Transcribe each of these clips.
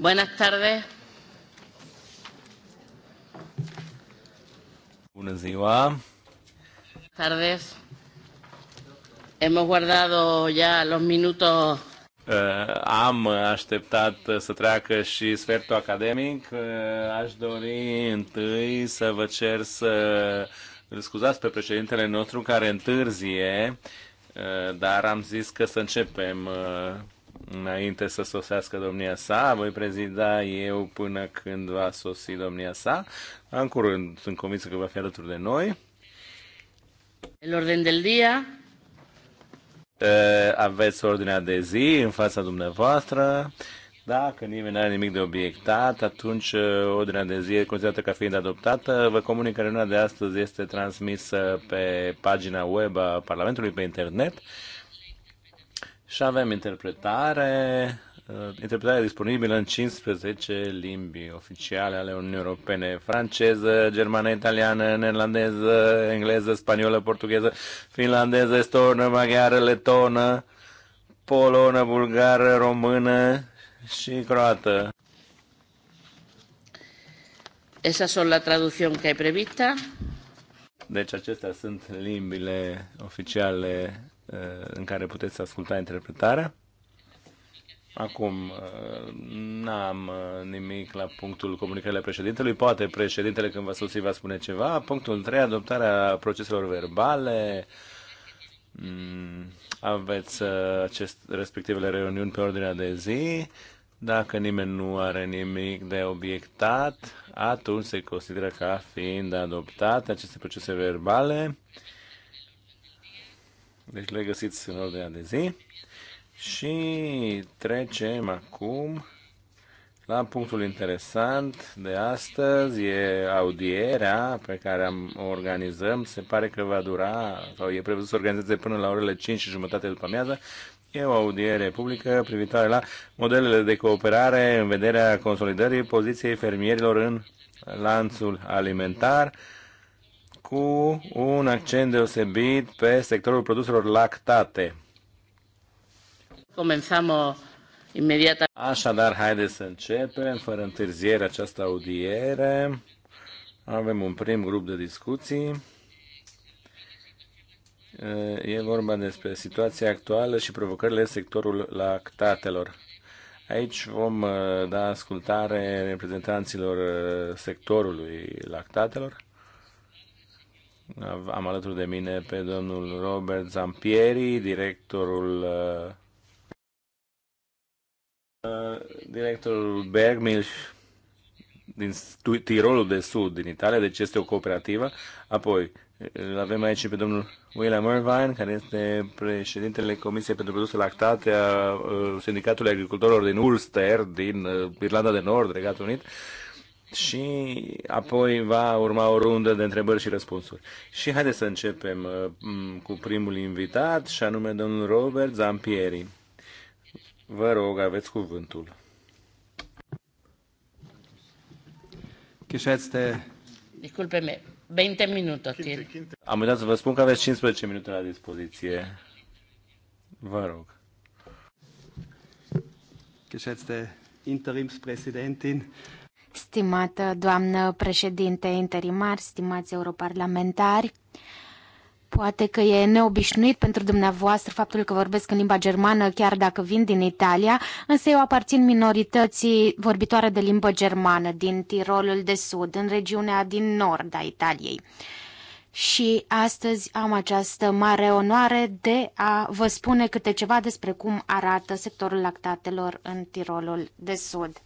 Buenas tardes. Bună ziua. Tardes. Hemos guardado ya los minutos eh, am așteptat să treacă și sfertul academic. Eh, aș dori întâi să vă cer să scuzați pe președintele nostru care întârzie, eh, dar am zis că să începem înainte să sosească domnia sa, voi prezida eu până când va sosi domnia sa. În curând, sunt convins că va fi alături de noi. El orden del día. Aveți ordinea de zi în fața dumneavoastră. Dacă nimeni nu are nimic de obiectat, atunci ordinea de zi e considerată ca fiind adoptată. Vă comunic că reuniunea de astăzi este transmisă pe pagina web a Parlamentului, pe internet și avem interpretare, uh, interpretare disponibilă în 15 limbi oficiale ale Uniunii Europene, franceză, germană, italiană, neerlandeză, engleză, spaniolă, portugheză, finlandeză, estonă, maghiară, letonă, polonă, bulgară, română și croată. Esa son la traducción que hay prevista. Deci acestea sunt limbile oficiale Uh, în care puteți asculta interpretarea. Acum, uh, n-am uh, nimic la punctul comunicările președintelui. Poate președintele, când vă sosi, va spune ceva. Punctul 3, adoptarea proceselor verbale. Mm, aveți acest, respectivele reuniuni pe ordinea de zi. Dacă nimeni nu are nimic de obiectat, atunci se consideră ca fiind adoptate aceste procese verbale. Deci le găsiți în ordinea de zi. Și trecem acum la punctul interesant de astăzi. E audierea pe care am, o organizăm. Se pare că va dura, sau e prevăzut să organizeze până la orele 5 și jumătate după amiază. E o audiere publică privitoare la modelele de cooperare în vederea consolidării poziției fermierilor în lanțul alimentar cu un accent deosebit pe sectorul produselor lactate. imediat. Așadar, haideți să începem, fără întârziere, această audiere. Avem un prim grup de discuții. E vorba despre situația actuală și provocările în sectorul lactatelor. Aici vom uh, da ascultare reprezentanților uh, sectorului lactatelor am alături de mine pe domnul Robert Zampieri, directorul uh, directorul Bergmilch din Tirolul de Sud, din Italia, deci este o cooperativă. Apoi, îl avem aici pe domnul William Irvine, care este președintele Comisiei pentru Produse Lactate a uh, Sindicatului Agricultorilor din Ulster, din uh, Irlanda de Nord, Regatul Unit și apoi va urma o rundă de întrebări și răspunsuri. Și haideți să începem uh, cu primul invitat, și anume domnul Robert Zampieri. Vă rog, aveți cuvântul. Chișeți-te. Disculpe me 20 minute. Am uitat să vă spun că aveți 15 minute la dispoziție. Vă rog. Geschätzte Interimspräsidentin, Stimată doamnă președinte interimar, stimați europarlamentari, Poate că e neobișnuit pentru dumneavoastră faptul că vorbesc în limba germană, chiar dacă vin din Italia, însă eu aparțin minorității vorbitoare de limbă germană din Tirolul de Sud, în regiunea din nord a Italiei. Și astăzi am această mare onoare de a vă spune câte ceva despre cum arată sectorul lactatelor în Tirolul de Sud.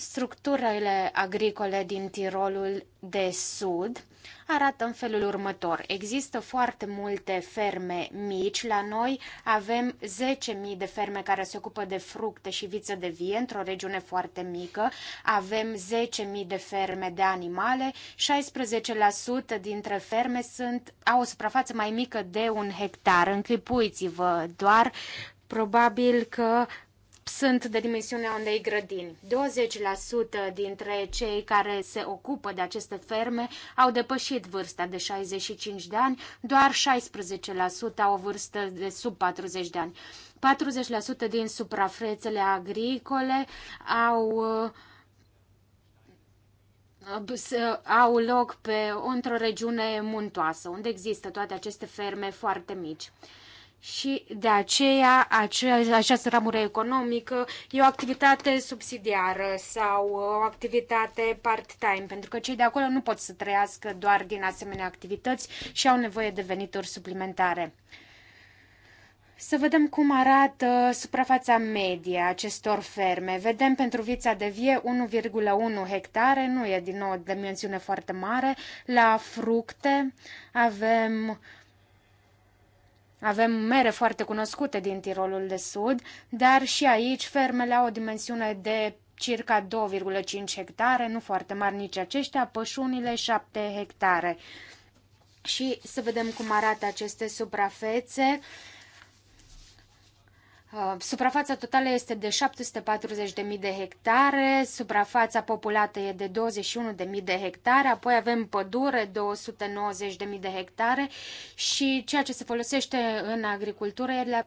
Structurile agricole din Tirolul de Sud arată în felul următor. Există foarte multe ferme mici la noi. Avem 10.000 de ferme care se ocupă de fructe și viță de vie într-o regiune foarte mică. Avem 10.000 de ferme de animale. 16% dintre ferme sunt, au o suprafață mai mică de un hectar. Închipuiți-vă doar Probabil că sunt de dimensiunea unei grădini. 20% dintre cei care se ocupă de aceste ferme au depășit vârsta de 65 de ani, doar 16% au o vârstă de sub 40 de ani. 40% din suprafețele agricole au uh, au loc pe într-o regiune muntoasă, unde există toate aceste ferme foarte mici și de aceea acea, această ramură economică e o activitate subsidiară sau o activitate part-time, pentru că cei de acolo nu pot să trăiască doar din asemenea activități și au nevoie de venituri suplimentare. Să vedem cum arată suprafața medie a acestor ferme. Vedem pentru vița de vie 1,1 hectare, nu e din nou o dimensiune foarte mare. La fructe avem avem mere foarte cunoscute din Tirolul de Sud, dar și aici fermele au o dimensiune de circa 2,5 hectare, nu foarte mari nici aceștia, pășunile 7 hectare. Și să vedem cum arată aceste suprafețe. Uh, Uh, suprafața totală este de 740.000 de hectare, suprafața populată e de 21.000 de hectare, apoi avem pădure, 290.000 de hectare și ceea ce se folosește în agricultură e la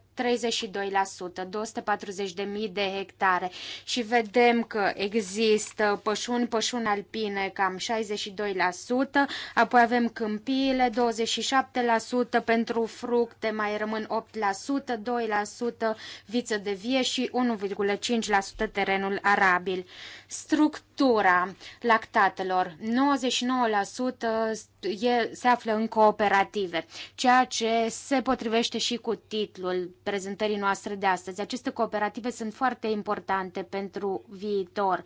32%, 240.000 de hectare. Și vedem că există pășuni, pășuni alpine cam 62%, apoi avem câmpiile 27%, pentru fructe mai rămân 8%, 2%, viță de vie și 1,5% terenul arabil. Structura structura lactatelor. 99% e, se află în cooperative, ceea ce se potrivește și cu titlul prezentării noastre de astăzi. Aceste cooperative sunt foarte importante pentru viitor.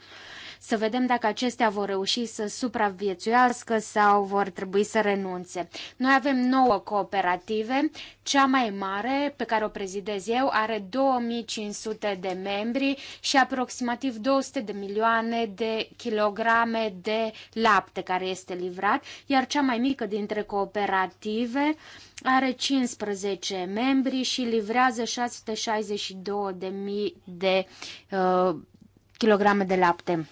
Să vedem dacă acestea vor reuși să supraviețuiască sau vor trebui să renunțe. Noi avem nouă cooperative. Cea mai mare, pe care o prezidez eu, are 2500 de membri și aproximativ 200 de milioane de kilograme de lapte care este livrat, iar cea mai mică dintre cooperative are 15 membri și livrează 662.000 de uh, kilograme de lapte.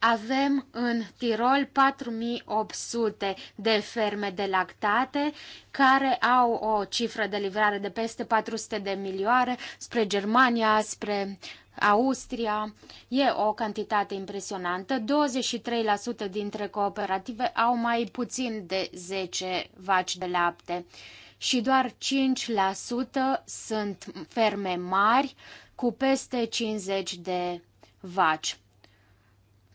Avem în Tirol 4800 de ferme de lactate care au o cifră de livrare de peste 400 de milioare spre Germania, spre Austria, e o cantitate impresionantă. 23% dintre cooperative au mai puțin de 10 vaci de lapte și doar 5% sunt ferme mari cu peste 50 de vaci.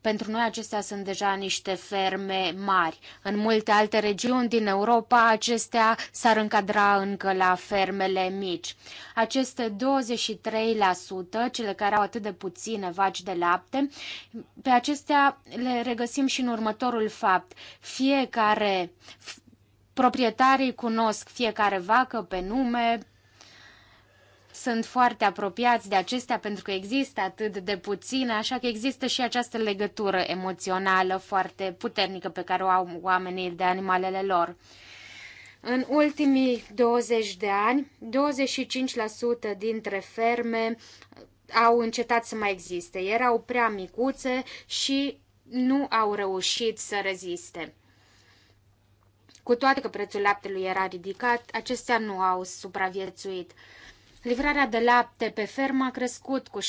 Pentru noi acestea sunt deja niște ferme mari. În multe alte regiuni din Europa acestea s-ar încadra încă la fermele mici. Aceste 23%, cele care au atât de puține vaci de lapte, pe acestea le regăsim și în următorul fapt. Fiecare Proprietarii cunosc fiecare vacă pe nume, sunt foarte apropiați de acestea pentru că există atât de puține, așa că există și această legătură emoțională foarte puternică pe care o au oamenii de animalele lor. În ultimii 20 de ani, 25% dintre ferme au încetat să mai existe. Erau prea micuțe și nu au reușit să reziste. Cu toate că prețul laptelui era ridicat, acestea nu au supraviețuit. Livrarea de lapte pe fermă a crescut cu 60%.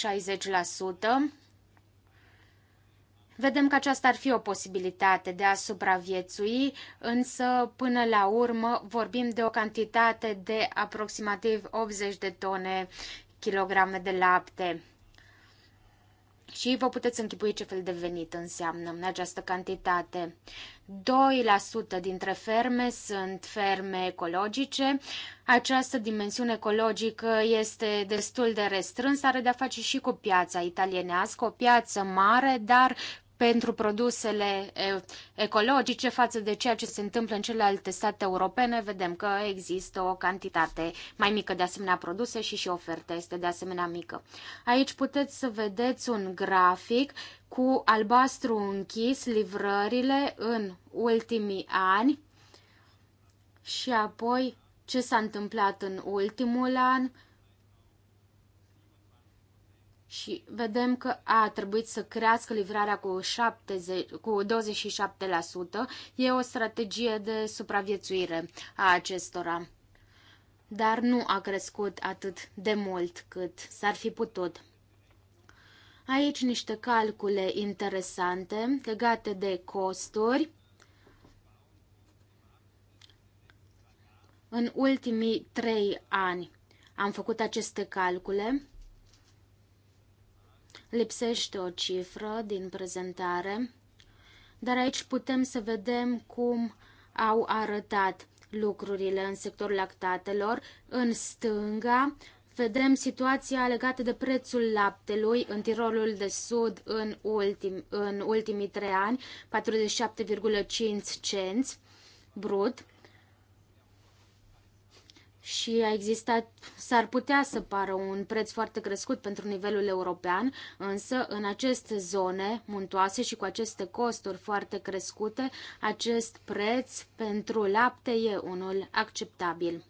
Vedem că aceasta ar fi o posibilitate de a supraviețui, însă până la urmă vorbim de o cantitate de aproximativ 80 de tone kilograme de lapte. Și vă puteți închipui ce fel de venit înseamnă această cantitate. 2% dintre ferme sunt ferme ecologice. Această dimensiune ecologică este destul de restrânsă, are de-a face și cu piața italienească, o piață mare, dar pentru produsele ecologice față de ceea ce se întâmplă în celelalte state europene, vedem că există o cantitate mai mică de asemenea produse și și oferta este de asemenea mică. Aici puteți să vedeți un grafic cu albastru închis livrările în ultimii ani și apoi ce s-a întâmplat în ultimul an, și vedem că a trebuit să crească livrarea cu, 70, cu 27%. E o strategie de supraviețuire a acestora, dar nu a crescut atât de mult cât s-ar fi putut. Aici niște calcule interesante legate de costuri. În ultimii trei ani am făcut aceste calcule Lipsește o cifră din prezentare, dar aici putem să vedem cum au arătat lucrurile în sectorul lactatelor. În stânga vedem situația legată de prețul laptelui în Tirolul de Sud în, ultim, în ultimii trei ani, 47,5 cenți brut și a existat, s-ar putea să pară un preț foarte crescut pentru nivelul european, însă în aceste zone muntoase și cu aceste costuri foarte crescute, acest preț pentru lapte e unul acceptabil.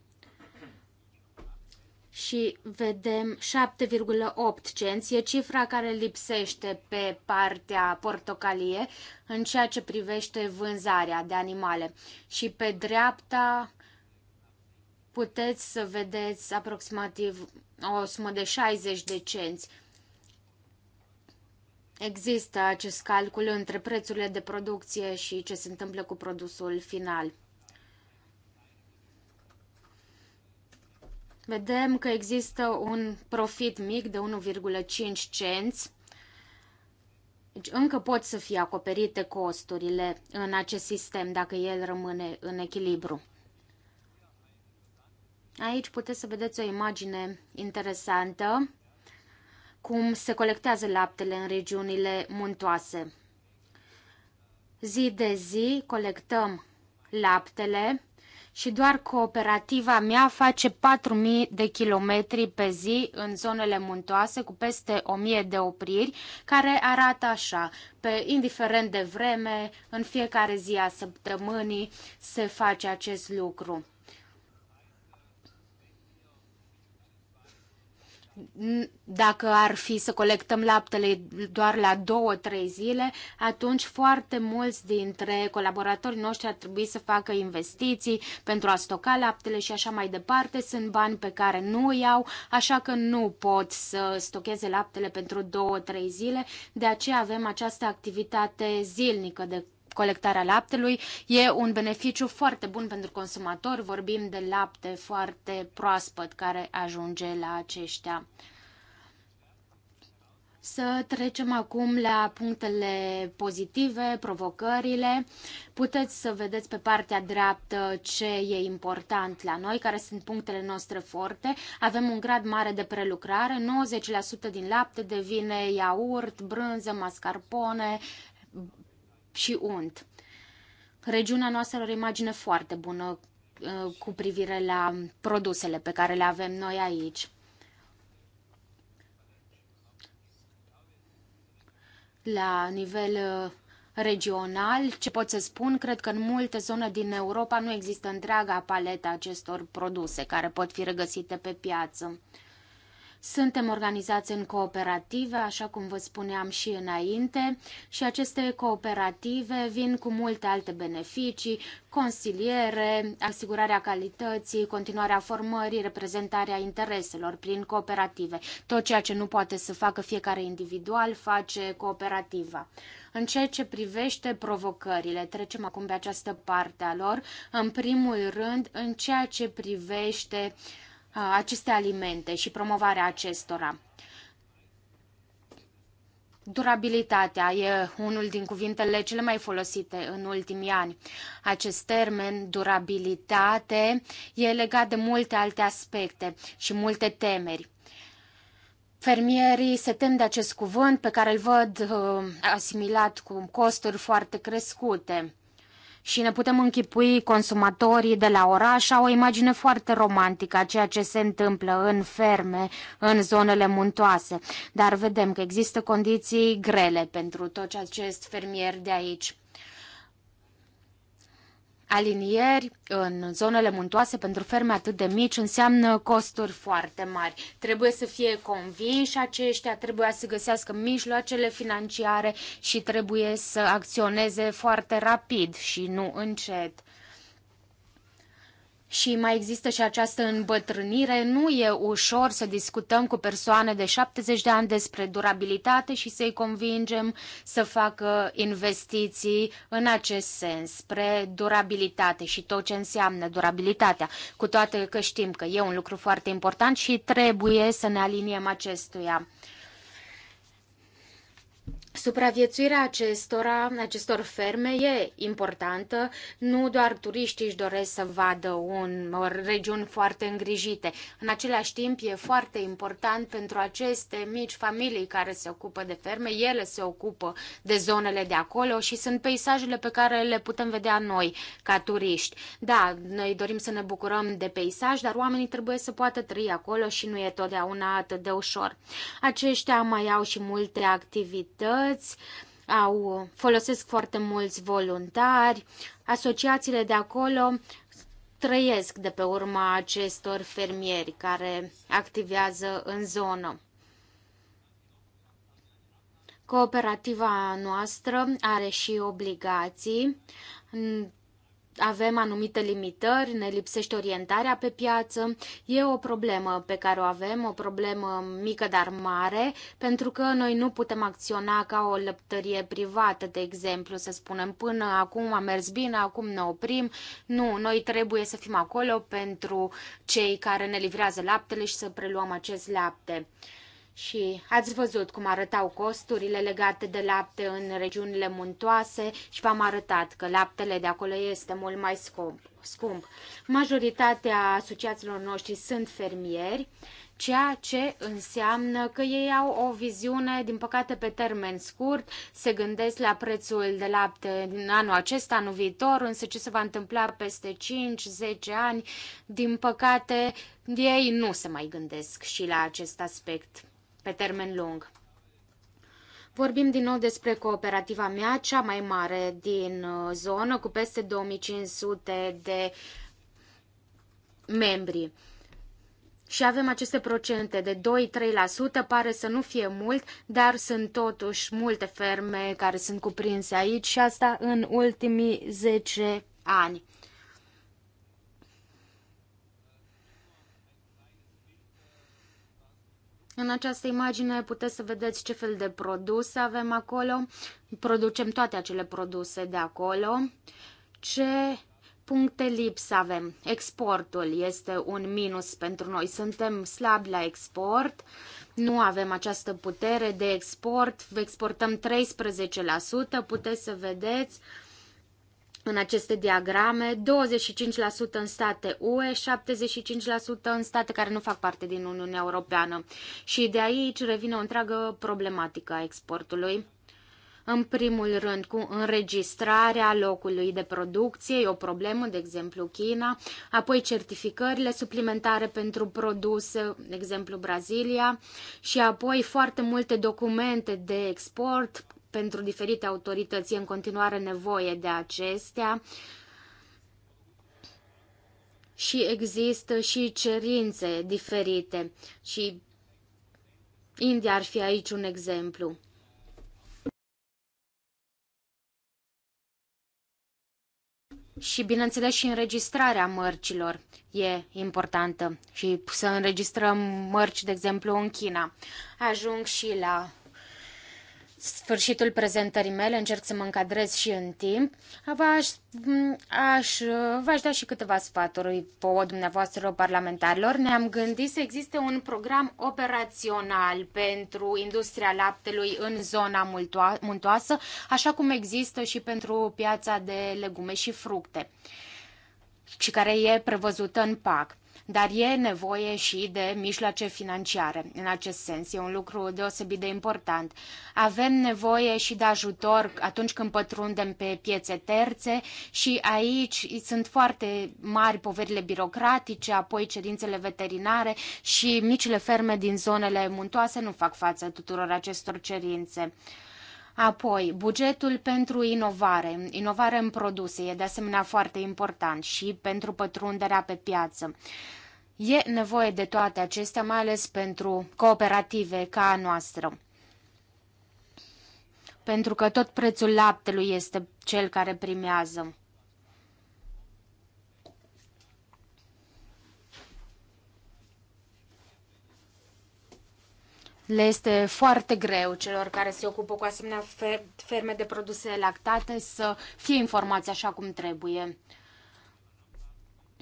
Și vedem 7,8 cenți, e cifra care lipsește pe partea portocalie în ceea ce privește vânzarea de animale. Și pe dreapta puteți să vedeți aproximativ o sumă de 60 de cenți. Există acest calcul între prețurile de producție și ce se întâmplă cu produsul final. Vedem că există un profit mic de 1,5 cenți. Deci încă pot să fie acoperite costurile în acest sistem dacă el rămâne în echilibru. Aici puteți să vedeți o imagine interesantă cum se colectează laptele în regiunile muntoase. Zi de zi colectăm laptele și doar cooperativa mea face 4000 de kilometri pe zi în zonele muntoase cu peste 1000 de opriri care arată așa, pe indiferent de vreme, în fiecare zi a săptămânii se face acest lucru. dacă ar fi să colectăm laptele doar la două, trei zile, atunci foarte mulți dintre colaboratorii noștri ar trebui să facă investiții pentru a stoca laptele și așa mai departe. Sunt bani pe care nu îi au, așa că nu pot să stocheze laptele pentru două, trei zile. De aceea avem această activitate zilnică de colectarea laptelui. E un beneficiu foarte bun pentru consumator. Vorbim de lapte foarte proaspăt care ajunge la aceștia. Să trecem acum la punctele pozitive, provocările. Puteți să vedeți pe partea dreaptă ce e important la noi, care sunt punctele noastre forte. Avem un grad mare de prelucrare, 90% din lapte devine iaurt, brânză, mascarpone, și unt. Regiunea noastră are o imagine foarte bună uh, cu privire la produsele pe care le avem noi aici. La nivel uh, regional, ce pot să spun, cred că în multe zone din Europa nu există întreaga paletă acestor produse care pot fi regăsite pe piață. Suntem organizați în cooperative, așa cum vă spuneam și înainte, și aceste cooperative vin cu multe alte beneficii, consiliere, asigurarea calității, continuarea formării, reprezentarea intereselor prin cooperative. Tot ceea ce nu poate să facă fiecare individual, face cooperativa. În ceea ce privește provocările, trecem acum pe această parte a lor, în primul rând, în ceea ce privește uh, Uh, aceste alimente și promovarea acestora. Durabilitatea e unul din cuvintele cele mai folosite în ultimii ani. Acest termen, durabilitate, e legat de multe alte aspecte și multe temeri. Fermierii se tem de acest cuvânt pe care îl văd uh, asimilat cu costuri foarte crescute și ne putem închipui consumatorii de la oraș au o imagine foarte romantică a ceea ce se întâmplă în ferme, în zonele muntoase. Dar vedem că există condiții grele pentru tot acest fermier de aici alinieri în zonele muntoase pentru ferme atât de mici înseamnă costuri foarte mari. Trebuie să fie convinși aceștia, trebuie să găsească mijloacele financiare și trebuie să acționeze foarte rapid și nu încet și mai există și această îmbătrânire. Nu e ușor să discutăm cu persoane de 70 de ani despre durabilitate și să-i convingem să facă investiții în acest sens, spre durabilitate și tot ce înseamnă durabilitatea, cu toate că știm că e un lucru foarte important și trebuie să ne aliniem acestuia. Supraviețuirea acestora, acestor ferme e importantă. Nu doar turiștii își doresc să vadă un, o regiuni foarte îngrijite. În același timp, e foarte important pentru aceste mici familii care se ocupă de ferme. Ele se ocupă de zonele de acolo și sunt peisajele pe care le putem vedea noi ca turiști. Da, noi dorim să ne bucurăm de peisaj, dar oamenii trebuie să poată trăi acolo și nu e totdeauna atât de ușor. Aceștia mai au și multe activități activități, au, folosesc foarte mulți voluntari, asociațiile de acolo trăiesc de pe urma acestor fermieri care activează în zonă. Cooperativa noastră are și obligații avem anumite limitări, ne lipsește orientarea pe piață. E o problemă pe care o avem, o problemă mică, dar mare, pentru că noi nu putem acționa ca o lăptărie privată, de exemplu, să spunem, până acum a mers bine, acum ne oprim. Nu, noi trebuie să fim acolo pentru cei care ne livrează laptele și să preluăm acest lapte și ați văzut cum arătau costurile legate de lapte în regiunile muntoase și v-am arătat că laptele de acolo este mult mai scump. scump. Majoritatea asociațiilor noștri sunt fermieri, ceea ce înseamnă că ei au o viziune, din păcate, pe termen scurt, se gândesc la prețul de lapte în anul acesta, anul viitor, însă ce se va întâmpla peste 5-10 ani, din păcate, ei nu se mai gândesc și la acest aspect pe termen lung. Vorbim din nou despre cooperativa mea, cea mai mare din uh, zonă, cu peste 2500 de membri. Și avem aceste procente de 2-3%, pare să nu fie mult, dar sunt totuși multe ferme care sunt cuprinse aici și asta în ultimii 10 ani. În această imagine puteți să vedeți ce fel de produse avem acolo. Producem toate acele produse de acolo. Ce puncte lips avem? Exportul este un minus pentru noi. Suntem slabi la export. Nu avem această putere de export. Exportăm 13%. Puteți să vedeți în aceste diagrame, 25% în state UE, 75% în state care nu fac parte din Uniunea Europeană. Și de aici revine o întreagă problematică a exportului. În primul rând, cu înregistrarea locului de producție, e o problemă, de exemplu China, apoi certificările suplimentare pentru produse, de exemplu Brazilia, și apoi foarte multe documente de export pentru diferite autorități e în continuare nevoie de acestea și există și cerințe diferite și India ar fi aici un exemplu. Și, bineînțeles, și înregistrarea mărcilor e importantă și să înregistrăm mărci, de exemplu, în China. Ajung și la sfârșitul prezentării mele, încerc să mă încadrez și în timp, v-aș, aș, v-aș da și câteva sfaturi pe dumneavoastră parlamentarilor. Ne-am gândit să existe un program operațional pentru industria laptelui în zona muntoasă, așa cum există și pentru piața de legume și fructe și care e prevăzută în PAC dar e nevoie și de mijloace financiare. În acest sens, e un lucru deosebit de important. Avem nevoie și de ajutor atunci când pătrundem pe piețe terțe și aici sunt foarte mari poverile birocratice, apoi cerințele veterinare și micile ferme din zonele muntoase nu fac față tuturor acestor cerințe. Apoi, bugetul pentru inovare, inovare în produse, e de asemenea foarte important și pentru pătrunderea pe piață. E nevoie de toate acestea, mai ales pentru cooperative ca a noastră. Pentru că tot prețul laptelui este cel care primează. le este foarte greu celor care se ocupă cu asemenea ferme de produse lactate să fie informați așa cum trebuie.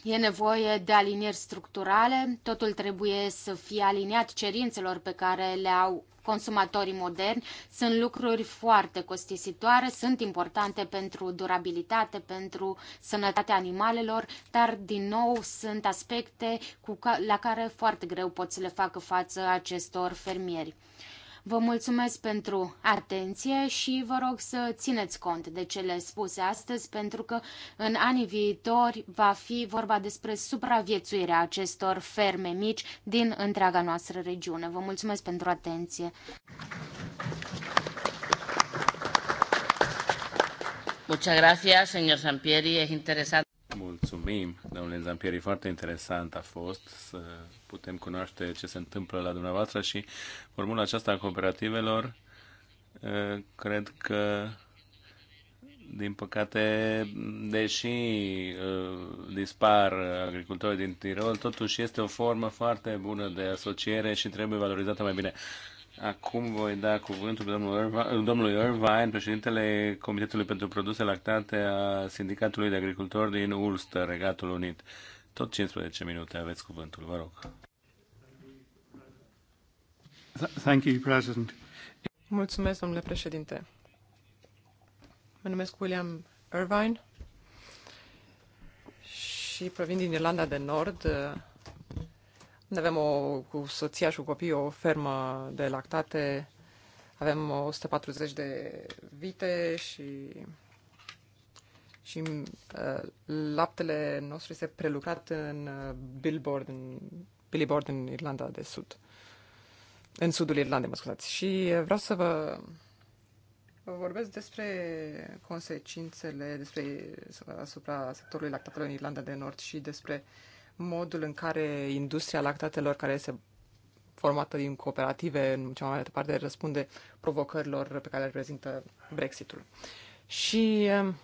E nevoie de alinieri structurale, totul trebuie să fie aliniat cerințelor pe care le au consumatorii moderni. Sunt lucruri foarte costisitoare, sunt importante pentru durabilitate, pentru sănătatea animalelor, dar din nou sunt aspecte cu ca- la care foarte greu pot să le facă față acestor fermieri. Vă mulțumesc pentru atenție și vă rog să țineți cont de cele spuse astăzi, pentru că în anii viitori va fi vorba despre supraviețuirea acestor ferme mici din întreaga noastră regiune. Vă mulțumesc pentru atenție. Muchas gracias, señor Sampieri. Es interesante. Mulțumim, domnule Zampieri, foarte interesant a fost să putem cunoaște ce se întâmplă la dumneavoastră și formula aceasta a cooperativelor cred că din păcate, deși dispar agricultorii din Tirol, totuși este o formă foarte bună de asociere și trebuie valorizată mai bine. Acum voi da cuvântul domnului Irvine, președintele Comitetului pentru Produse Lactate a Sindicatului de Agricultori din Ulster, Regatul Unit. Tot 15 minute aveți cuvântul, vă rog. Thank you, President. Mulțumesc, domnule președinte. Mă numesc William Irvine și provin din Irlanda de Nord, unde avem o, cu soția și cu copii o fermă de lactate. Avem 140 de vite și și uh, laptele nostru este prelucrat în uh, Billboard, în Billboard în Irlanda de Sud. În sudul Irlandei, mă scuzați. Și uh, vreau să vă, vă vorbesc despre consecințele despre, asupra sectorului lactatelor în Irlanda de Nord și despre uh, modul în care industria lactatelor care este formată din cooperative în cea mai mare parte răspunde provocărilor pe care le reprezintă Brexitul. Și um,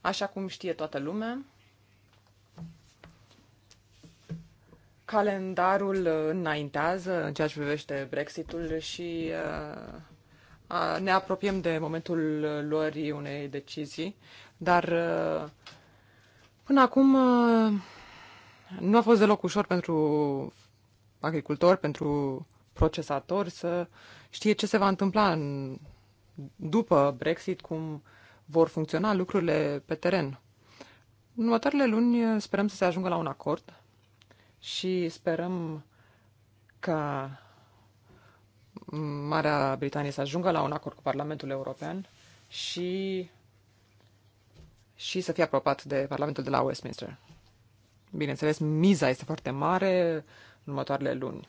așa cum știe toată lumea, calendarul înaintează în ceea ce privește Brexitul și uh, ne apropiem de momentul luării unei decizii, dar uh, până acum uh, nu a fost deloc ușor pentru agricultori, pentru procesatori să știe ce se va întâmpla în, după Brexit, cum vor funcționa lucrurile pe teren. În următoarele luni sperăm să se ajungă la un acord și sperăm ca Marea Britanie să ajungă la un acord cu Parlamentul European și, și să fie aprobat de Parlamentul de la Westminster. Bineînțeles, miza este foarte mare în următoarele luni.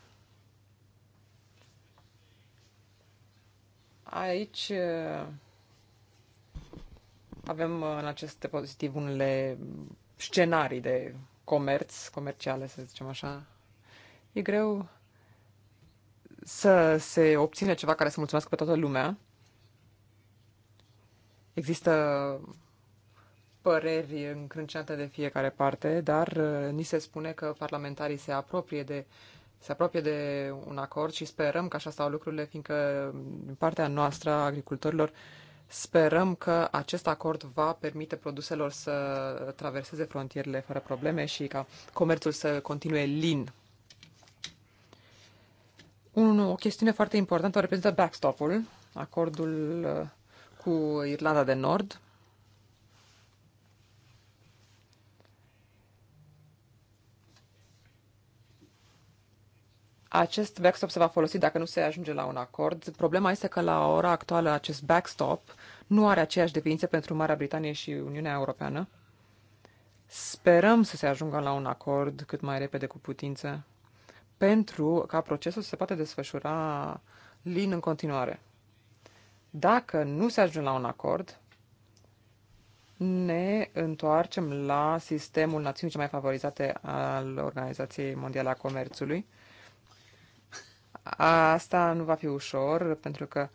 Aici eh, avem eh, în acest pozitiv unele scenarii de comerț, comerciale, să zicem așa. E greu să se obține ceva care să mulțumească pe toată lumea. Există păreri încrâncenate de fiecare parte, dar uh, ni se spune că parlamentarii se apropie de se apropie de un acord și sperăm că așa stau lucrurile, fiindcă din partea noastră, agricultorilor, sperăm că acest acord va permite produselor să traverseze frontierele fără probleme și ca comerțul să continue lin. Un, o chestiune foarte importantă o reprezintă backstop-ul, acordul uh, cu Irlanda de Nord, acest backstop se va folosi dacă nu se ajunge la un acord. Problema este că la ora actuală acest backstop nu are aceeași devință pentru Marea Britanie și Uniunea Europeană. Sperăm să se ajungă la un acord cât mai repede cu putință pentru ca procesul să se poate desfășura lin în continuare. Dacă nu se ajunge la un acord, ne întoarcem la sistemul națiunii cele mai favorizate al Organizației Mondiale a Comerțului, Asta nu va fi ușor, pentru că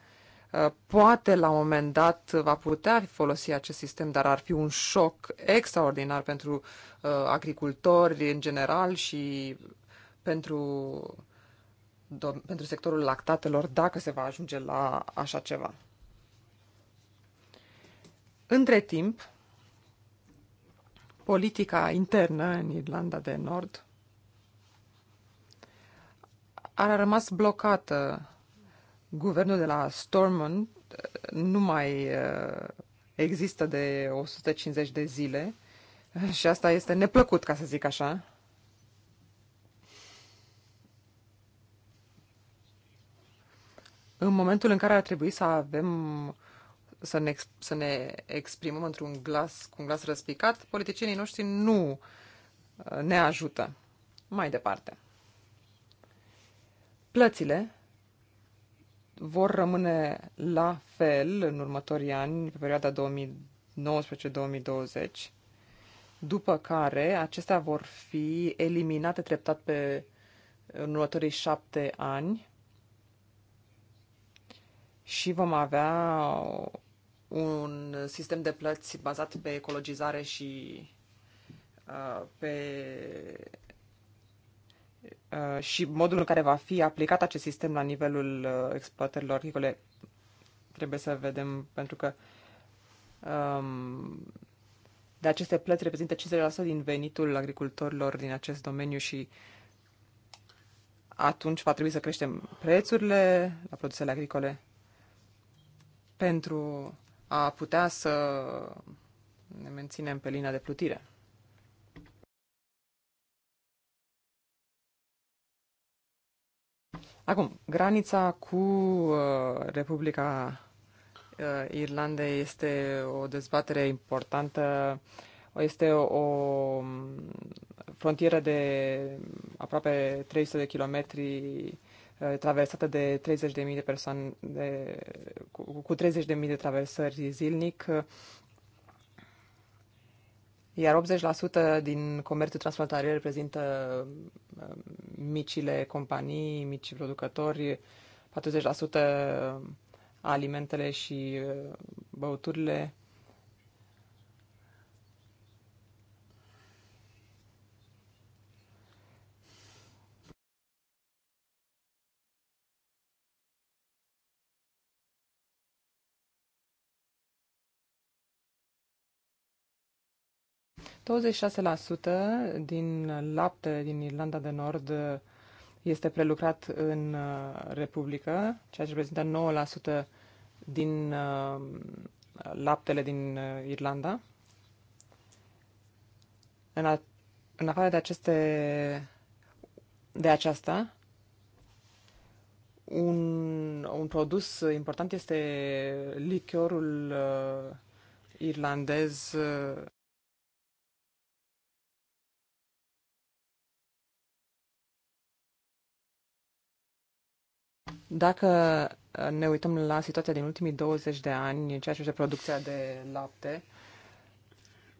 uh, poate la un moment dat va putea folosi acest sistem, dar ar fi un șoc extraordinar pentru uh, agricultori în general și pentru, do- pentru sectorul lactatelor dacă se va ajunge la așa ceva. Între timp, politica internă în Irlanda de Nord a rămas blocată. Guvernul de la Stormont nu mai uh, există de 150 de zile și asta este neplăcut, ca să zic așa. În momentul în care ar trebui să avem să ne, să ne exprimăm într-un glas, cu un glas răspicat, politicienii noștri nu uh, ne ajută. Mai departe. Plățile vor rămâne la fel în următorii ani, pe perioada 2019-2020, după care acestea vor fi eliminate treptat pe în următorii șapte ani și vom avea un sistem de plăți bazat pe ecologizare și uh, pe Uh, și modul în care va fi aplicat acest sistem la nivelul uh, exploatărilor agricole trebuie să vedem, pentru că um, de aceste plăți reprezintă 50% din venitul agricultorilor din acest domeniu și atunci va trebui să creștem prețurile la produsele agricole pentru a putea să ne menținem pe linia de plutire. Acum, granița cu uh, Republica uh, Irlandei este o dezbatere importantă. Este o um, frontieră de aproape 300 de kilometri uh, traversată de 30.000 de persoane, de, cu, cu 30.000 de traversări zilnic, iar 80% din comerțul transfrontalier reprezintă uh, micile companii, mici producători, 40% alimentele și uh, băuturile, 26% din lapte din Irlanda de Nord este prelucrat în uh, Republică, ceea ce reprezintă 9% din uh, laptele din uh, Irlanda. În, a, în afară de aceste de aceasta, un, un produs important este lichiorul uh, irlandez uh, Dacă uh, ne uităm la situația din ultimii 20 de ani în ceea ce este producția de lapte,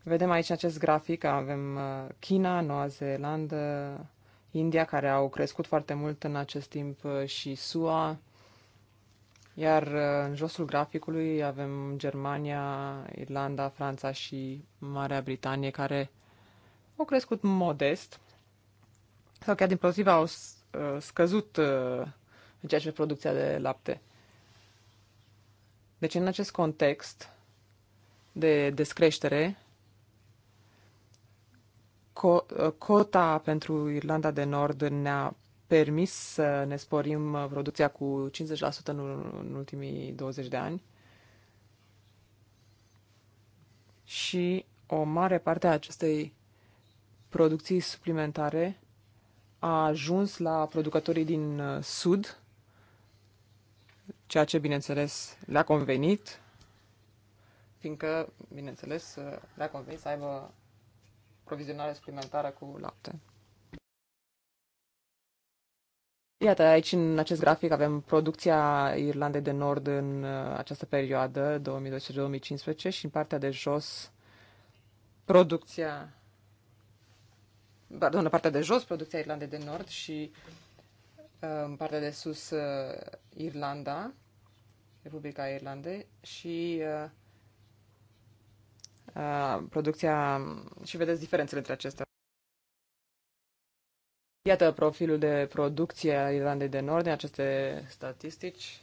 vedem aici acest grafic, avem uh, China, Noua Zeelandă, India, care au crescut foarte mult în acest timp uh, și SUA, iar în josul graficului avem Germania, Irlanda, Franța și Marea Britanie, care au crescut modest sau chiar din potriva au scăzut în ceea ce producția de lapte. Deci, în acest context de descreștere, co- cota pentru Irlanda de Nord ne-a permis să ne sporim producția cu 50% în, în ultimii 20 de ani. Și o mare parte a acestei producții suplimentare a ajuns la producătorii din uh, sud, ceea ce, bineînțeles, le-a convenit, fiindcă, bineînțeles, le-a convenit să aibă provizionare suplimentară cu lapte. Iată, aici în acest grafic avem producția Irlandei de Nord în uh, această perioadă, 2012-2015, și în partea de jos producția pardon, în partea de jos producția Irlandei de Nord și uh, în partea de sus uh, Irlanda. Republica Irlande și uh, uh, producția și vedeți diferențele între acestea. Iată profilul de producție a Irlandei de Nord din aceste statistici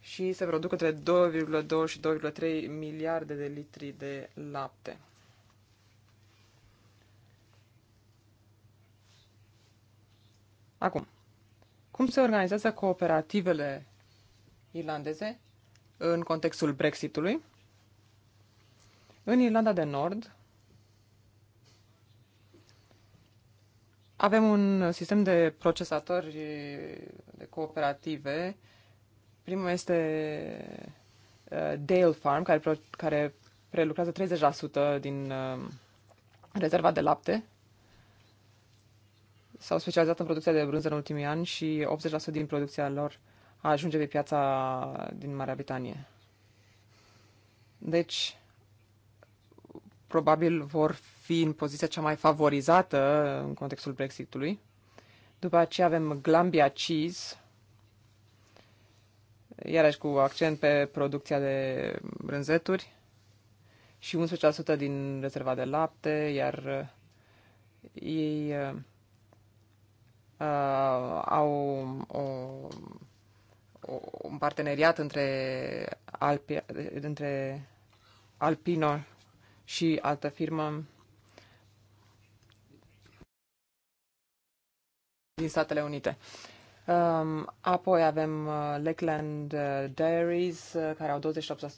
și se produc între 2,2 și 2,3 miliarde de litri de lapte. Acum, cum se organizează cooperativele irlandeze în contextul Brexitului? În Irlanda de Nord avem un sistem de procesatori de cooperative. Primul este uh, Dale Farm, care, care prelucrează 30% din uh, rezerva de lapte s-au specializat în producția de brânză în ultimii ani și 80% din producția lor ajunge pe piața din Marea Britanie. Deci, probabil vor fi în poziția cea mai favorizată în contextul Brexitului. După aceea avem Glambia Cheese, iarăși cu accent pe producția de brânzeturi și 11% din rezerva de lapte, iar ei uh, au o, o, un parteneriat între, Alpi, între Alpino și altă firmă din Statele Unite. Um, apoi avem uh, Lakeland uh, Dairies, uh, care au 28%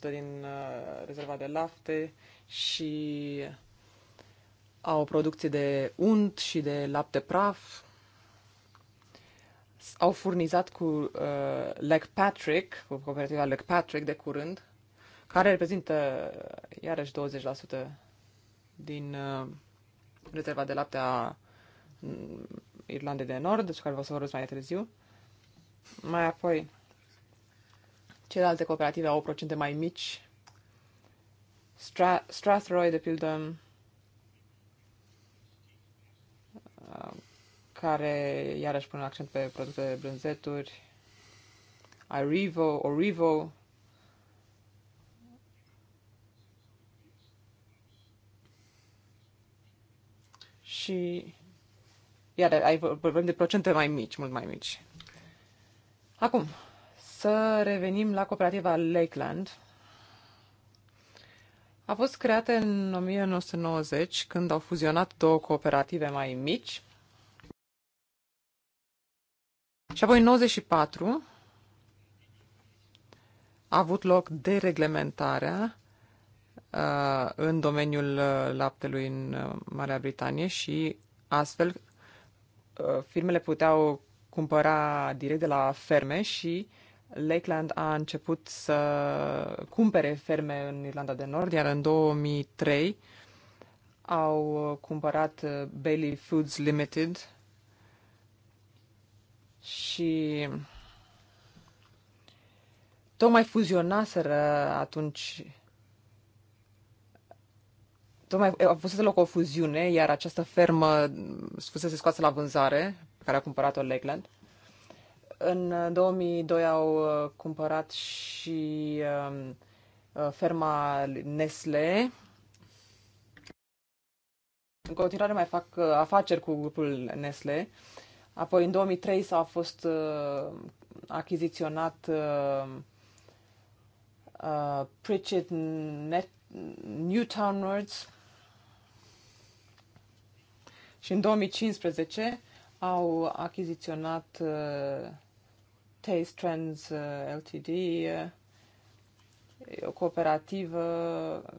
din uh, rezerva de lapte și au producție de unt și de lapte praf au furnizat cu uh, Patrick, cu cooperativa Patrick de curând, care reprezintă iarăși 20% din uh, rezerva de lapte a mm, Irlandei de Nord, despre deci care vă să vorbesc mai târziu. Mai apoi, celelalte cooperative au procente mai mici. Stra- Strathroy, de pildă, uh, care iarăși pune accent pe produse de brânzeturi, Arivo, Orivo, și iar ai, vorbim de procente mai mici, mult mai mici. Acum, să revenim la cooperativa Lakeland. A fost creată în 1990, când au fuzionat două cooperative mai mici, și apoi 94 a avut loc dereglementarea uh, în domeniul uh, laptelui în uh, Marea Britanie și astfel uh, firmele puteau cumpăra direct de la ferme și Lakeland a început să cumpere ferme în Irlanda de Nord, iar în 2003 au cumpărat uh, Bailey Foods Limited și tocmai fuzionaseră atunci tocmai a fost loc o fuziune, iar această fermă fusese scoasă la vânzare, pe care a cumpărat-o Lakeland. În 2002 au uh, cumpărat și um, uh, ferma Nestle. În continuare mai fac uh, afaceri cu grupul Nestle Apoi, în 2003 s-a fost uh, achiziționat uh, uh, Pritchett Net, Newtown Words și în 2015 au achiziționat uh, Taste Trends uh, Ltd, uh, o cooperativă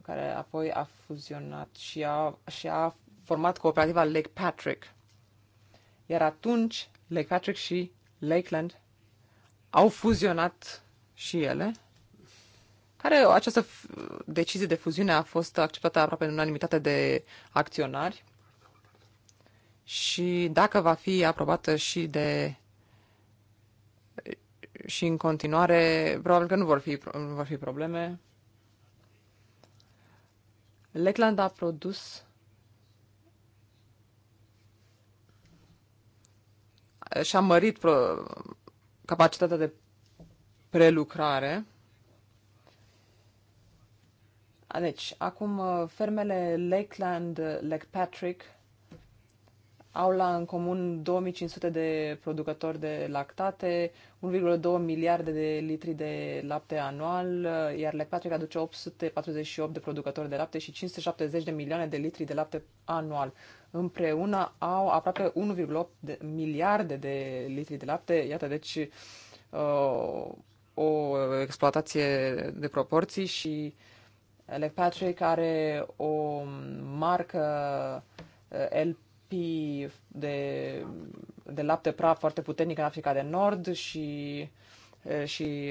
care apoi a fuzionat și a, și a format cooperativa Lake Patrick. Iar atunci Lake Patrick și Lakeland au fuzionat și ele. Care această decizie de fuziune a fost acceptată aproape în unanimitate de acționari și dacă va fi aprobată și de și în continuare, probabil că nu vor fi, nu vor fi probleme. Lakeland a produs și-a mărit pro, capacitatea de prelucrare. Deci, acum uh, fermele Lakeland, uh, Lake Patrick au la în comun 2500 de producători de lactate, 1,2 miliarde de litri de lapte anual, iar Lactatric aduce 848 de producători de lapte și 570 de milioane de litri de lapte anual. Împreună au aproape 1,8 miliarde de litri de lapte, iată deci uh, o exploatație de proporții și Lactatric are o marcă El uh, copii de, de lapte praf foarte puternic în Africa de Nord și, și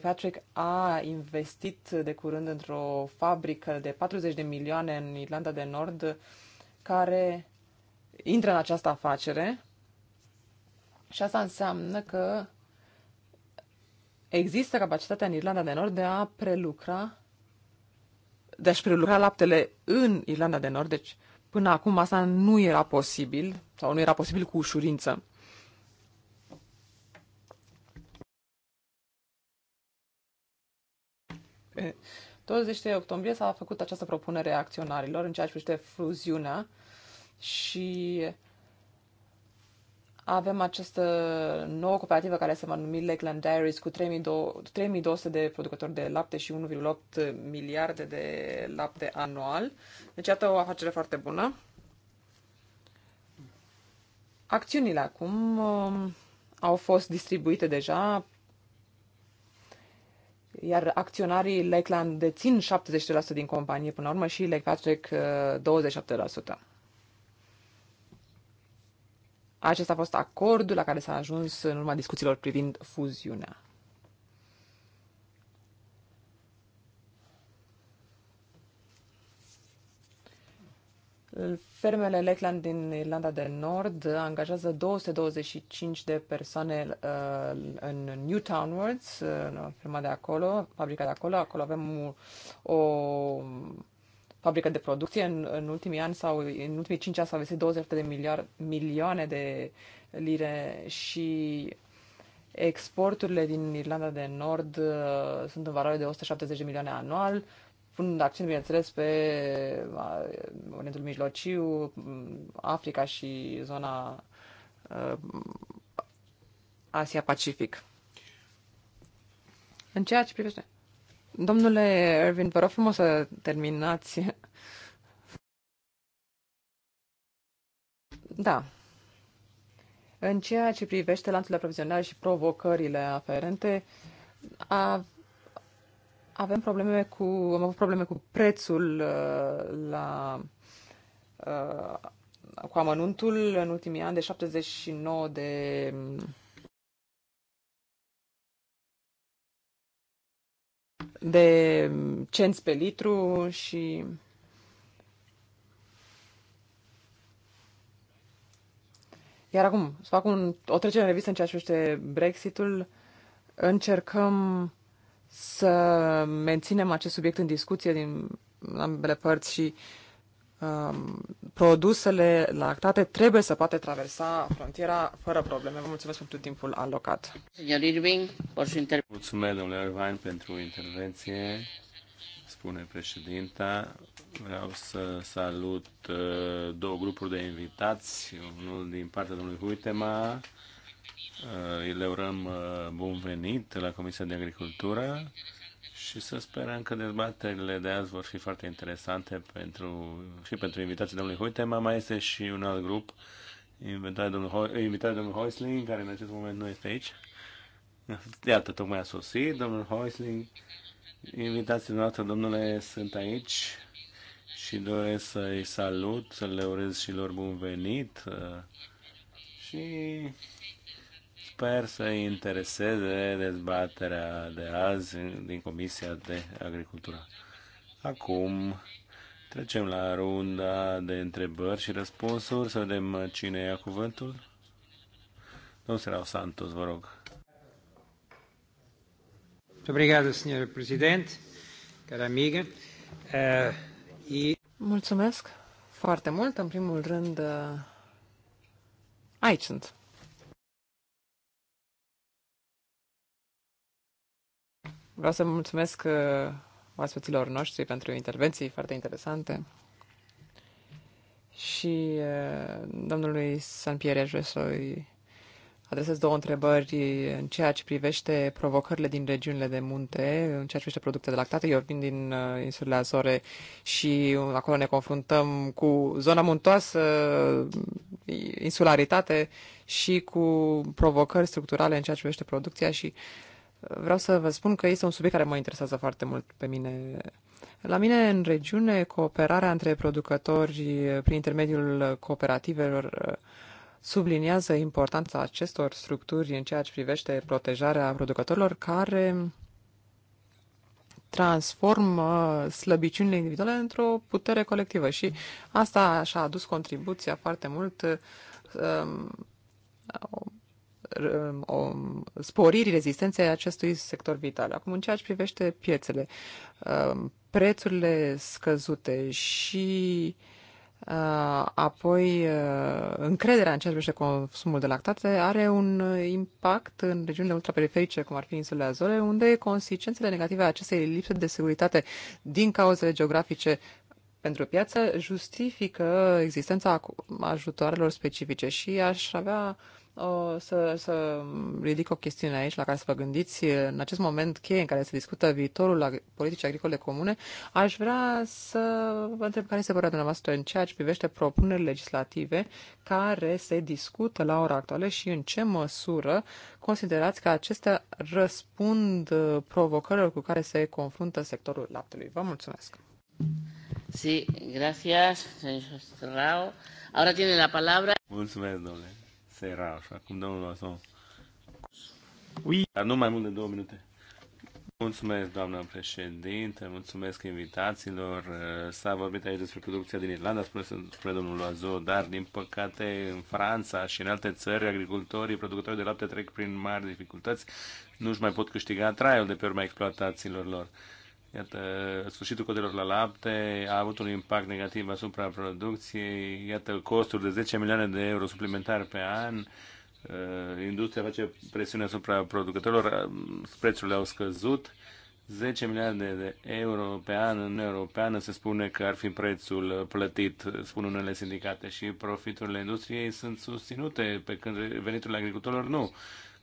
Patrick a investit de curând într-o fabrică de 40 de milioane în Irlanda de Nord care intră în această afacere și asta înseamnă că există capacitatea în Irlanda de Nord de a prelucra de a-și prelucra laptele în Irlanda de Nord, deci Până acum asta nu era posibil, sau nu era posibil cu ușurință. Pe 20 octombrie s-a făcut această propunere a acționarilor în ceea ce privește fuziunea și avem această nouă cooperativă care se va numi Lakeland Dairies cu 3200 de producători de lapte și 1,8 miliarde de lapte anual. Deci, iată o afacere foarte bună. Acțiunile acum um, au fost distribuite deja, iar acționarii Lakeland dețin 70% din companie până la urmă și Lake Patrick 27%. Acesta a fost acordul la care s-a ajuns în urma discuțiilor privind fuziunea. Fermele Lakeland din Irlanda de Nord angajează 225 de persoane uh, în Newtown Townwards, uh, de acolo, fabrica de acolo. Acolo avem o fabrică de producție. În, în ultimii ani sau în ultimii 5 ani s-au investit 20 de miliard, milioane de lire și exporturile din Irlanda de Nord uh, sunt în valoare de 170 de milioane anual, punând accent, bineînțeles, pe uh, Orientul Mijlociu, mm, Africa și zona uh, Asia-Pacific. În ceea ce privește Domnule Irvin, vă rog frumos să terminați. Da. În ceea ce privește lanțul aprovizionare și provocările aferente, a, avem probleme cu, am avut probleme cu prețul uh, la uh, cu amănuntul în ultimii ani de 79 de de mm, cenți pe litru și Iar acum, să fac un, o trecere în revistă în ceea ce este Brexitul, încercăm să menținem acest subiect în discuție din ambele părți și uh, Um, produsele lactate trebuie să poate traversa frontiera fără probleme. Vă mulțumesc pentru timpul alocat. Mulțumesc, domnule Irvine, pentru intervenție, spune președinta. Vreau să salut uh, două grupuri de invitați, unul din partea domnului Huitema, uh, Îi le urăm uh, bun venit la Comisia de Agricultură și să sperăm că dezbaterile de azi vor fi foarte interesante pentru, și pentru invitații domnului Tema Mai este și un alt grup invitat domnului invitat Hoisling, care în acest moment nu este aici. Iată, tocmai a sosit domnul Hoisling. Invitații noastre, domnule, sunt aici și doresc să-i salut, să le urez și lor bun venit și Sper să intereseze dezbaterea de azi din Comisia de Agricultură. Acum trecem la runda de întrebări și răspunsuri, să vedem cine ia cuvântul. Domnul Serau Santos, vă rog. Obrigado, senhor presidente, cara amiga. Uh, e... Mulțumesc foarte mult. În primul rând, eh, aici sunt. Vreau să mulțumesc uh, oaspeților noștri pentru intervenții foarte interesante și uh, domnului San Pierre aș vrea să-i adresez două întrebări în ceea ce privește provocările din regiunile de munte, în ceea ce privește producte de lactate. Eu vin din uh, insulele Azore și acolo ne confruntăm cu zona muntoasă, insularitate și cu provocări structurale în ceea ce privește producția și uh, vreau să vă spun că este un subiect care mă interesează foarte mult pe mine. La mine, în regiune, cooperarea între producători prin intermediul cooperativelor uh, subliniază importanța acestor structuri în ceea ce privește protejarea producătorilor care transformă slăbiciunile individuale într-o putere colectivă și asta și-a adus contribuția foarte mult uh, um, o sporiri rezistenței acestui sector vital. Acum, în ceea ce privește piețele, um, prețurile scăzute și uh, apoi uh, încrederea în ceea ce privește consumul de lactate are un impact în regiunile ultraperiferice, cum ar fi insulele Azore, unde consecințele negative a acestei lipse de securitate din cauzele geografice pentru piață justifică existența ajutoarelor specifice și aș avea uh, o să, să ridic o chestiune aici la care să vă gândiți. În acest moment cheie în care se discută viitorul politicii agricole comune, aș vrea să vă întreb care este părerea dumneavoastră în ceea ce privește propuneri legislative care se discută la ora actuală și în ce măsură considerați că acestea răspund uh, provocărilor cu care se confruntă sectorul laptelui. Vă mulțumesc! Sí, gracias, señor Strau. Ahora tiene la palabra. Mulțumesc, domnule. Sera, și acum domnul Loason. Ui, dar nu mai mult de două minute. Mulțumesc, doamnă președinte, mulțumesc invitațiilor. S-a vorbit aici despre producția din Irlanda, spune, spune domnul Loazo, dar din păcate în Franța și în alte țări, agricultorii, producătorii de lapte trec prin mari dificultăți, nu-și mai pot câștiga traiul de pe urma exploatațiilor lor. Iată, sfârșitul cotelor la lapte a avut un impact negativ asupra producției. Iată, costuri de 10 milioane de euro suplimentari pe an. Uh, industria face presiune asupra producătorilor. Uh, prețurile au scăzut. 10 miliarde de euro pe an în europeană se spune că ar fi prețul plătit, spun unele sindicate, și profiturile industriei sunt susținute, pe când veniturile agricultorilor nu.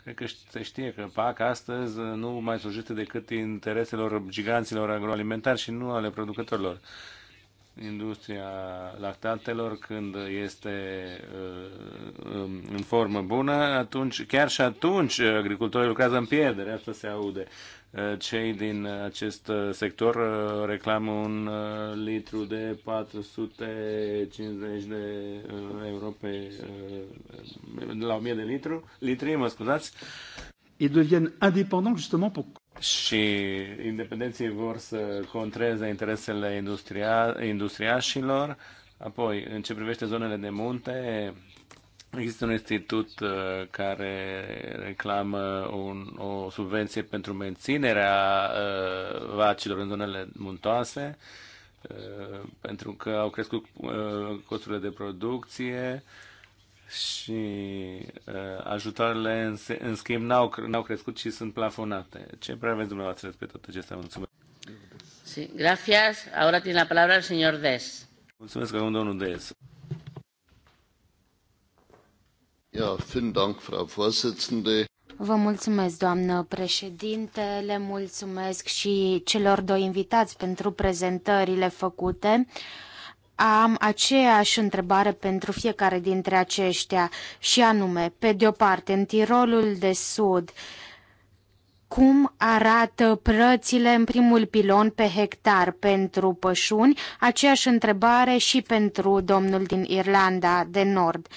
Cred că se știe că PAC astăzi nu mai slujește decât intereselor giganților agroalimentari și nu ale producătorilor. Industria lactatelor, când este uh, um, în formă bună, atunci, chiar și atunci agricultorii lucrează în pierdere, asta se aude. Eh, cei din eh, acest eh, sector reclamă un litru de 450 de euro pe la 1000 de litru, litri, mă scuzați. Et deviennent indépendants justement pour și independenții vor să contreze interesele industria, industriașilor. Apoi, în ce privește zonele de munte, Există un institut uh, care reclamă un, o subvenție pentru menținerea uh, vacilor în zonele muntoase, uh, pentru că au crescut uh, costurile de producție și uh, ajutoarele, în, în schimb, n-au, n-au crescut și sunt plafonate. Ce aveți dumneavoastră despre toate acestea? Mulțumesc. Sí, gracias. Ahora tiene la palabra el señor Des. gracias, domnul Des. Vă mulțumesc, doamnă președinte, le mulțumesc și celor doi invitați pentru prezentările făcute. Am aceeași întrebare pentru fiecare dintre aceștia și anume, pe de o parte, în Tirolul de Sud, cum arată prățile în primul pilon pe hectar pentru pășuni? Aceeași întrebare și pentru domnul din Irlanda de Nord. Uh,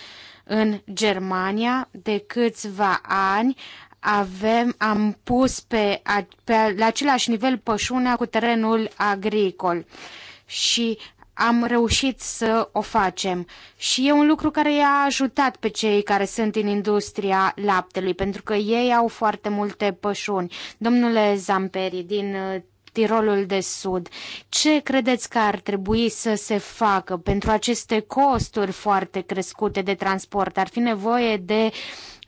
în Germania, de câțiva ani, avem, am pus pe, pe, la același nivel pășunea cu terenul agricol și am reușit să o facem. Și e un lucru care i-a ajutat pe cei care sunt în industria laptelui, pentru că ei au foarte multe pășuni. Domnule Zamperi, din Tirolul de Sud. Ce credeți că ar trebui să se facă pentru aceste costuri foarte crescute de transport? Ar fi nevoie de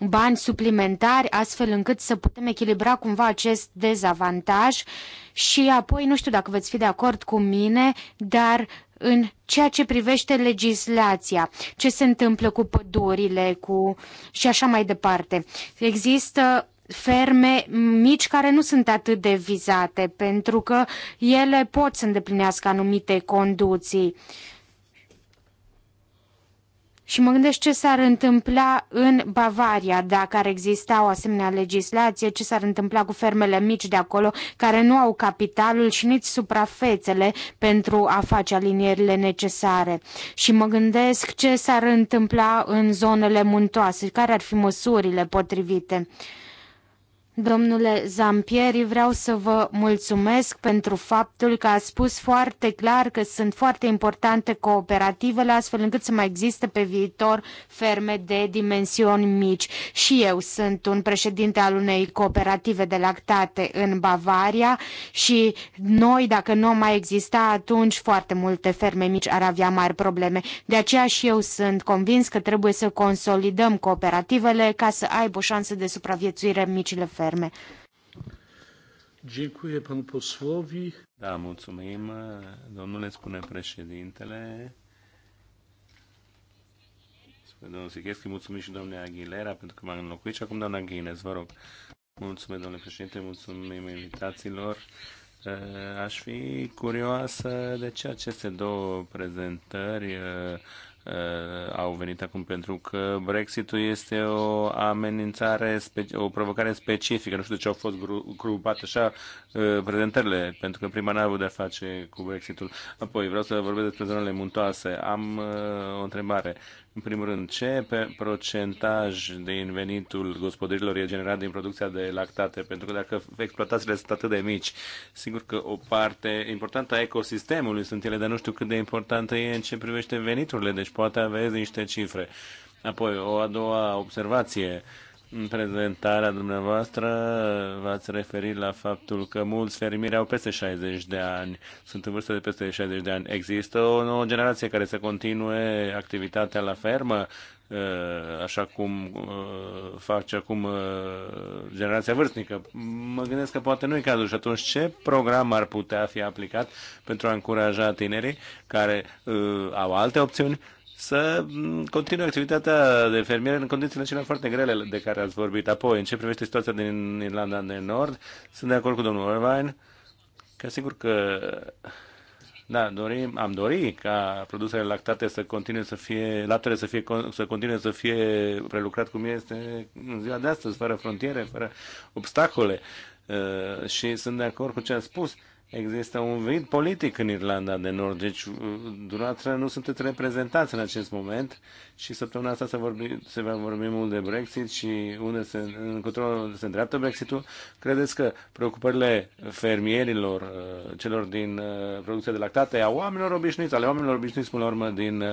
bani suplimentari astfel încât să putem echilibra cumva acest dezavantaj și apoi, nu știu dacă veți fi de acord cu mine, dar în ceea ce privește legislația, ce se întâmplă cu pădurile cu... și așa mai departe. Există ferme mici care nu sunt atât de vizate, pentru că ele pot să îndeplinească anumite conduții. Și mă gândesc ce s-ar întâmpla în Bavaria dacă ar exista o asemenea legislație, ce s-ar întâmpla cu fermele mici de acolo care nu au capitalul și nici suprafețele pentru a face alinierile necesare. Și mă gândesc ce s-ar întâmpla în zonele muntoase, care ar fi măsurile potrivite. Domnule Zampieri, vreau să vă mulțumesc pentru faptul că a spus foarte clar că sunt foarte importante cooperativele, astfel încât să mai existe pe viitor ferme de dimensiuni mici. Și eu sunt un președinte al unei cooperative de lactate în Bavaria și noi, dacă nu mai exista atunci, foarte multe ferme mici ar avea mari probleme. De aceea și eu sunt convins că trebuie să consolidăm cooperativele ca să aibă o șansă de supraviețuire micile ferme ferme. Da, mulțumim, domnule, spune președintele. Spune domnul Sicheschi, mulțumim și domnule Aguilera pentru că m-a înlocuit și acum doamna Ghinez, vă rog. Mulțumesc, domnule președinte, mulțumim invitațiilor. Eh, aș fi curioasă de ce aceste două prezentări eh, Uh, au venit acum pentru că Brexitul este o amenințare, o provocare specifică. Nu știu de ce au fost grupate așa uh, prezentările, pentru că prima n-a avut de-a face cu Brexitul. Apoi vreau să vorbesc despre zonele muntoase. Am uh, o întrebare. În primul rând, ce procentaj din venitul gospodărilor e generat din producția de lactate? Pentru că dacă exploatațiile sunt atât de mici, sigur că o parte importantă a ecosistemului sunt ele, dar nu știu cât de importantă e în ce privește veniturile, deci poate aveți niște cifre. Apoi, o a doua observație în prezentarea dumneavoastră v-ați referit la faptul că mulți fermieri au peste 60 de ani, sunt în vârstă de peste 60 de ani. Există o nouă generație care să continue activitatea la fermă, uh, așa cum uh, face acum uh, generația vârstnică. Mă gândesc că poate nu e cazul și atunci ce program ar putea fi aplicat pentru a încuraja tinerii care au alte opțiuni să continue activitatea de fermier în condițiile cele foarte grele de care ați vorbit. Apoi, în ce privește situația din Irlanda de Nord, sunt de acord cu domnul Irvine că sigur că da, dorim, am dori ca produsele lactate să continue să fie, laptele să, fie, să continue să fie prelucrat cum este în ziua de astăzi, fără frontiere, fără obstacole. Uh, și sunt de acord cu ce a spus. Uh, Există un vid politic în Irlanda de Nord, deci uh, dumneavoastră nu sunteți reprezentați în acest moment și săptămâna asta se, vorbi, se va vorbi mult de Brexit și unde se, în control se îndreaptă Brexitul. Credeți că preocupările fermierilor, uh, celor din uh, producția de lactate, a oamenilor obișnuiți, ale oamenilor obișnuiți până la urmă din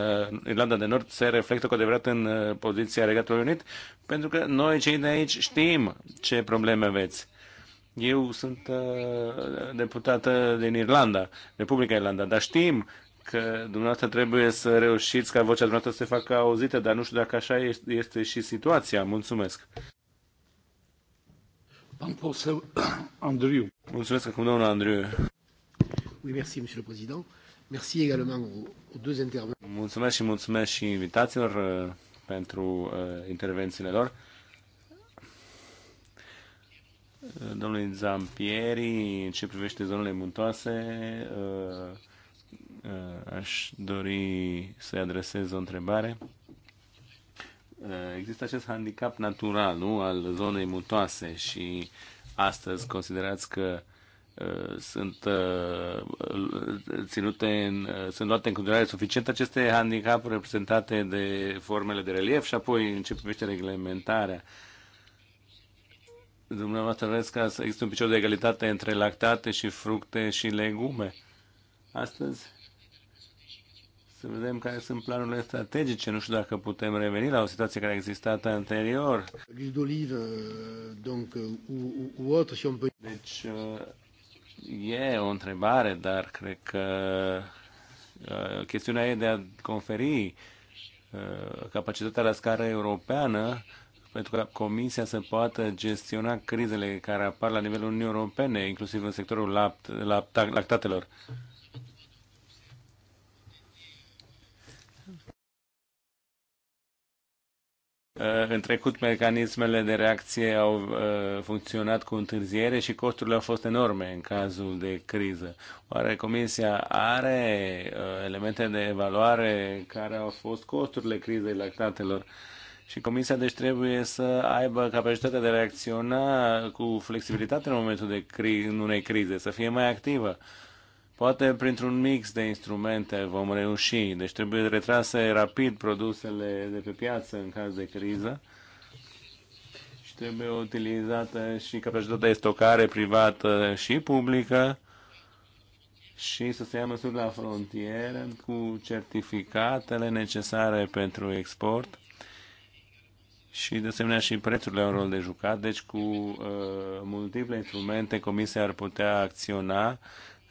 Irlanda de Nord se reflectă cu adevărat în poziția Regatului Unit? Pentru că noi cei de aici știm ce probleme aveți eu sunt uh, deputată din Irlanda, Republica Irlanda, dar știm că dumneavoastră trebuie să reușiți ca vocea dumneavoastră să se facă auzită, dar nu știu dacă așa este și situația. Mulțumesc. Pan poseu Andriu. Mulțumesc acum domnul Andriu. Merci également aux deux intervenants. Mulțumesc și mulțumesc și invitațiilor uh, pentru uh, intervențiile lor domnului Zampieri în ce privește zonele muntoase, uh, uh, aș dori să-i adresez o întrebare. Uh, există acest handicap natural, nu, al zonei muntoase, și astăzi considerați că sunt ținute în, sunt luate în considerare suficient aceste handicapuri reprezentate de formele de relief și apoi în ce privește reglementarea dumneavoastră vreți ca să există un picior de egalitate între lactate și fructe și legume. Astăzi să vedem care sunt planurile strategice. Nu știu dacă putem reveni la o situație care a existat anterior. Deci, e o întrebare, dar cred că uh, chestiunea e de a conferi uh, capacitatea la scară europeană pentru ca Comisia să poată gestiona crizele care apar la nivelul Uniunii Europene, inclusiv în sectorul lapt, lapt, lactatelor. Uh, în trecut, mecanismele de reacție au uh, funcționat cu întârziere și costurile au fost enorme în cazul de criză. Oare Comisia are uh, elemente de evaluare care au fost costurile crizei lactatelor? Și Comisia deci trebuie să aibă capacitatea de a reacționa cu flexibilitate în momentul de cri- în unei crize, să fie mai activă. Poate printr-un mix de instrumente vom reuși, deci trebuie retrase rapid produsele de pe piață în caz de criză și trebuie utilizată și capacitatea de stocare privată și publică și să se ia măsuri la frontieră cu certificatele necesare pentru export și de asemenea și prețurile au un rol de jucat, deci cu uh, multiple instrumente comisia ar putea acționa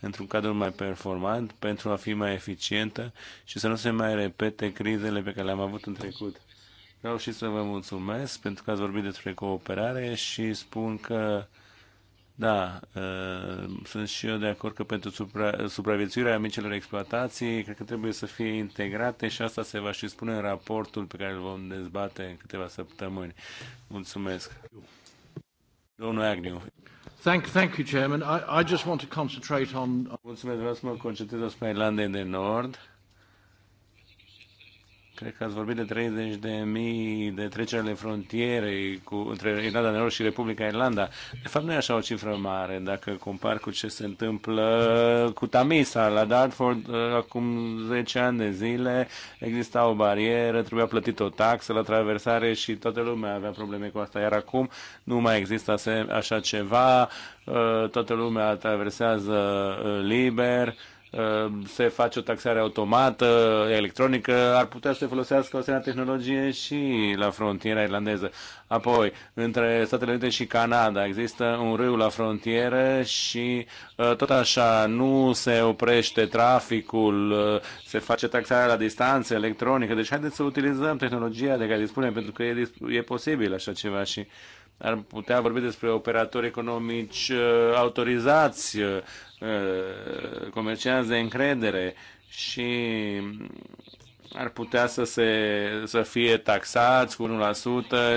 într-un cadru mai performant pentru a fi mai eficientă și să nu se mai repete crizele pe care le-am avut în trecut. Vreau și să vă mulțumesc pentru că ați vorbit despre cooperare și spun că da, ă, sunt și eu de acord că pentru supra, supraviețuirea micilor exploatații, cred că trebuie să fie integrate și asta se va și spune în raportul pe care îl vom dezbate în câteva săptămâni. Mulțumesc. Domnul Agnew. Thank, thank you, Chairman. I, I just want to concentrate on... Mulțumesc, vreau să mă concentrez asupra Irlandei de Nord Cred că ați vorbit de 30 de mii de trecere ale frontierei cu, între Irlanda de Nord și Republica Irlanda. De fapt, nu e așa o cifră mare dacă compar cu ce se întâmplă cu Tamisa. La Dartford, uh, acum 10 ani de zile, exista o barieră, trebuia plătit o taxă la traversare și toată lumea avea probleme cu asta. Iar acum nu mai există așa ceva, uh, toată lumea traversează uh, liber Ehm, se face o taxare automată, electronică, ar putea să se folosească o asemenea tehnologie și la frontiera irlandeză. Apoi, între Statele Unite și Canada există un râu la frontieră și tot așa nu se oprește traficul, se face taxarea la distanță electronică. Deci haideți să utilizăm tehnologia de care dispunem, pentru că e, e posibil așa ceva și ar putea vorbi despre operatori economici autorizați Uh, comercianți de încredere și ar putea să, se, să fie taxați cu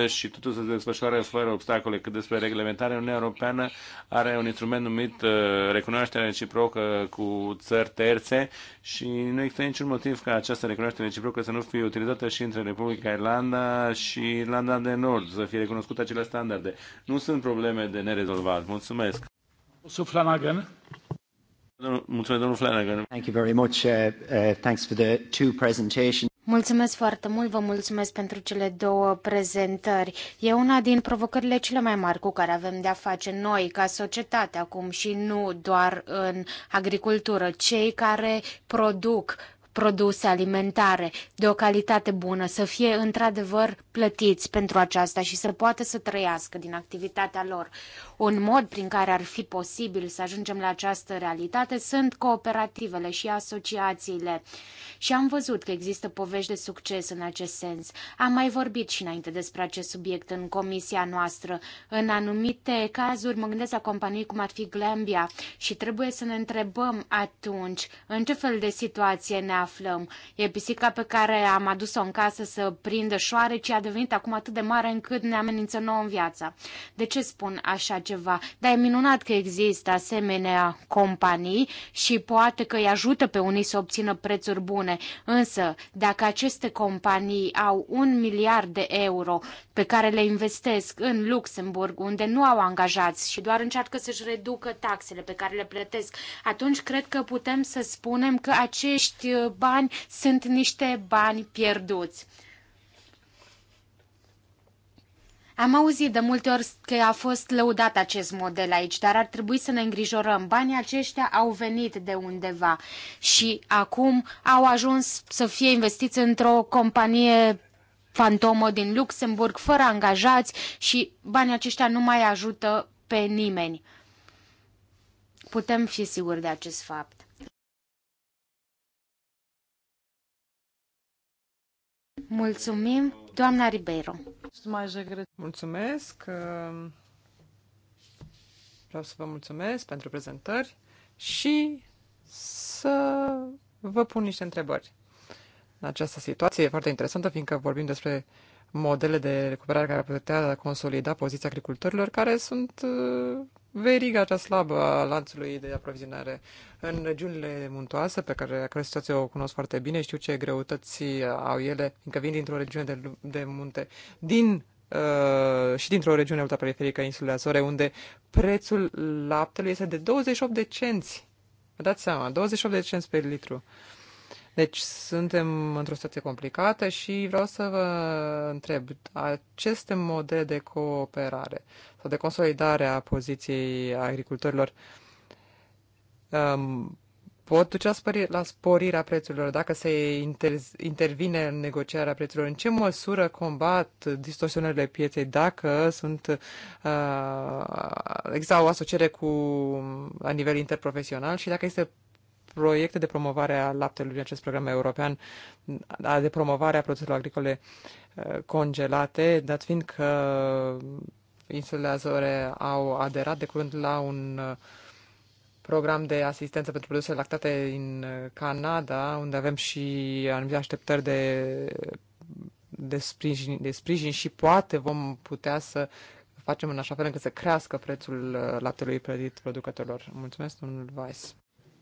1% și totul să se desfășoare fără obstacole. Cât despre reglementare, Uniunea Europeană are un instrument numit uh, recunoaștere reciprocă cu țări terțe și nu există niciun motiv ca această recunoaștere reciprocă să nu fie utilizată și între Republica Irlanda și Irlanda de Nord, să fie recunoscute acele standarde. Nu sunt probleme de nerezolvat. Mulțumesc! Suflanagan. Mulțumesc, domnul Flanagan. Thank you very much. Uh, uh, thanks for the two presentations. Mulțumesc foarte mult, vă mulțumesc pentru cele două prezentări. E una din provocările cele mai mari cu care avem de-a face noi ca societate acum și nu doar în agricultură. Cei care produc produse alimentare de o calitate bună, să fie într-adevăr plătiți pentru aceasta și să poată să trăiască din activitatea lor. Un mod prin care ar fi posibil să ajungem la această realitate sunt cooperativele și asociațiile. Și am văzut că există povești de succes în acest sens. Am mai vorbit și înainte despre acest subiect în comisia noastră. În anumite cazuri mă gândesc la companii cum ar fi Glambia și trebuie să ne întrebăm atunci în ce fel de situație ne aflăm. E pisica pe care am adus-o în casă să prindă șoareci a devenit acum atât de mare încât ne amenință nouă în viața. De ce spun așa ceva, Dar e minunat că există asemenea companii și poate că îi ajută pe unii să obțină prețuri bune. Însă, dacă aceste companii au un miliard de euro pe care le investesc în Luxemburg, unde nu au angajați și doar încearcă să-și reducă taxele pe care le plătesc, atunci cred că putem să spunem că acești bani sunt niște bani pierduți. Am auzit de multe ori că a fost lăudat acest model aici, dar ar trebui să ne îngrijorăm. Banii aceștia au venit de undeva și acum au ajuns să fie investiți într-o companie fantomă din Luxemburg, fără angajați și banii aceștia nu mai ajută pe nimeni. Putem fi siguri de acest fapt. Mulțumim! Doamna Ribeiro. Mulțumesc. Vreau să vă mulțumesc pentru prezentări și să vă pun niște întrebări. În această situație e foarte interesantă, fiindcă vorbim despre uh, modele de recuperare care ar putea consolida poziția agricultorilor, care sunt uh, veriga cea slabă a lanțului de aprovizionare. În regiunile muntoase, pe care, acolo situație o cunosc foarte bine, știu ce greutăți au ele, fiindcă vin dintr-o regiune de, de munte, din Uh, și dintr-o regiune ultraperiferică, insulele Azore, unde prețul laptelui este de 28 de cenți. Vă dați seama, 28 de cenți pe litru. Uh, deci suntem într-o situație complicată și vreau să vă întreb, aceste modele de cooperare sau de consolidare a poziției agricultorilor um, pot duce la, la sporirea prețurilor dacă se inter, intervine în negocierea prețurilor? În ce măsură combat distorsionările pieței dacă sunt uh, există o asociere cu la nivel interprofesional și dacă este proiecte de promovare a laptelui, acest program european de promovare a produselor agricole uh, congelate, dat fiind că insulele Azore au aderat de curând la un uh, program de asistență pentru produse lactate în uh, Canada, unde avem și anumite așteptări de, de, sprijin, de sprijin și poate vom putea să facem în așa fel încât să crească prețul laptelui plătit producătorilor. Mulțumesc, domnul Weiss.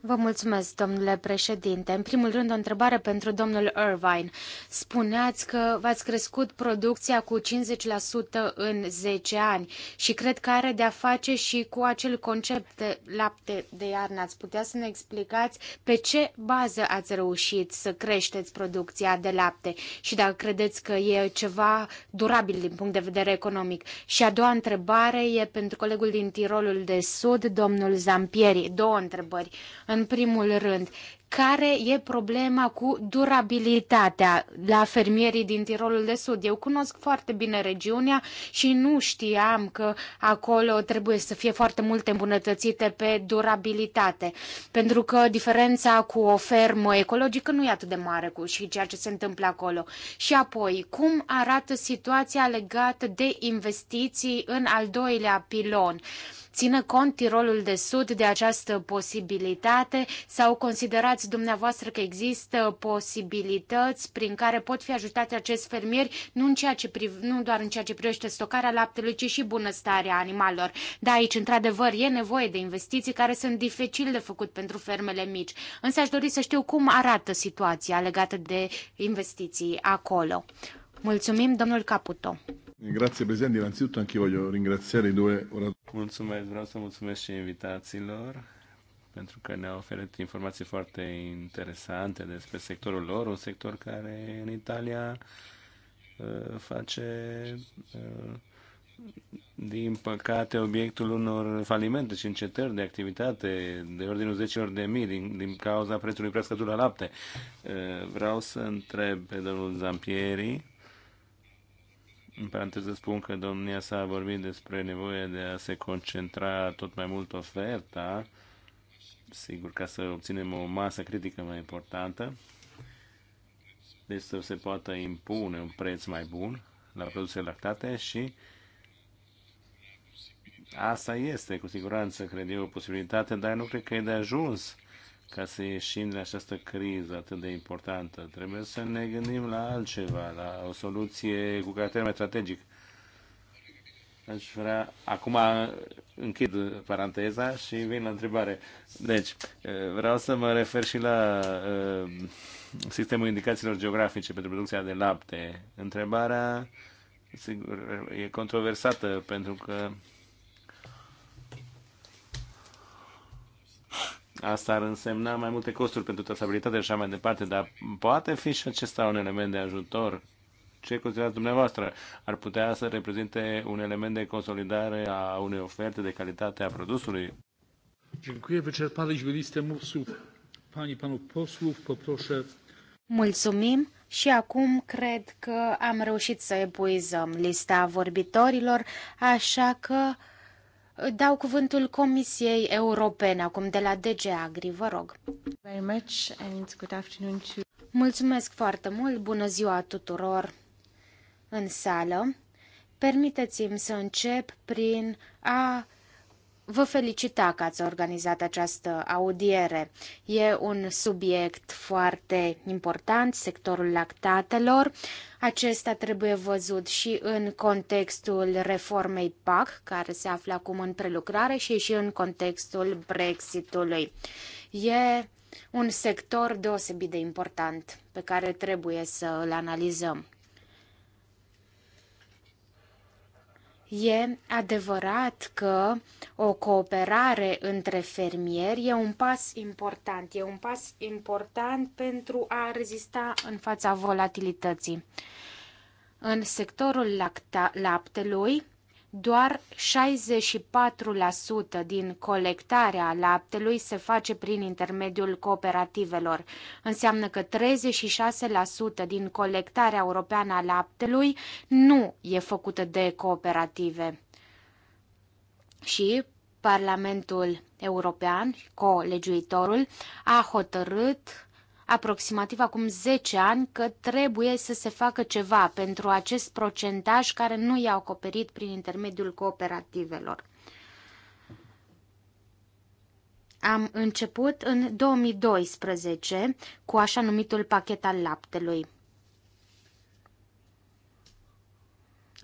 Vă mulțumesc, domnule președinte. În primul rând, o întrebare pentru domnul Irvine. Spuneați că v-ați crescut producția cu 50% în 10 ani și cred că are de-a face și cu acel concept de lapte de iarnă. Ați putea să ne explicați pe ce bază ați reușit să creșteți producția de lapte și dacă credeți că e ceva durabil din punct de vedere economic. Și a doua întrebare e pentru colegul din Tirolul de Sud, domnul Zampi apropierii. Două întrebări. În primul rând, care e problema cu durabilitatea la fermierii din Tirolul de Sud. Eu cunosc foarte bine regiunea și nu știam că acolo trebuie să fie foarte multe îmbunătățite pe durabilitate, pentru că diferența cu o fermă ecologică nu e atât de mare cu și ceea ce se întâmplă acolo. Și apoi, cum arată situația legată de investiții în al doilea pilon? Țină cont Tirolul de Sud de această posibilitate sau considerați dumneavoastră că există posibilități prin care pot fi ajutate acești fermieri nu, în ceea ce priv- nu doar în ceea ce privește stocarea laptelui, ci și bunăstarea animalelor? Da, aici, într-adevăr, e nevoie de investiții care sunt dificil de făcut pentru fermele mici. Însă aș dori să știu cum arată situația legată de investiții acolo. Mulțumim, domnul Caputo. Grazie Presidente, innanzitutto anche voglio ringraziare i due oratori. Mulțumesc, vreau să mulțumesc și invitațiilor pentru că ne-au oferit informații foarte interesante despre sectorul lor, un sector care în Italia uh, face uh, din păcate obiectul unor falimente și încetări de activitate de ordinul 10 ori de mii din, din cauza prețului prea la lapte. Uh, vreau să întreb pe domnul Zampieri în paranteză spun că domnia sa a vorbit despre nevoia de a se concentra tot mai mult oferta, sigur, ca să obținem o masă critică mai importantă, deci să se poată impune un preț mai bun la produse lactate și asta este, cu siguranță, cred eu, o posibilitate, dar nu cred că e de ajuns ca să ieșim de această criză atât de importantă. Trebuie să ne gândim la altceva, la o soluție cu caracter mai strategic. Aș vrea... Acum închid paranteza și vin la întrebare. Deci, eh, vreau să mă refer și la eh, sistemul indicațiilor geografice pentru producția de lapte. Întrebarea, sigur, e controversată pentru că Asta ar însemna mai multe costuri pentru trasabilitate și așa mai departe, dar poate fi și acesta un element de ajutor ce considerați dumneavoastră? Ar putea să reprezinte un element de consolidare a unei oferte de calitate a produsului? Dziękuję. Wyczerpaliśmy listę mówców. Pani, panów posłów, poproszę. Mulțumim și acum cred că am reușit să epuizăm lista vorbitorilor, așa că Dau cuvântul Comisiei Europene acum de la DG Agri, vă rog. Very much and good afternoon to... Mulțumesc foarte mult, bună ziua tuturor în sală. Permiteți-mi să încep prin a vă felicita că ați organizat această audiere. E un subiect foarte important, sectorul lactatelor. Acesta trebuie văzut și în contextul reformei PAC, care se află acum în prelucrare, și și în contextul Brexitului. E un sector deosebit de important pe care trebuie să îl analizăm. E adevărat că o cooperare între fermieri e un pas important, e un pas important pentru a rezista în fața volatilității. În sectorul laptelui, doar 64% din colectarea laptelui se face prin intermediul cooperativelor. Înseamnă că 36% din colectarea europeană a laptelui nu e făcută de cooperative. Și Parlamentul European, colegiuitorul, a hotărât aproximativ acum 10 ani că trebuie să se facă ceva pentru acest procentaj care nu i-a acoperit prin intermediul cooperativelor. Am început în 2012 cu așa numitul pachet al laptelui.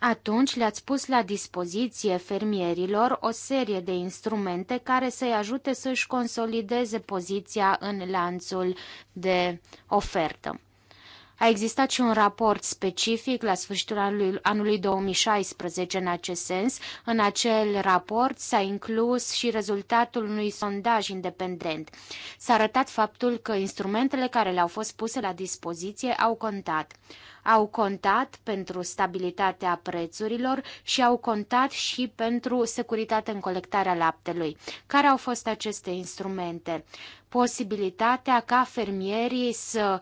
Atunci le-ați pus la dispoziție fermierilor o serie de instrumente care să-i ajute să-și consolideze poziția în lanțul de ofertă. A existat și un raport specific la sfârșitul anului, anului 2016 în acest sens. În acel raport s-a inclus și rezultatul unui sondaj independent. S-a arătat faptul că instrumentele care le-au fost puse la dispoziție au contat au contat pentru stabilitatea prețurilor și au contat și pentru securitatea în colectarea laptelui. Care au fost aceste instrumente? Posibilitatea ca fermierii să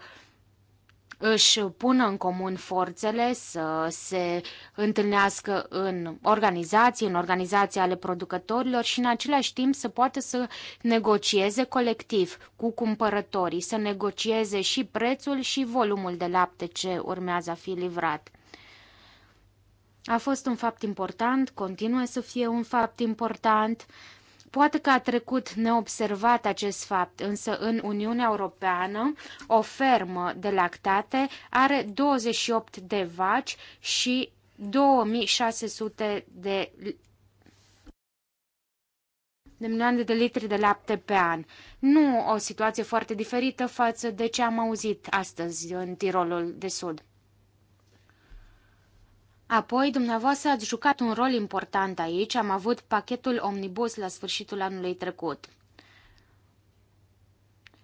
își pună în comun forțele, să se întâlnească în organizații, în organizații ale producătorilor și în același timp să poată să negocieze colectiv cu cumpărătorii, să negocieze și prețul și volumul de lapte ce urmează a fi livrat. A fost un fapt important, continuă să fie un fapt important. Poate că a trecut neobservat acest fapt, însă în Uniunea Europeană o fermă de lactate are 28 de vaci și 2600 de de milioane de litri de lapte pe an. Nu o situație foarte diferită față de ce am auzit astăzi în Tirolul de Sud. Apoi, dumneavoastră ați jucat un rol important aici. Am avut pachetul Omnibus la sfârșitul anului trecut.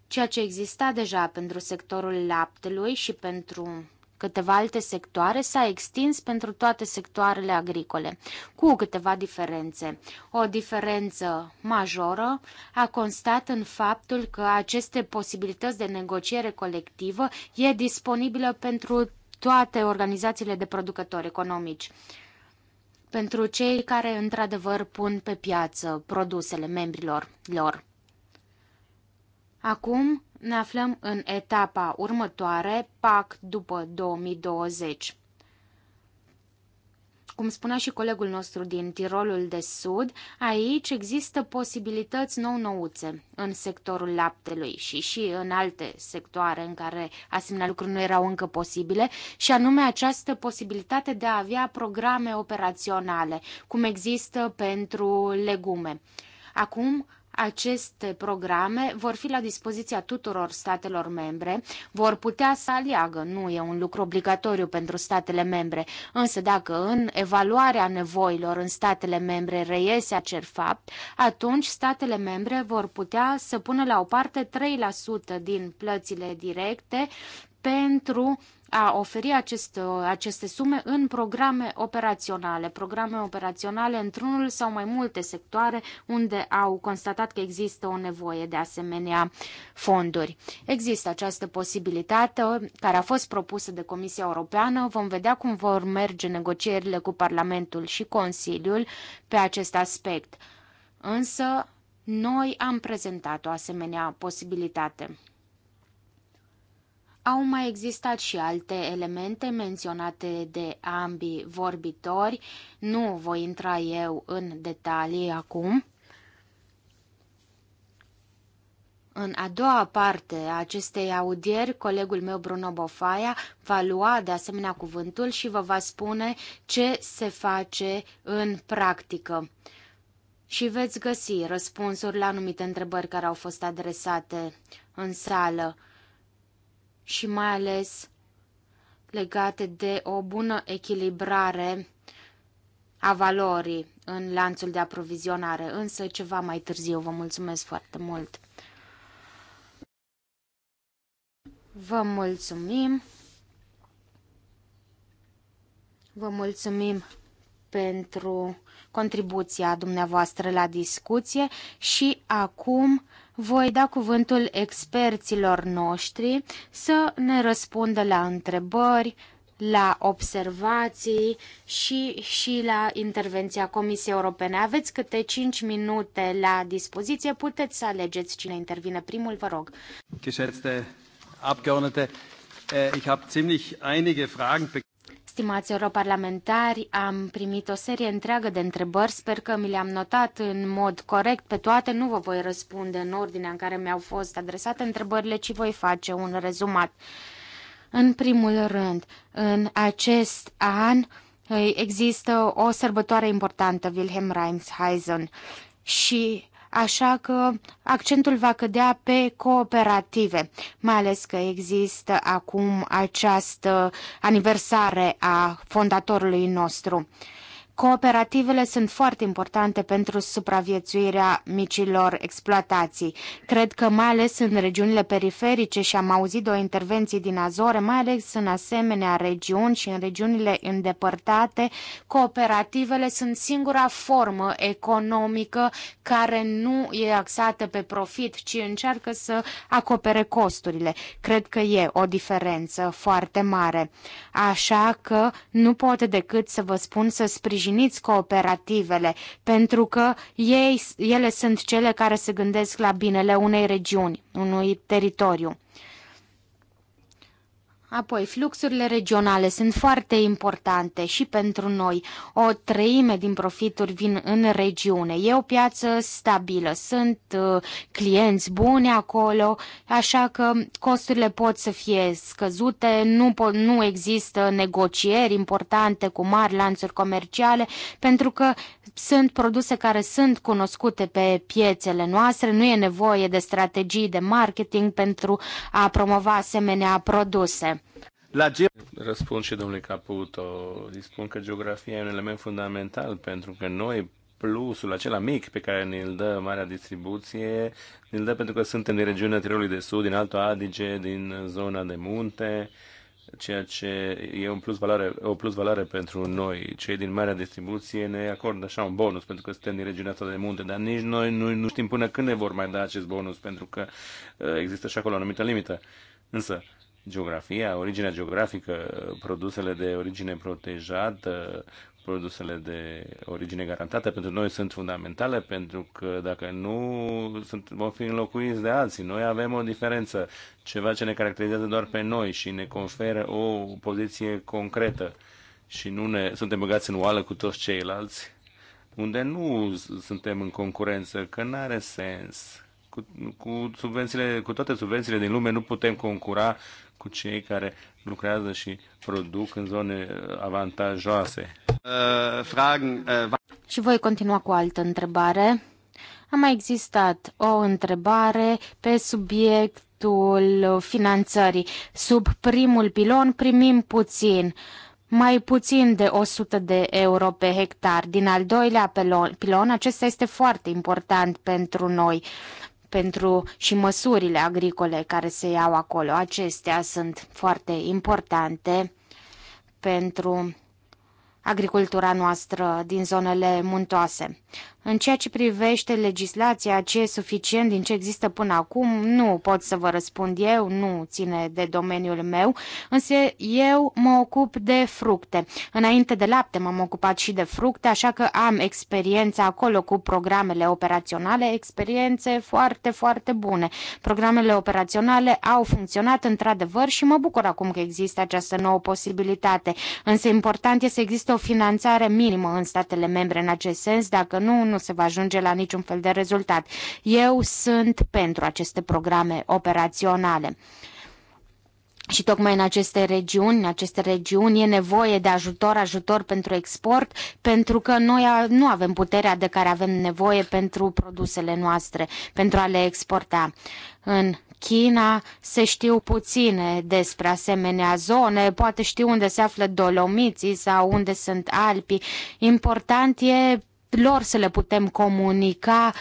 Ceea ce exista deja pentru sectorul laptelui și pentru câteva alte sectoare s-a extins pentru toate sectoarele agricole, cu câteva diferențe. O diferență majoră a constat în faptul că aceste posibilități de negociere colectivă e disponibilă pentru toate organizațiile de producători economici, pentru cei care într-adevăr pun pe piață produsele membrilor lor. Acum ne aflăm în etapa următoare, PAC după 2020. Cum spunea și colegul nostru din Tirolul de Sud, aici există posibilități nou-nouțe în sectorul laptelui și și în alte sectoare în care asemenea lucruri nu erau încă posibile, și anume această posibilitate de a avea programe operaționale, cum există pentru legume. Acum aceste programe vor fi la dispoziția tuturor statelor membre, vor putea să aleagă, nu e un lucru obligatoriu pentru statele membre, însă dacă în evaluarea nevoilor în statele membre reiese acel fapt, atunci statele membre vor putea să pună la o parte 3% din plățile directe pentru a oferi aceste, uh, aceste sume în programe operaționale, programe operaționale într-unul sau mai multe sectoare unde au constatat că există o nevoie de asemenea fonduri. Există această posibilitate care a fost propusă de Comisia Europeană. Vom vedea cum vor merge negocierile cu Parlamentul și Consiliul pe acest aspect. Însă, noi am prezentat o asemenea posibilitate. Au mai existat și alte elemente menționate de ambii vorbitori, nu voi intra eu în detalii acum. În a doua parte a acestei audieri, colegul meu Bruno Bofaia va lua de asemenea cuvântul și vă va spune ce se face în practică. Și veți găsi răspunsuri la anumite întrebări care au fost adresate în sală și mai ales legate de o bună echilibrare a valorii în lanțul de aprovizionare, însă ceva mai târziu. Vă mulțumesc foarte mult! Vă mulțumim! Vă mulțumim pentru contribuția dumneavoastră la discuție și acum voi da cuvântul experților noștri să ne răspundă la întrebări, la observații și, și la intervenția Comisiei Europene. Aveți câte 5 minute la dispoziție, puteți să alegeți cine intervine primul, vă rog. Geschätzte Abgeordnete, äh, ich habe ziemlich einige Fragen Stimați europarlamentari, am primit o serie întreagă de întrebări, sper că mi le-am notat în mod corect pe toate, nu vă voi răspunde în ordinea în care mi-au fost adresate întrebările, ci voi face un rezumat. În primul rând, în acest an eh, există o sărbătoare importantă, Wilhelm Reimsheisen, și așa că accentul va cădea pe cooperative, mai ales că există acum această aniversare a fondatorului nostru. Cooperativele sunt foarte importante pentru supraviețuirea micilor exploatații. Cred că mai ales în regiunile periferice și am auzit de o intervenție din Azore, mai ales în asemenea regiuni și în regiunile îndepărtate, cooperativele sunt singura formă economică care nu e axată pe profit, ci încearcă să acopere costurile. Cred că e o diferență foarte mare. Așa că nu pot decât să vă spun să sprijin sprijiniți cooperativele, pentru că ei, ele sunt cele care se gândesc la binele unei regiuni, unui teritoriu. Apoi, fluxurile regionale sunt foarte importante și pentru noi. O treime din profituri vin în regiune. E o piață stabilă, sunt uh, clienți buni acolo, așa că costurile pot să fie scăzute, nu, po- nu există negocieri importante cu mari lanțuri comerciale, pentru că sunt produse care sunt cunoscute pe piețele noastre, nu e nevoie de strategii de marketing pentru a promova asemenea produse la ge- Răspund și domnului Caputo. spun că geografia e un element fundamental pentru că noi plusul acela mic pe care ne-l dă marea distribuție, ne-l dă pentru că suntem din regiunea Tirolului de Sud, din Alto Adige, din zona de munte, ceea ce e un plus valoare, o plus valoare pentru noi. Cei din marea distribuție ne acordă așa un bonus pentru că suntem din regiunea asta de munte, dar nici noi nu, nu știm până când ne vor mai da acest bonus pentru că uh, există și acolo o anumită limită. Însă, geografia, originea geografică, produsele de origine protejată, produsele de origine garantată pentru noi sunt fundamentale pentru că dacă nu sunt, vom fi înlocuiți de alții. Noi avem o diferență, ceva ce ne caracterizează doar pe noi și ne conferă o poziție concretă și nu ne, suntem băgați în oală cu toți ceilalți unde nu suntem în concurență, că nu are sens. Cu, cu, subvențiile, cu toate subvențiile din lume nu putem concura cu cei care lucrează și produc în zone avantajoase. Uh, uh, și voi continua cu o altă întrebare. A mai existat o întrebare pe subiectul finanțării. Sub primul pilon primim puțin mai puțin de 100 de euro pe hectar. Din al doilea pilon, acesta este foarte important pentru noi pentru și măsurile agricole care se iau acolo. Acestea sunt foarte importante pentru agricultura noastră din zonele muntoase. În ceea ce privește legislația, ce e suficient din ce există până acum, nu pot să vă răspund eu, nu ține de domeniul meu, însă eu mă ocup de fructe. Înainte de lapte m-am ocupat și de fructe, așa că am experiența acolo cu programele operaționale, experiențe foarte, foarte bune. Programele operaționale au funcționat într-adevăr și mă bucur acum că există această nouă posibilitate, însă important este să există o o finanțare minimă în statele membre în acest sens, dacă nu, nu se va ajunge la niciun fel de rezultat. Eu sunt pentru aceste programe operaționale. Și tocmai în aceste regiuni, în aceste regiuni e nevoie de ajutor, ajutor pentru export, pentru că noi nu avem puterea de care avem nevoie pentru produsele noastre, pentru a le exporta. În China se știu puține despre asemenea zone, poate știu unde se află dolomiții sau unde sunt alpii. Important e lor să le putem comunica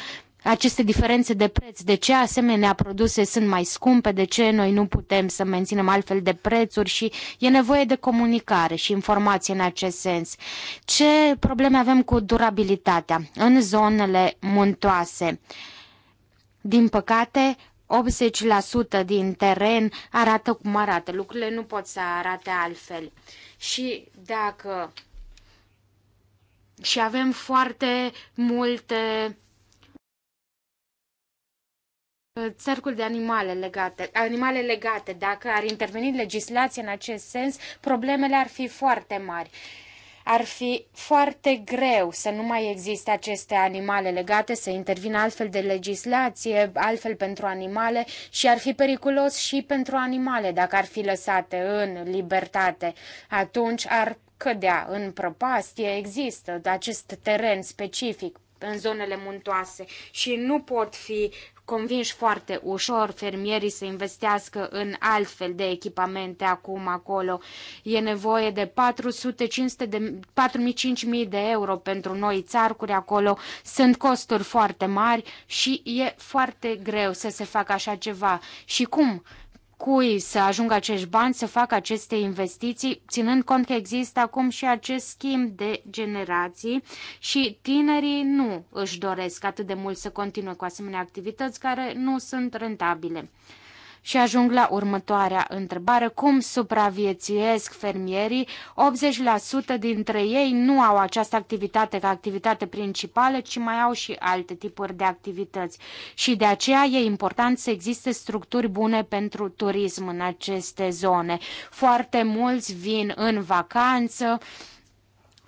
aceste diferențe de preț, de ce asemenea produse sunt mai scumpe, de ce noi nu putem să menținem altfel de prețuri și e nevoie de comunicare și informație în acest sens. Ce probleme avem cu durabilitatea în zonele muntoase? Din păcate, 80% din teren arată cum arată. Lucrurile nu pot să arate altfel. Și dacă și avem foarte multe uh, cercul de animale legate, animale legate, dacă ar interveni legislația în acest sens, problemele ar fi foarte mari. Ar fi foarte greu să nu mai existe aceste animale legate, să intervină altfel de legislație, altfel pentru animale și ar fi periculos și pentru animale dacă ar fi lăsate în libertate. Atunci ar cădea în prăpastie, există acest teren specific în zonele muntoase și nu pot fi convinși foarte ușor fermierii să investească în altfel de echipamente acum acolo. E nevoie de 400, 500 de, 4000 de euro pentru noi țarcuri acolo. Sunt costuri foarte mari și e foarte greu să se facă așa ceva. Și cum cui să ajungă acești bani să facă aceste investiții, ținând cont că există acum și acest schimb de generații și tinerii nu își doresc atât de mult să continue cu asemenea activități care nu sunt rentabile. Și ajung la următoarea întrebare. Cum supraviețuiesc fermierii? 80% dintre ei nu au această activitate ca activitate principală, ci mai au și alte tipuri de activități. Și de aceea e important să existe structuri bune pentru turism în aceste zone. Foarte mulți vin în vacanță,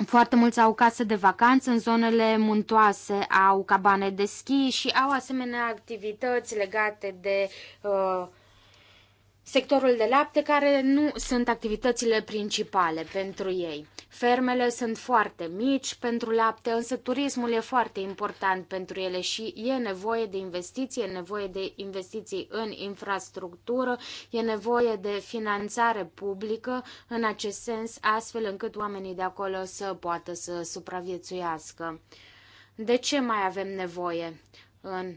foarte mulți au case de vacanță în zonele muntoase, au cabane de schi și au asemenea activități legate de uh, sectorul de lapte, care nu sunt activitățile principale pentru ei. Fermele sunt foarte mici pentru lapte, însă turismul e foarte important pentru ele și e nevoie de investiții, e nevoie de investiții în infrastructură, e nevoie de finanțare publică în acest sens, astfel încât oamenii de acolo să poată să supraviețuiască. De ce mai avem nevoie în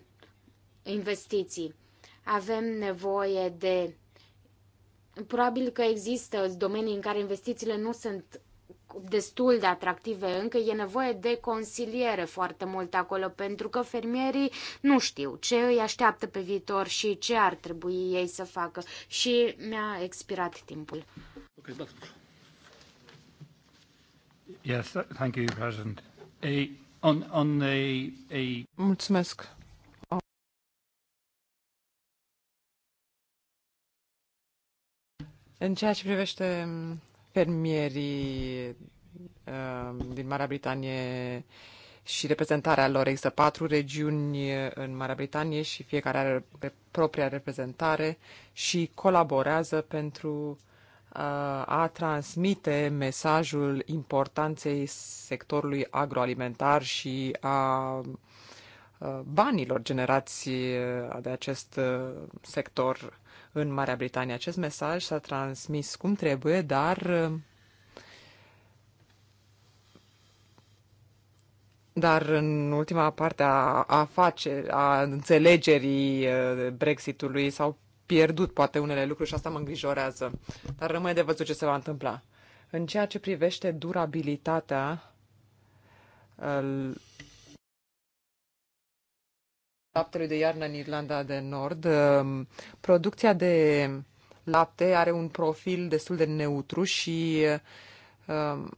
investiții? Avem nevoie de Probabil că există domenii în care investițiile nu sunt destul de atractive încă, e nevoie de consiliere foarte mult acolo, pentru că fermierii nu știu ce îi așteaptă pe viitor și ce ar trebui ei să facă. Și mi-a expirat timpul. Da. Yes, thank you, President. A, on, on a, a... Mulțumesc, În ceea ce privește fermierii um, din Marea Britanie și reprezentarea lor, există patru regiuni în Marea Britanie și fiecare are pe propria reprezentare și colaborează pentru uh, a transmite mesajul importanței sectorului agroalimentar și a uh, banilor generați de acest uh, sector în Marea Britanie. Acest mesaj s-a transmis cum trebuie, dar Dar în ultima parte a a face, a înțelegerii Brexitului s-au pierdut poate unele lucruri și asta mă îngrijorează. Dar rămâne de văzut ce se va întâmpla. În ceea ce privește durabilitatea laptelui de iarnă în Irlanda de Nord. Um, producția de lapte are un profil destul de neutru și um,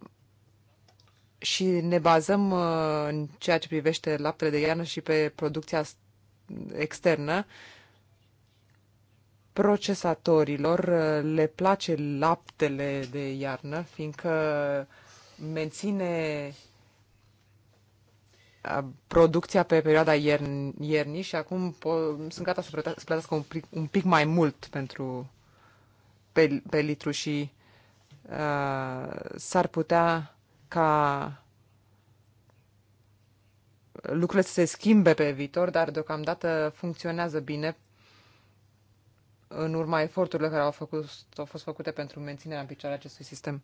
și ne bazăm uh, în ceea ce privește laptele de iarnă și pe producția externă procesatorilor uh, le place laptele de iarnă, fiindcă menține producția pe perioada iern- iernii și acum sunt gata să plătească un pic, un pic mai mult pentru pe, pe litru și uh, s-ar putea ca lucrurile să se schimbe pe viitor, dar deocamdată funcționează bine în urma eforturilor care au, făcut, au fost făcute pentru menținerea în picioare acestui sistem.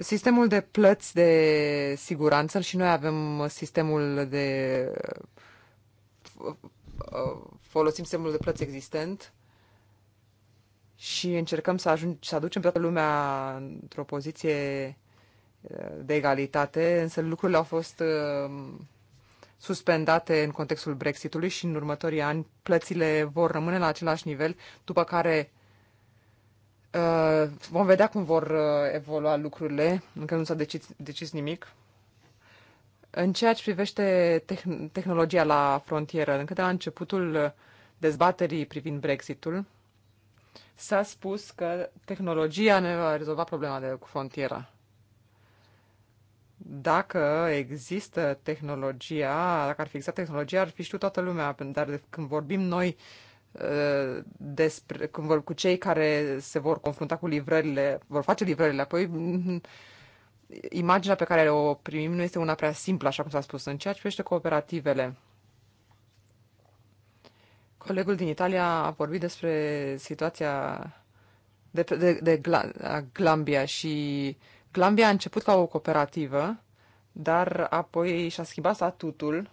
Sistemul de plăți de siguranță și noi avem sistemul de folosim sistemul de plăți existent și încercăm să, ajung, să aducem toată lumea într-o poziție uh, de egalitate, însă lucrurile au fost uh, suspendate în contextul Brexitului și în următorii ani plățile vor rămâne la același nivel, după care Uh, vom vedea cum vor uh, evolua lucrurile, încă nu s-a decis, decis nimic. În ceea ce privește tehn- tehnologia la frontieră, încă de la începutul uh, dezbaterii privind Brexitul, s-a spus că tehnologia ne va rezolva problema de cu frontiera. Dacă există tehnologia, dacă ar fi existat tehnologia, ar fi știut toată lumea, dar când vorbim noi uh, Uh, despre, când vor, cu cei care se vor confrunta cu livrările, vor face livrările, apoi mm, imaginea pe care o primim nu este una prea simplă, așa cum s-a spus, în ceea ce privește cooperativele. Colegul din Italia a vorbit despre situația de, de, de Glambia și Glambia a început ca o cooperativă, dar apoi și-a schimbat statutul,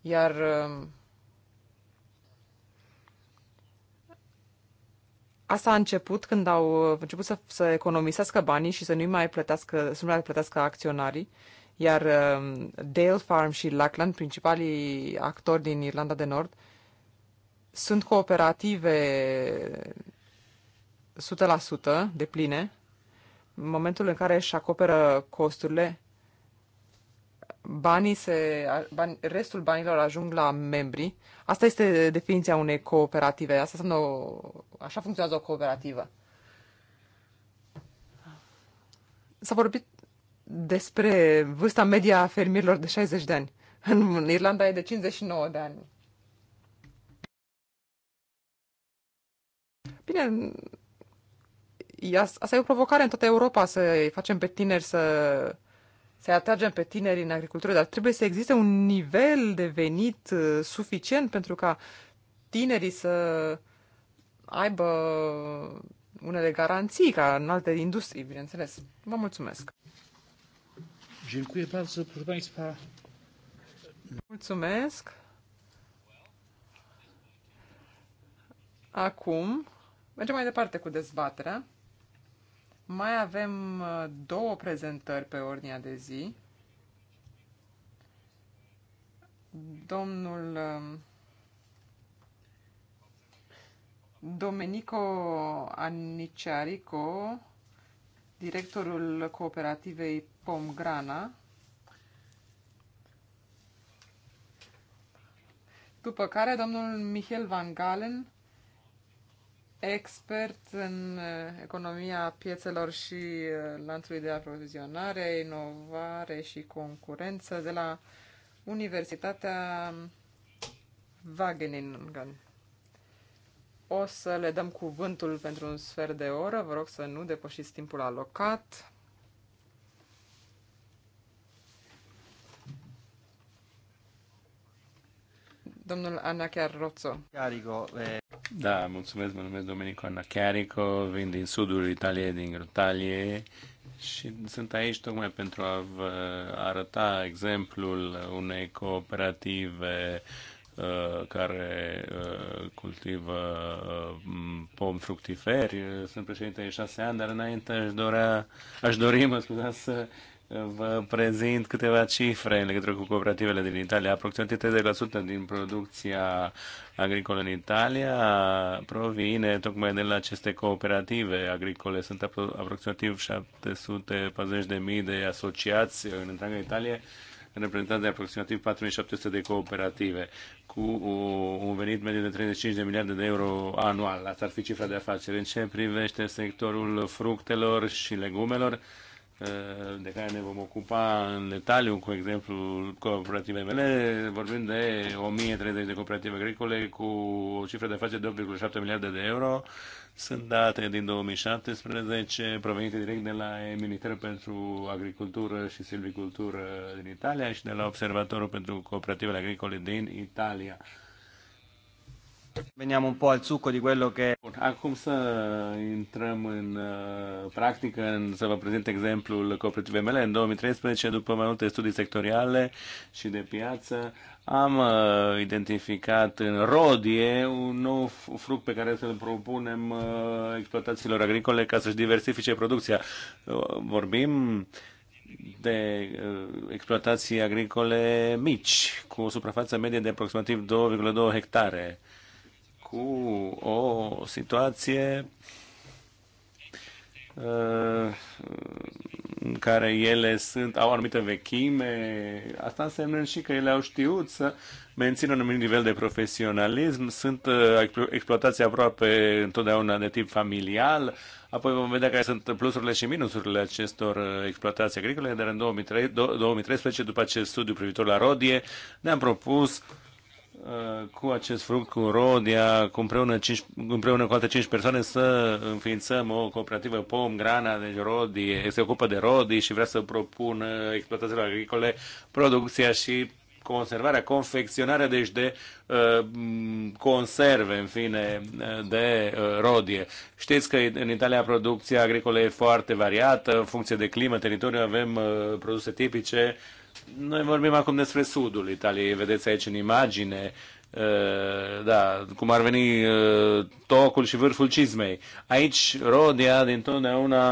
iar um, asta a început când au început să, să economisească banii și să nu mai plătească, să nu mai plătească acționarii, iar um, Dale Farm și Lackland, principalii actori din Irlanda de Nord, sunt cooperative 100% de pline, în momentul în care își acoperă costurile banii se, bani, restul banilor ajung la membri. Asta este definiția unei cooperative. Asta înseamnă o, așa funcționează o cooperativă. S-a vorbit despre vârsta media a fermierilor de 60 de ani. În Irlanda e de 59 de ani. Bine, asta e o provocare în toată Europa să-i facem pe tineri să să atragem pe tinerii în agricultură, dar trebuie să existe un nivel de venit uh, suficient pentru ca tinerii să aibă unele garanții, ca în alte industrii, bineînțeles. Vă mulțumesc! Mulțumesc! Acum, mergem mai departe cu dezbaterea. Mai avem uh, două prezentări pe ordinea de zi. Domnul um, Domenico Aniciarico, directorul cooperativei Pomgrana, după care domnul Michel Van Galen, expert în uh, economia piețelor și uh, lanțului de aprovizionare, inovare și concurență de la Universitatea Wageningen. O să le dăm cuvântul pentru un sfert de oră. Vă rog să nu depășiți timpul alocat. Domnul Ana Chiarrozzo. Carico. Eh. Da, mulțumesc, mă numesc Domenico Ana Chiarico, vin din sudul Italiei, din Grotalie și sunt aici tocmai pentru a vă arăta exemplul unei cooperative eh, care eh, cultivă pom fructiferi. Sunt președinte de șase ani, dar înainte aș, dorea, aș dori mă scuzați, să Vă prezint câteva cifre în legătură cu cooperativele din Italia. Aproximativ 30% din producția agricolă în Italia provine tocmai de la aceste cooperative agricole. Sunt apro- aproximativ 740.000 de asociați în întreaga Italie, reprezentate de aproximativ 4700 de cooperative, cu un venit mediu de 35 de miliarde de euro anual. Asta ar fi cifra de afaceri. În ce privește sectorul fructelor și legumelor, Eh, de care ne vom ocupa în detaliu, cu exemplu cooperative mele, vorbim de 1030 de cooperative agricole cu o cifră de afaceri de 8,7 miliarde de euro. Sunt date din 2017 provenite direct de la Ministerul pentru Agricultură și Silvicultură din Italia și de la Observatorul pentru Cooperativele Agricole din Italia. Veniam un po' al succo di quello che... Bun, acum să intrăm în uh, practică, în, să vă prezint exemplul cooperativei mele. În 2013, după mai multe studii sectoriale și de piață, am uh, identificat în rodie un nou fruct pe care să-l propunem uh, exploatațiilor agricole ca să-și diversifice producția. Uh, vorbim de uh, exploatații agricole mici, cu o suprafață medie de aproximativ 2,2 hectare. Uh, cu o situație uh, în care ele sunt, au anumită vechime, asta înseamnă și că ele au știut să mențină un anumit nivel de profesionalism, sunt uh, exploatații aproape întotdeauna de tip familial, apoi vom vedea care sunt plusurile și minusurile acestor uh, exploatații agricole, dar în 2013, după acest studiu privitor la rodie, ne-am propus uh, Uh, cu acest fruct, cu Rodia, cu împreună, cinci, împreună cu alte cinci persoane să înființăm o cooperativă POM, Grana, deci Rodie, se ocupă de Rodii și vrea să propună exploatațiilor agricole producția și conservarea, confecționarea deci de uh, conserve, în fine, de uh, rodie. Știți că în Italia producția agricolă e foarte variată, în funcție de climă, teritoriu, avem uh, produse tipice, uh, noi vorbim acum despre sudul Italiei, vedeți aici în imagine, uh, da, cum ar veni uh, tocul și vârful cizmei. Aici rodia dintotdeauna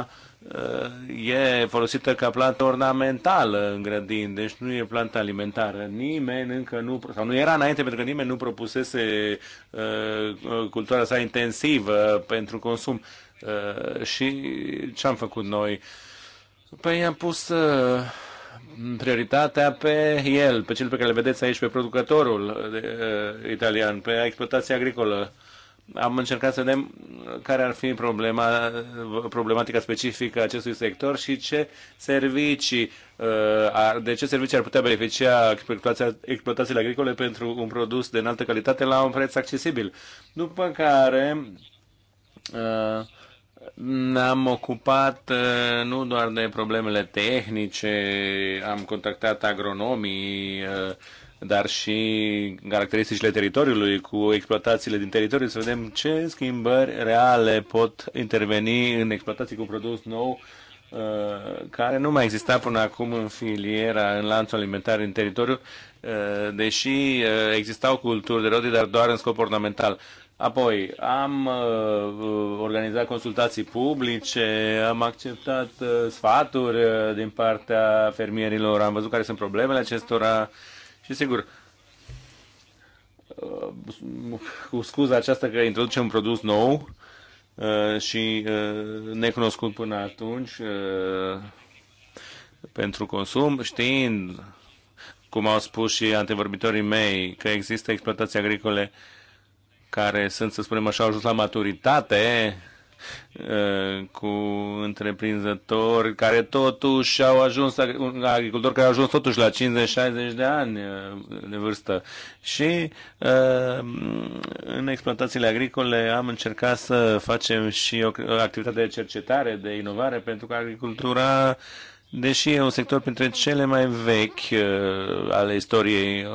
uh, e folosită ca plantă ornamentală în grădini, deci nu e plantă alimentară. Nimeni încă nu, sau nu era înainte pentru că nimeni nu propusese cultura sa intensivă pentru consum. și ce am făcut noi? Păi am pus uh, prioritatea pe el, pe cel pe care le vedeți aici, pe producătorul de, uh, italian, pe exploatația agricolă. Am încercat să vedem care ar fi problema, problematica specifică acestui sector și ce servicii, uh, de ce servicii ar putea beneficia exploatațiile agricole pentru un produs de înaltă calitate la un preț accesibil. După care uh, ne-am ocupat uh, nu doar de problemele tehnice, am contactat agronomii, uh, dar și caracteristicile teritoriului cu exploatațiile din teritoriu, să vedem ce schimbări reale pot interveni în exploatații cu produs nou uh, care nu mai exista până acum în filiera, în lanțul alimentar în teritoriu, deși existau culturi de rodii, dar doar în scop ornamental. Apoi, am uh, organizat consultații publice, am acceptat uh, sfaturi uh, din partea fermierilor, am văzut care sunt problemele acestora și, sigur, uh, cu scuza aceasta că introducem un produs nou uh, și uh, necunoscut până atunci uh, pentru consum, știind, cum au spus și antevorbitorii mei, că există exploatații agricole uh, care sunt, să spunem așa, au ajuns la maturitate cu întreprinzători care totuși au ajuns, agricultori care au ajuns totuși la 50-60 de ani de vârstă. Și în exploatațiile agricole am încercat să facem și o activitate de cercetare, de inovare, pentru că agricultura deși e un sector printre cele mai vechi uh, ale istoriei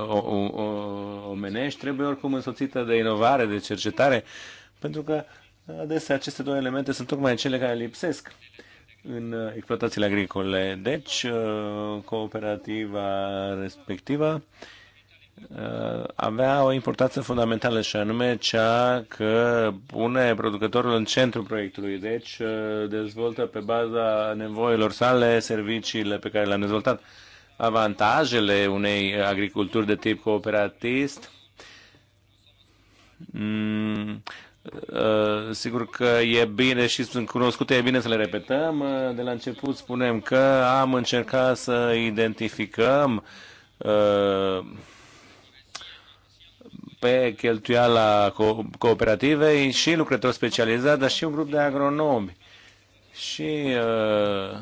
omenești, trebuie oricum însoțită de inovare, de cercetare, pentru că adesea aceste două elemente sunt tocmai cele care lipsesc în uh, exploatațiile agricole. Deci, uh, cooperativa respectivă Uh, avea o importanță fundamentală și anume cea că pune producătorul în centrul proiectului, deci uh, dezvoltă pe baza nevoilor sale serviciile pe care le-am dezvoltat. Avantajele unei agriculturi de tip cooperatist mm, uh, sigur că e bine și sunt cunoscute, e bine să le repetăm. De la început spunem că am încercat să identificăm uh, pe cheltuiala co- cooperativei și lucrători specializați, dar și un grup de agronomi. Și uh,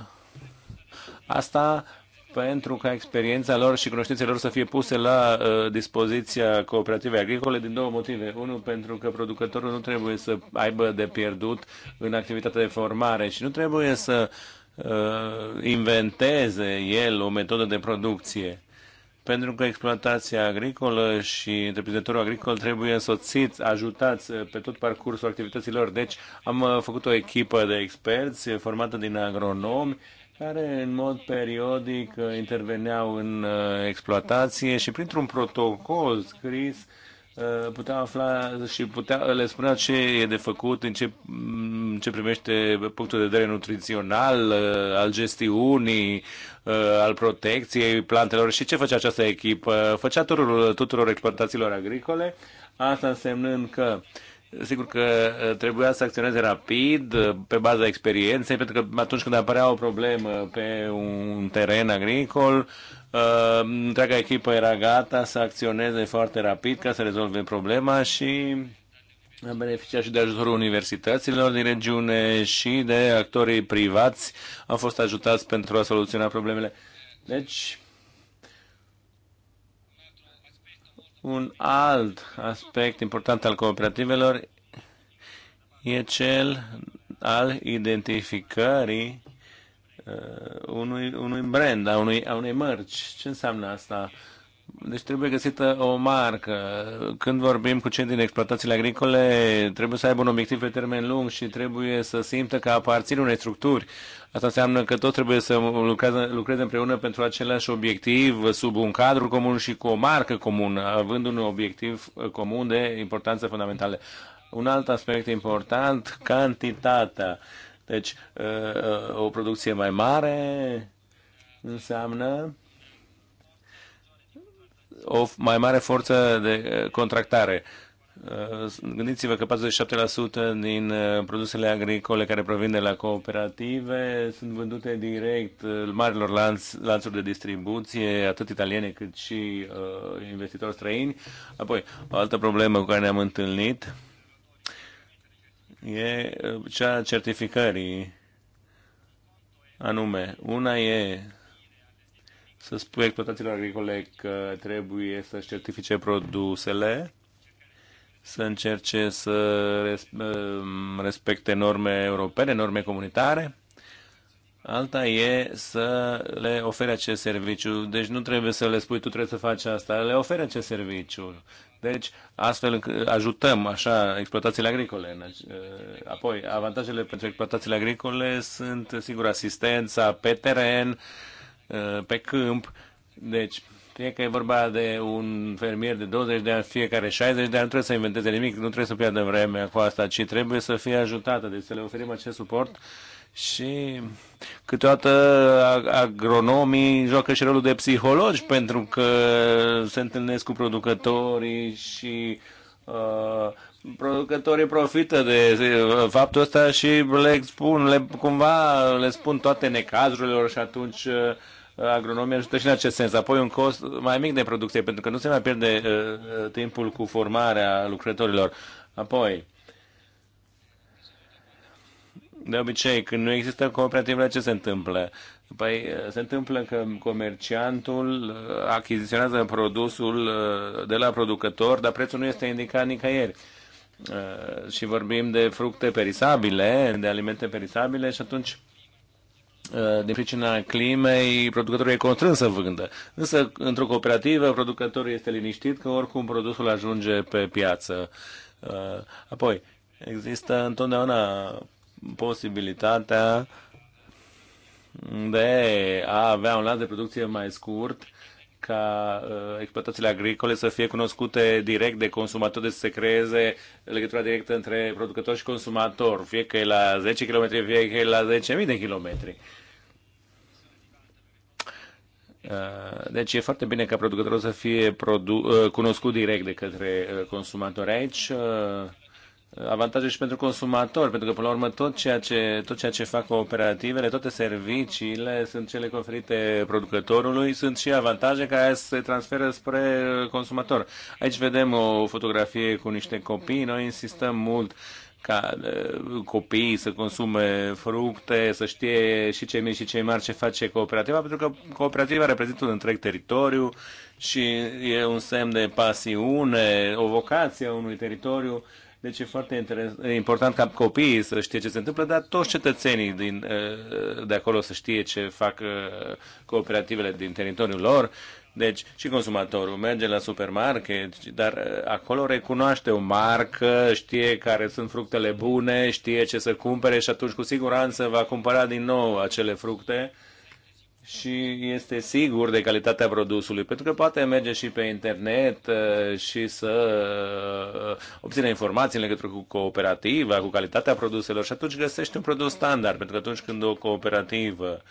asta pentru ca experiența lor și cunoștințele lor să fie puse la uh, dispoziția cooperativei agricole din două motive. Unul, pentru că producătorul nu trebuie să aibă de pierdut în activitatea de formare și nu trebuie să uh, inventeze el o metodă de producție pentru că exploatația agricolă și întreprinzătorul agricol trebuie însoțiți, ajutați uh, pe tot parcursul activităților. Deci am uh, făcut o echipă de experți uh, formată din agronomi care în mod periodic interveneau în exploatație și printr-un protocol scris puteau afla și putea, le spunea ce e de făcut, în ce ce privește punctul de vedere nutrițional, uh, al gestiunii, uh, al protecției plantelor și ce făcea această echipă? Făcea turul tuturor exploatațiilor agricole, asta însemnând că Sigur că uh, trebuia să acționeze rapid, pe baza experienței, pentru că atunci când apărea o problemă pe un teren agricol, întreaga echipă era gata să acționeze foarte rapid ca să rezolve problema și a beneficiat și de ajutorul universităților din regiune și de actorii privați au fost ajutați pentru a soluționa problemele. Deci, un alt aspect important al cooperativelor e cel al identificării uh, unui, unui brand, a unui, a unei mărci. Ce înseamnă asta? Deci trebuie găsită o marcă. Când vorbim cu cei din exploatațiile agricole, trebuie să aibă un obiectiv pe termen lung și trebuie să simtă că aparțin unei structuri. Asta înseamnă că tot trebuie să lucreze, lucreze împreună pentru același obiectiv, sub un cadru comun și cu o marcă comună, având un obiectiv comun de importanță fundamentală. Un alt aspect important, cantitatea. Deci, uh, uh, o producție mai mare înseamnă o mai mare forță de eh, contractare. Eh, gândiți-vă că 47% din eh, produsele agricole care provin de la cooperative sunt vândute direct marilor lanț, lanțuri de distribuție, atât italiene cât și uh, investitori străini. Apoi, o altă problemă cu care ne-am întâlnit e cea a certificării. Anume, una e să spui exploatațiilor agricole că trebuie să-și certifice produsele, să încerce să um, respecte norme europene, norme comunitare. Alta e să le ofere acest serviciu. Deci nu trebuie să le spui tu trebuie să faci asta, le oferă acest serviciu. Deci astfel ajutăm așa exploatațiile agricole. Uh, apoi, avantajele pentru exploatațiile agricole sunt, sigur, asistența pe teren, Uh, pe câmp. Deci, fie că e vorba de un fermier de 20 de ani, fiecare 60 de ani, nu trebuie să inventeze nimic, nu trebuie să pierdă vremea cu asta, ci trebuie să fie ajutată, deci să le oferim acest suport și câteodată agronomii joacă și rolul de psihologi pentru că se întâlnesc cu producătorii și uh, producătorii profită de uh, faptul ăsta și le spun, le, cumva le spun toate necazurilor și atunci uh, agronomii ajută și în acest sens. Apoi un cost mai mic de producție, pentru că nu se mai pierde uh, uh timpul cu formarea lucrătorilor. Apoi, de obicei, când nu există cooperativă, ce se întâmplă? Păi uh, se întâmplă că comerciantul uh, achiziționează produsul de la producător, dar prețul nu este indicat nicăieri. Și vorbim de fructe perisabile, de alimente perisabile și atunci Uh, din pricina climei, producătorul e constrâns să vândă. Însă, într-o cooperativă, producătorul este liniștit că oricum produsul ajunge pe piață. Uh, apoi, există întotdeauna posibilitatea de a avea un lat de producție mai scurt ca uh, exploatațiile agricole să fie cunoscute direct de consumatori, de să se creeze legătura directă între producător și consumator, fie că e la 10 km, fie că e la 10.000 de kilometri. Uh, deci e foarte bine ca producătorul să fie produ- uh, cunoscut direct de către uh, consumatori. Aici avantaje și pentru consumatori, pentru că până la urmă tot ceea ce, tot ceea ce fac cooperativele, toate serviciile sunt cele conferite producătorului, sunt și avantaje care se transferă spre consumator. Aici vedem o fotografie cu niște copii, noi insistăm mult ca uh, copiii să consume fructe, să știe și cei mici și cei mari ce face cooperativa, pentru că cooperativa reprezintă un întreg teritoriu și e un semn de pasiune, o vocație a unui teritoriu deci e foarte e important ca copiii să știe ce se întâmplă, dar toți cetățenii din, uh, de acolo să știe ce fac uh, cooperativele din teritoriul lor. Deci și consumatorul merge la supermarket, dar uh, acolo recunoaște o marcă, știe care sunt fructele bune, știe ce să cumpere și atunci cu siguranță va cumpăra din nou acele fructe și este sigur de calitatea produsului, pentru că poate merge și pe internet uh, și să uh, obține informații în legătură cu cooperativa, cu calitatea produselor și atunci găsești un produs standard, pentru că atunci când o cooperativă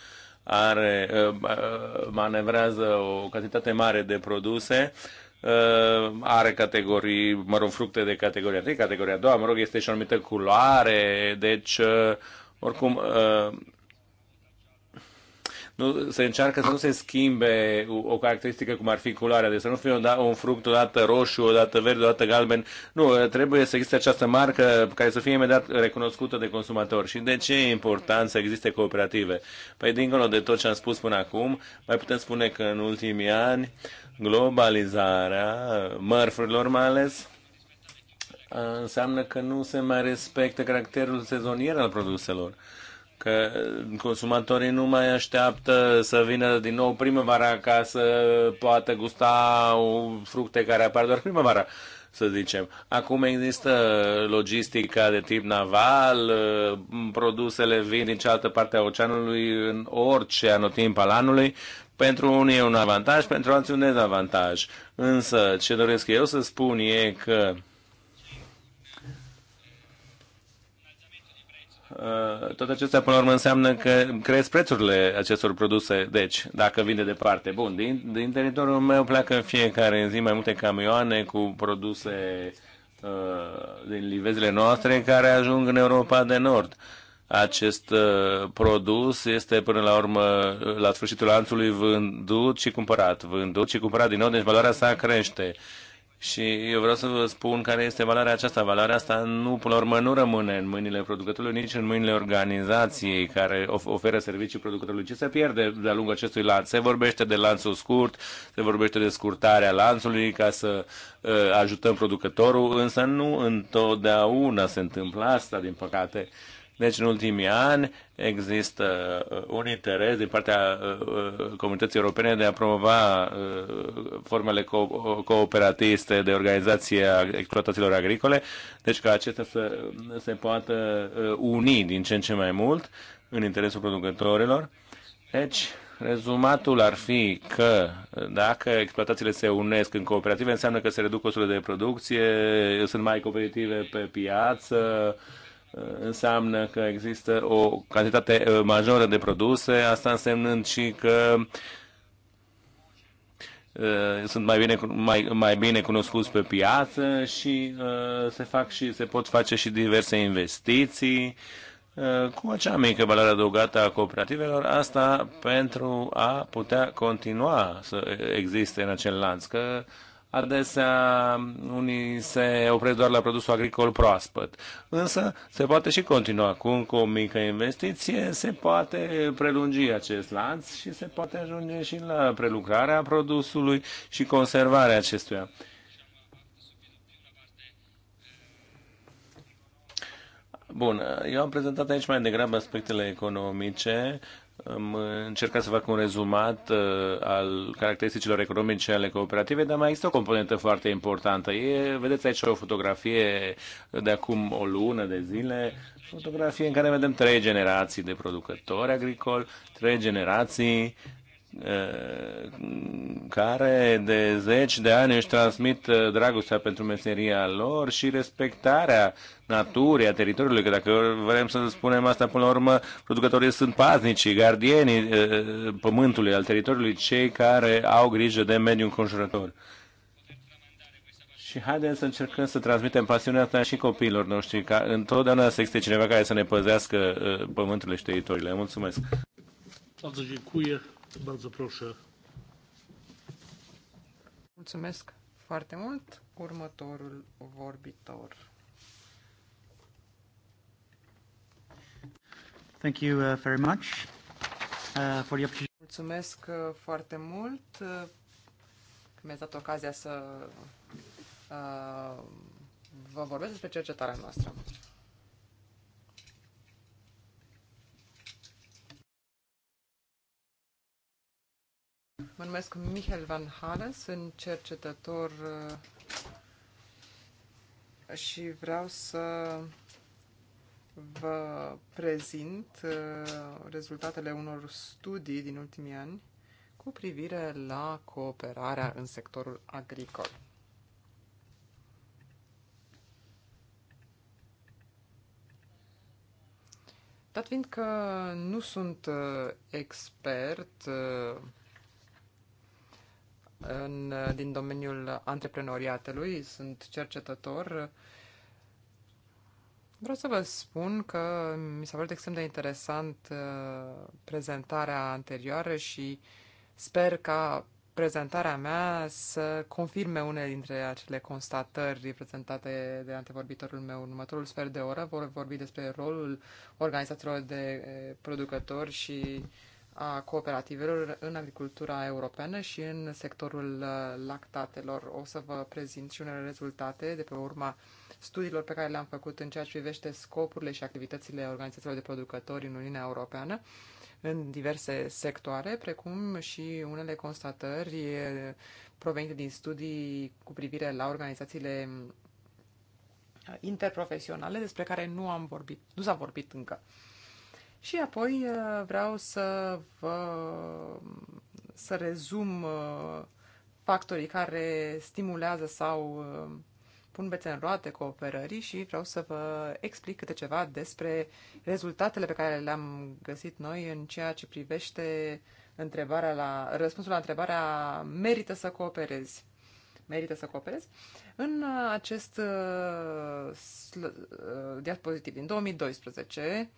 are, uh, manevrează o cantitate mare de produse, are categorii, mă rog, fructe de categoria 3, categoria 2, mă rog, este și o anumită culoare, deci oricum nu, se încearcă să nu se schimbe o, o caracteristică cum ar fi culoarea, deci să nu fie un, da, un fruct odată roșu, odată verde, odată galben. Nu, ă, trebuie să existe această marcă care să fie imediat recunoscută de consumator. Și de ce e important să existe cooperative? Păi, dincolo de tot ce am spus până acum, mai putem spune că în ultimii ani globalizarea mărfurilor mai ales înseamnă că nu se mai respectă caracterul sezonier al produselor că consumatorii nu mai așteaptă să vină din nou primăvara ca să poată gusta fructe care apar doar primăvara să zicem. Acum există logistica de tip naval, produsele vin din cealaltă parte a oceanului în orice anotimp al anului. Pentru unii e un avantaj, pentru alții un dezavantaj. Însă, ce doresc eu să spun e că Uh, toate acestea până la urmă înseamnă că cresc prețurile acestor produse, deci, dacă de departe. Bun, din, din teritoriul meu pleacă în fiecare zi mai multe camioane cu produse uh, din livezile noastre care ajung în Europa de Nord. Acest uh, produs este până la urmă, la sfârșitul anului vândut și cumpărat, vândut și cumpărat din nou, deci valoarea sa crește. Uh, și eu vreau să vă spun care este valoarea aceasta. Valoarea asta nu, până la urmă, nu rămâne în mâinile producătorului, nici în mâinile organizației care oferă servicii producătorului, ci se pierde de-a lungul acestui lanț. Se vorbește de lanțul scurt, se vorbește de scurtarea lanțului ca să uh, ajutăm producătorul, însă nu întotdeauna se întâmplă asta, din păcate. Uh, deci, în ultimii ani, există uh, un interes din partea uh, uh, comunității europene de a promova formele co- cooperatiste de organizație a exploatațiilor agricole, deci ca acestea să se poată uni din ce în ce mai mult în interesul producătorilor. Deci, rezumatul ar fi că dacă exploatațiile se unesc în cooperative, înseamnă că se reduc costurile de producție, sunt mai competitive pe piață, înseamnă că există o cantitate uh, majoră de produse, asta însemnând și că uh, sunt mai bine, mai, mai bine cunoscuți pe piață și uh, se, fac și se pot face și diverse investiții cu acea mică valoare adăugată a cooperativelor, asta pentru a putea continua să existe în acel lanț, că Adesea unii se opresc doar la produsul agricol proaspăt. Însă se poate și continua cu încă o mică investiție, se poate prelungi acest lanț și se poate ajunge și la prelucrarea produsului și conservarea acestuia. Bun, eu am prezentat aici mai degrabă aspectele economice, am încercat să fac un rezumat uh, al caracteristicilor economice ale cooperative, dar mai există o componentă foarte importantă. E, vedeți aici o fotografie de acum o lună de zile, fotografie în care vedem trei generații de producători agricoli, trei generații Eh, care de zeci de ani își transmit eh, dragostea pentru meseria lor și respectarea naturii, a teritoriului, că dacă vrem să spunem asta până la urmă, producătorii sunt paznicii, gardienii eh, pământului, al teritoriului, cei care au grijă de mediul înconjurător. Și haideți să încercăm să transmitem pasiunea asta și copiilor noștri, ca întotdeauna să existe cineva care să ne păzească pământul și teritoriile. Mulțumesc! Bardzo proszę. Mulțumesc foarte mult. Următorul vorbitor. Thank you uh, very much uh, for the opportunity. Mulțumesc uh, foarte mult că uh, mi-ați dat ocazia să uh, vă vorbesc despre cercetarea noastră. Mă numesc Michael Van Halen, sunt cercetător uh, și vreau să vă prezint uh, rezultatele unor studii din ultimii ani cu privire la cooperarea în sectorul agricol. Dat fiind că nu sunt uh, expert în, din domeniul antreprenoriatului, sunt cercetător. Vreau să vă spun că mi s-a părut extrem de interesant uh, prezentarea anterioară și sper ca prezentarea mea să confirme unele dintre acele constatări prezentate de antevorbitorul meu. În următorul sfert de oră vor vorbi despre rolul organizațiilor de eh, producători și a cooperativelor în agricultura europeană și în sectorul uh, lactatelor. O să vă prezint și unele rezultate de pe urma studiilor pe care le-am făcut în ceea ce privește scopurile și activitățile organizațiilor de producători în Uniunea Europeană în diverse sectoare, precum și unele constatări provenite din studii cu privire la organizațiile uh, interprofesionale despre care nu am vorbit, nu s-a vorbit încă. Și apoi uh, vreau să vă să rezum uh, factorii care stimulează sau uh, pun bețe în roate cooperării și vreau să vă explic câte ceva despre rezultatele pe care le-am găsit noi în ceea ce privește întrebarea la, răspunsul la întrebarea merită să cooperezi. Merită să cooperezi. În acest uh, diapozitiv din 2012,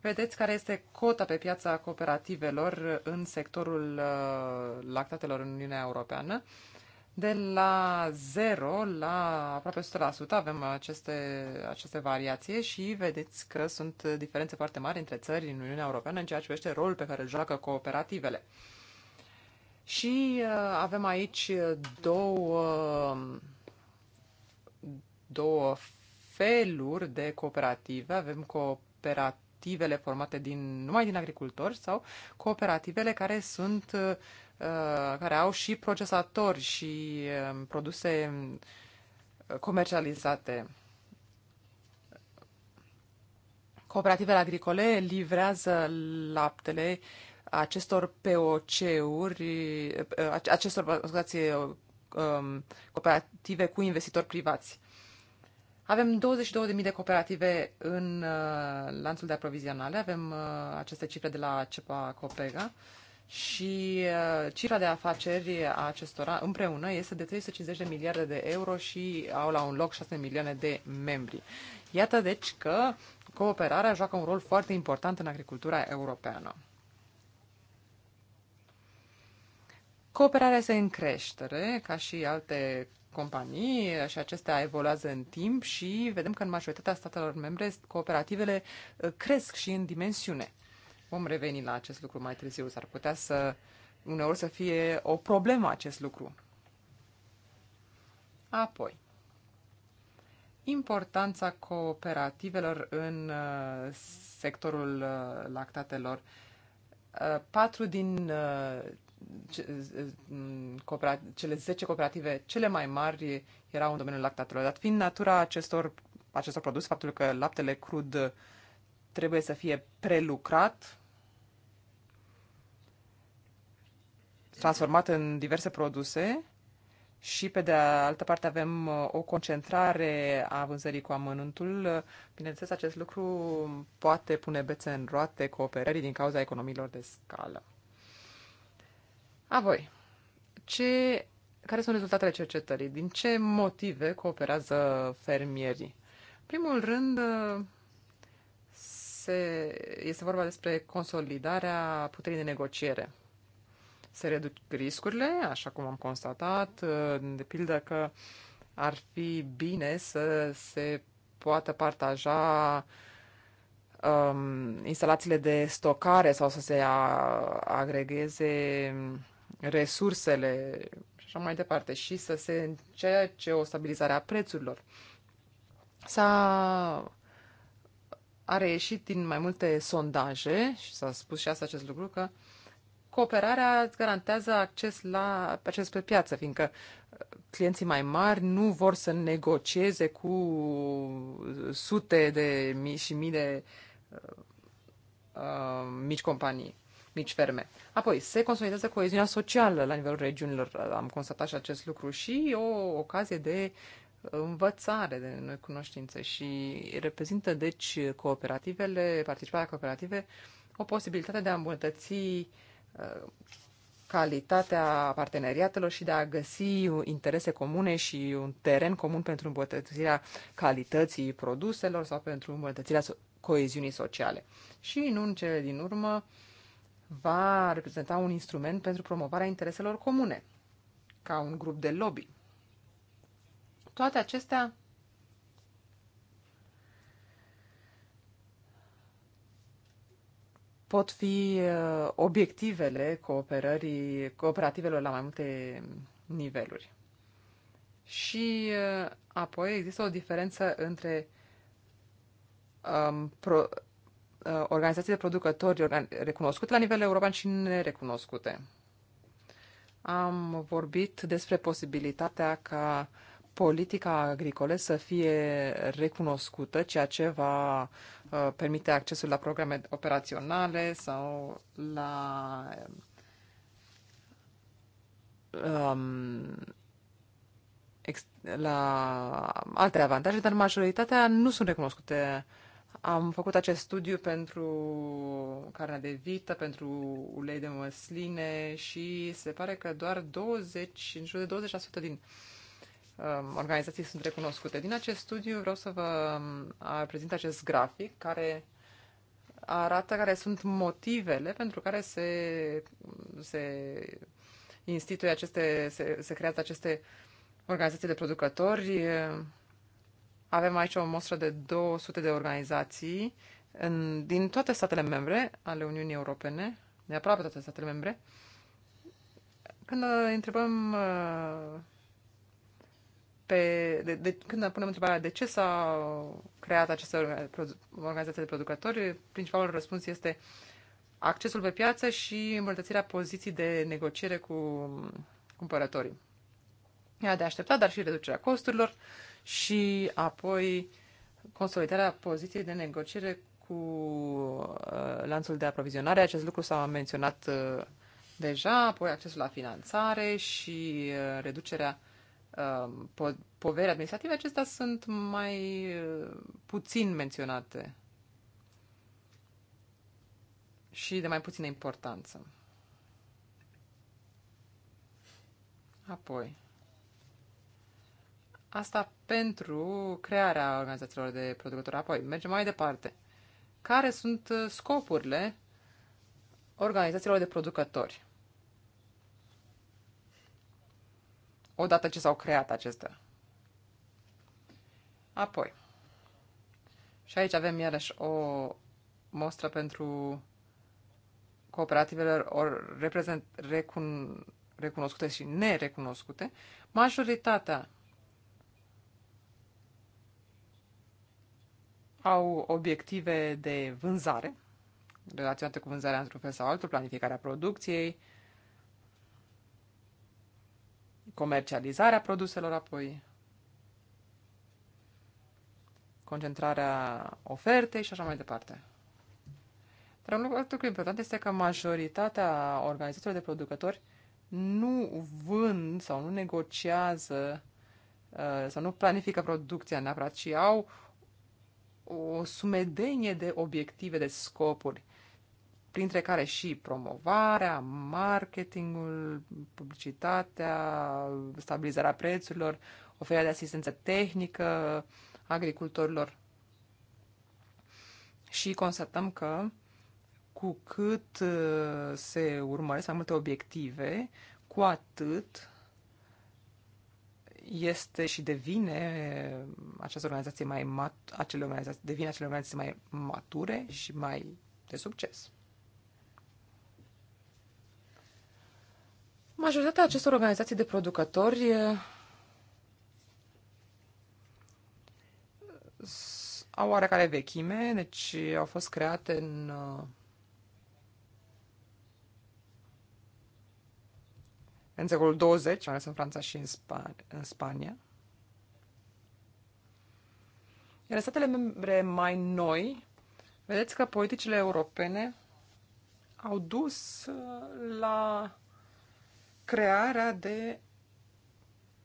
Vedeți care este cota pe piața cooperativelor în sectorul uh, lactatelor în Uniunea Europeană. De la 0 la aproape 100% avem aceste, aceste variații și vedeți că sunt diferențe foarte mari între țări în Uniunea Europeană în ceea ce privește rolul pe care îl joacă cooperativele. Și uh, avem aici două, două feluri de cooperative. Avem cooperative cooperativele formate din, numai din agricultori sau cooperativele care sunt uh, care au și procesatori și um, produse uh, comercializate. Cooperativele agricole livrează laptele acestor POC-uri, uh, acestor scuzați, um, cooperative cu investitori privați. Avem 22.000 de cooperative în uh, lanțul de aprovizionare, avem uh, aceste cifre de la CEPA Copega și uh, cifra de afaceri a acestora împreună este de 350 de miliarde de euro și au la un loc 6 milioane de membri. Iată deci că cooperarea joacă un rol foarte important în agricultura europeană. Cooperarea este în creștere, ca și alte companii și acestea evoluează în timp și vedem că în majoritatea statelor membre cooperativele uh, cresc și în dimensiune. Vom reveni la acest lucru mai târziu. S-ar putea să uneori să fie o problemă acest lucru. Apoi, importanța cooperativelor în uh, sectorul uh, lactatelor. Patru din Mm, cele 10 cooperative cele mai mari erau în domeniul lactatelor. Dar fiind natura acestor, acestor produse, faptul că laptele crud trebuie să fie prelucrat, transformat în diverse produse și pe de altă parte avem uh, o concentrare a vânzării cu amănuntul. Uh, bineînțeles, acest lucru poate pune bețe în roate cooperării din cauza economiilor de scală. Apoi, ce, care sunt rezultatele cercetării? Din ce motive cooperează fermierii? primul rând, se, este vorba despre consolidarea puterii de negociere. Se reduc riscurile, așa cum am constatat, de pildă că ar fi bine să se poată partaja um, instalațiile de stocare sau să se agregeze resursele și așa mai departe și să se încerce o stabilizare a prețurilor. S-a a reieșit din mai multe sondaje și s-a spus și asta acest lucru că cooperarea îți garantează acces la acces pe piață, fiindcă clienții mai mari nu vor să negocieze cu sute de mii și mii de uh, uh mici companii mici ferme. Apoi, se consolidează coeziunea socială la nivelul regiunilor. Am constatat și acest lucru și o ocazie de învățare de noi cunoștințe și reprezintă, deci, cooperativele, participarea cooperative, o posibilitate de a îmbunătăți uh, calitatea parteneriatelor și de a găsi interese comune și un teren comun pentru îmbunătățirea calității produselor sau pentru îmbunătățirea coeziunii sociale. Și, în cele din urmă, va reprezenta un instrument pentru promovarea intereselor comune, ca un grup de lobby. Toate acestea pot fi uh, obiectivele cooperării cooperativelor la mai multe niveluri. Și uh, apoi există o diferență între um, pro, Uh, organizații de producători recunoscute la nivel european și nerecunoscute. Am vorbit despre posibilitatea ca politica agricole să fie recunoscută, ceea ce va uh, permite accesul la programe operaționale sau la um, la alte avantaje, dar majoritatea nu sunt recunoscute uh, am făcut acest studiu pentru carnea de vită, pentru ulei de măsline și se pare că doar 20, în jur de 20% din um, organizații sunt recunoscute. Din acest studiu vreau să vă um, prezint acest grafic care arată care sunt motivele pentru care se, se instituie aceste, se, se creează aceste organizații de producători avem aici o mostră de 200 de organizații în, din toate statele membre ale Uniunii Europene, de aproape toate statele membre. Când întrebăm uh, pe, de, de, când punem întrebarea de ce s-a creat această organizație de producători, principalul răspuns este accesul pe piață și îmbunătățirea poziției de negociere cu cumpărătorii. Ea de așteptat, dar și reducerea costurilor. Uh, și apoi consolidarea poziției de negociere cu uh, lanțul de aprovizionare. Acest lucru s-a menționat uh, deja, apoi accesul la finanțare și uh, reducerea po- poveri administrative. Acestea sunt mai puțin menționate și de mai puțină importanță. Apoi, Asta pentru crearea organizațiilor de producători. Apoi, mergem mai departe. Care sunt uh, scopurile organizațiilor de producători? Odată ce s-au creat acestea. Apoi, și aici avem iarăși o mostră pentru cooperativele ori reprezent, recun, recunoscute și nerecunoscute. Majoritatea au obiective de vânzare, relaționate cu vânzarea într-un fel sau altul, planificarea producției, comercializarea produselor, apoi concentrarea ofertei și așa mai departe. Dar un alt lucru important este că majoritatea organizațiilor de producători nu vând sau nu negociază uh, sau nu planifică producția neapărat, ci au o sumedenie de obiective, de scopuri, printre care și promovarea, marketingul, publicitatea, stabilizarea prețurilor, oferirea de asistență tehnică agricultorilor. Și constatăm că cu cât uh, se urmăresc mai multe obiective, cu atât este și devine această organizație mai mat, acele organizații, devine acele organizații mai mature și mai de succes. Majoritatea acestor organizații de producători eh, au oarecare vechime, deci au fost create în eh, în secolul 20, mai ales în Franța și în, Sp- în Spania. Iar în statele membre mai noi, vedeți că politicile europene au dus uh, la crearea de,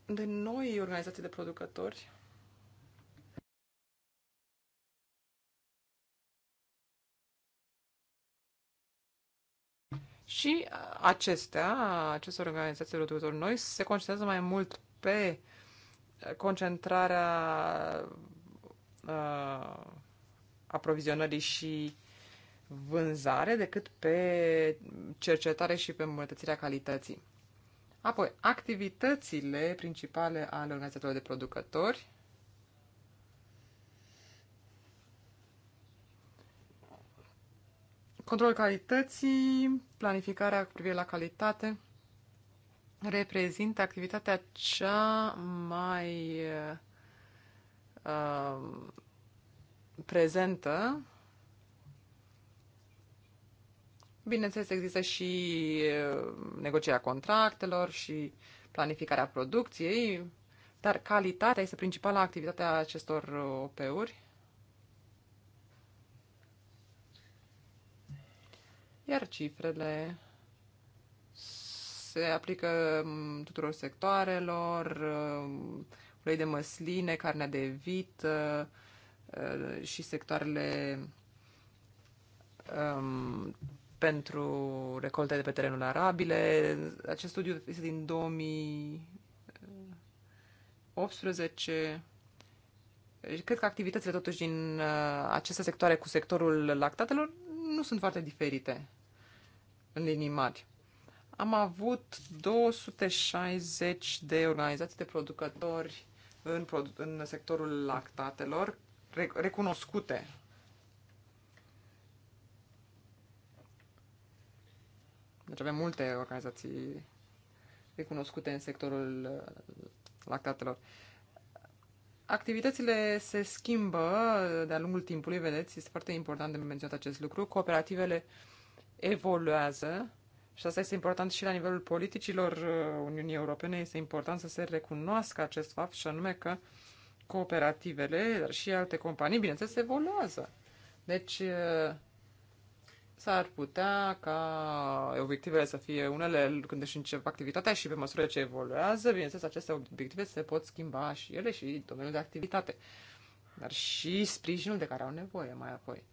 de noi organizații de producători Și uh, acestea, aceste organizații producători noi, se concentrează mai mult pe uh, concentrarea uh, aprovizionării și vânzare decât pe cercetare și pe îmbunătățirea calității. Apoi, activitățile principale ale organizatorilor de producători Control calității, planificarea cu privire la calitate, reprezintă activitatea cea mai uh, prezentă. Bineînțeles, există și uh, negocierea contractelor și planificarea producției, dar calitatea este principala activitatea acestor OP-uri. iar cifrele se aplică mm, tuturor sectoarelor, mm, ulei de măsline, carnea de vit mm, și sectoarele um, pentru recolte de pe terenul arabile. Acest studiu este din 2018. Deci, cred că activitățile totuși din aceste sectoare cu sectorul lactatelor nu sunt foarte diferite în linii mari. Am avut 260 de organizații de producători în, produ- în sectorul lactatelor recunoscute. Deci avem multe organizații recunoscute în sectorul uh, lactatelor. Activitățile se schimbă de-a lungul timpului, vedeți, este foarte important de menționat acest lucru. Cooperativele uh, evoluează și asta este important și la nivelul politicilor uh, Uniunii Europene, este important să se recunoască acest fapt și anume că cooperativele, dar și alte companii, bineînțeles, evoluează. Deci, uh, s-ar putea ca obiectivele să fie unele când își încep activitatea și pe măsură ce evoluează, bineînțeles, aceste obiective se pot schimba și ele și domeniul de activitate, dar și sprijinul de care au nevoie mai apoi.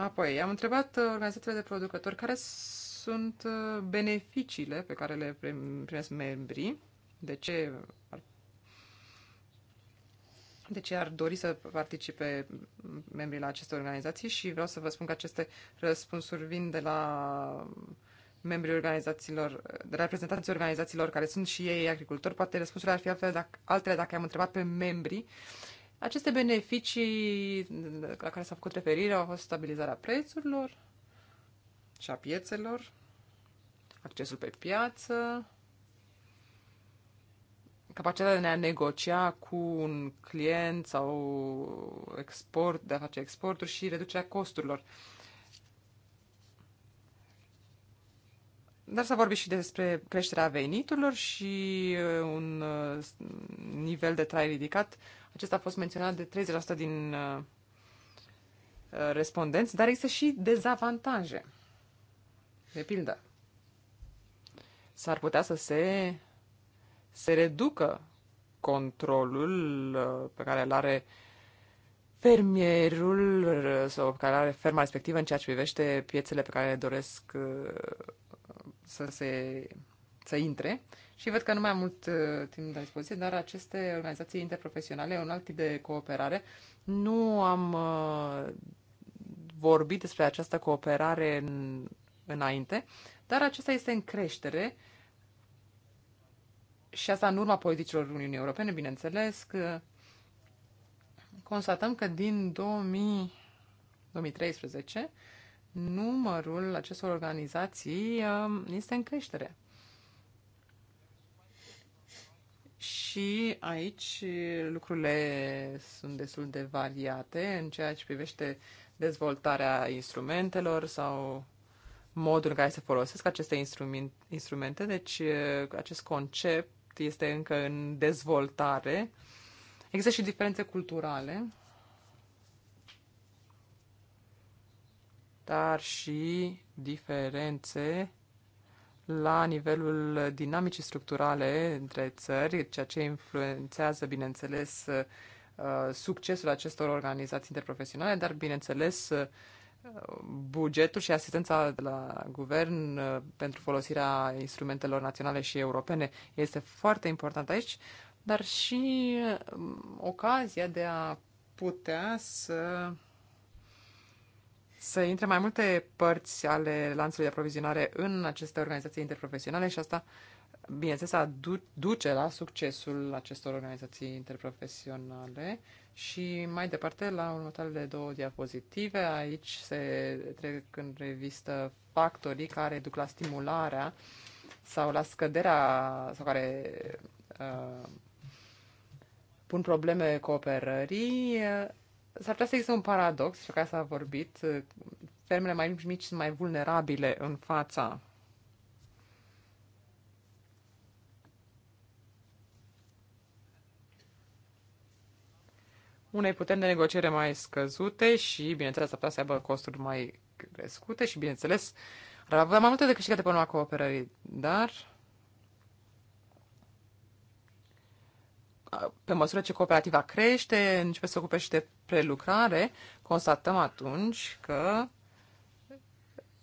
Apoi, am întrebat uh, organizațiile de producători care sunt uh, beneficiile pe care le primesc membrii, de ce ar, de ce ar dori să participe membrii la aceste organizații și vreau să vă spun că aceste răspunsuri vin de la membrii organizațiilor, de reprezentanții organizațiilor care sunt și ei agricultori. Poate răspunsurile ar fi altele dacă, altele dacă am întrebat pe membrii aceste beneficii la care s-a făcut referire au fost stabilizarea prețurilor și a piețelor, accesul pe piață, capacitatea de a negocia cu un client sau export, de a face exporturi și reducerea costurilor. Dar s-a vorbit și despre creșterea veniturilor și uh, un uh, nivel de trai ridicat uh, acesta a fost menționat de 30% din uh, respondenți, dar există și dezavantaje. De pildă, s-ar putea să se, se reducă controlul uh, pe care îl are fermierul uh, sau pe care are ferma respectivă în ceea ce privește piețele pe care doresc să se să intre și văd că nu mai am mult uh, timp la dispoziție, dar aceste organizații interprofesionale, un alt tip de cooperare, nu am uh, vorbit despre această cooperare în, înainte, dar acesta este în creștere și asta în urma politicilor Uniunii Europene, bineînțeles, că constatăm că din 2000, 2013 numărul acestor organizații um, este în creștere. Și aici lucrurile sunt destul de variate în ceea ce privește dezvoltarea instrumentelor sau modul în care se folosesc aceste instrumente. Deci acest concept este încă în dezvoltare. Există și diferențe culturale, dar și diferențe la nivelul dinamicii structurale între țări, ceea ce influențează, bineînțeles, uh, succesul acestor organizații interprofesionale, dar, bineînțeles, uh, bugetul și asistența de la guvern uh, pentru folosirea instrumentelor naționale și europene este foarte important aici, dar și um, ocazia de a putea să să intre mai multe părți ale lanțului de aprovizionare în aceste organizații interprofesionale și asta, bineînțeles, adu- duce la succesul acestor organizații interprofesionale. Și mai departe, la următoarele două diapozitive, aici se trec în revistă factorii care duc la stimularea sau la scăderea sau care uh, pun probleme cooperării S-ar putea să existe un paradox și ca s-a vorbit. Uh, fermele mai mici, sunt mai vulnerabile în fața unei puteri de negociere mai scăzute și, bineînțeles, ar putea să aibă costuri mai crescute și, bineînțeles, ar avea mai multe de câștigate pe urma cooperării, dar pe măsură ce cooperativa crește, începe să se ocupe și de prelucrare, constatăm atunci că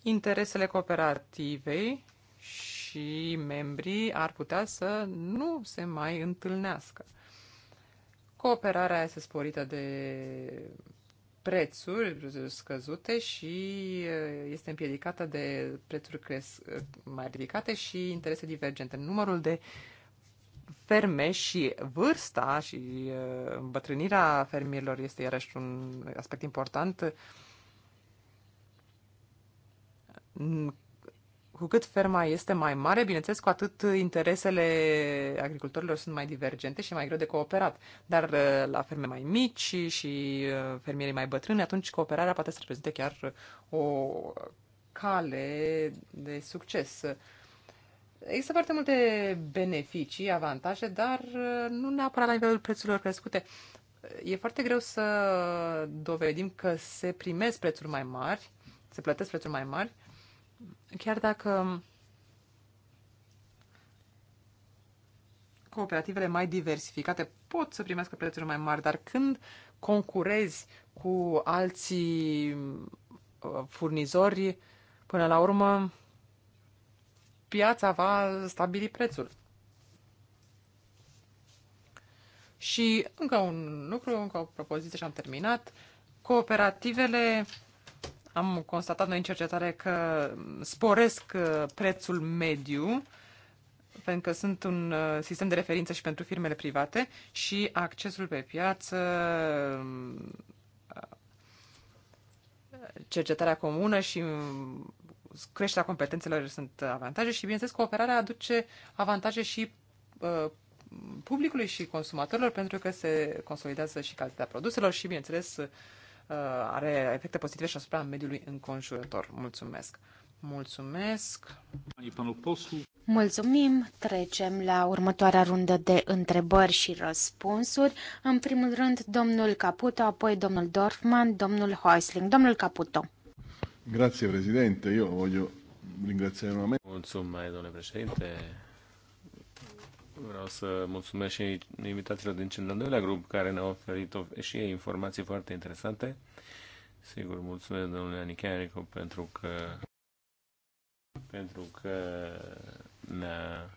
interesele cooperativei și membrii ar putea să nu se mai întâlnească. Cooperarea este sporită de prețuri scăzute și uh, este împiedicată de prețuri cresc uh, mai ridicate și interese divergente. Numărul de uh, ferme și vârsta și uh, îmbătrânirea fermierilor este iarăși un aspect important. Cu cât ferma este mai mare, bineînțeles, cu atât interesele agricultorilor sunt mai divergente și mai greu de cooperat. Dar uh, la ferme mai mici și uh, fermierii mai bătrâni, atunci cooperarea poate să reprezinte chiar o cale de succes. Există foarte multe beneficii, avantaje, dar uh, nu neapărat la nivelul prețurilor crescute. E foarte greu să dovedim că se primesc prețuri mai mari, se plătesc prețuri mai mari, chiar dacă cooperativele mai diversificate pot să primească prețuri mai mari, dar când concurezi cu alții uh, furnizori, până la urmă piața va stabili prețul. Și încă un lucru, încă o propoziție și am terminat. Cooperativele, am constatat noi în cercetare că sporesc uh, prețul mediu, pentru că sunt un uh, sistem de referință și pentru firmele private și accesul pe piață, uh, cercetarea comună și um, creșterea competențelor sunt avantaje și, bineînțeles, cooperarea aduce avantaje și uh, publicului și consumatorilor pentru că se consolidează și calitatea produselor și, bineînțeles, uh, are efecte pozitive și asupra mediului înconjurător. Mulțumesc! Mulțumesc! Mulțumim! Trecem la următoarea rundă de întrebări și răspunsuri. În primul rând, domnul Caputo, apoi domnul Dorfman, domnul Heusling. Domnul Caputo. Grazie Presidente, io voglio ringraziare nuovamente. Mulțumesc, domnule președinte. Vreau să mulțumesc și invitațiilor din cel de-al doilea grup care ne-au oferit și ei informații foarte interesante. Sigur, mulțumesc domnule Anicherico pentru că pentru că ne-a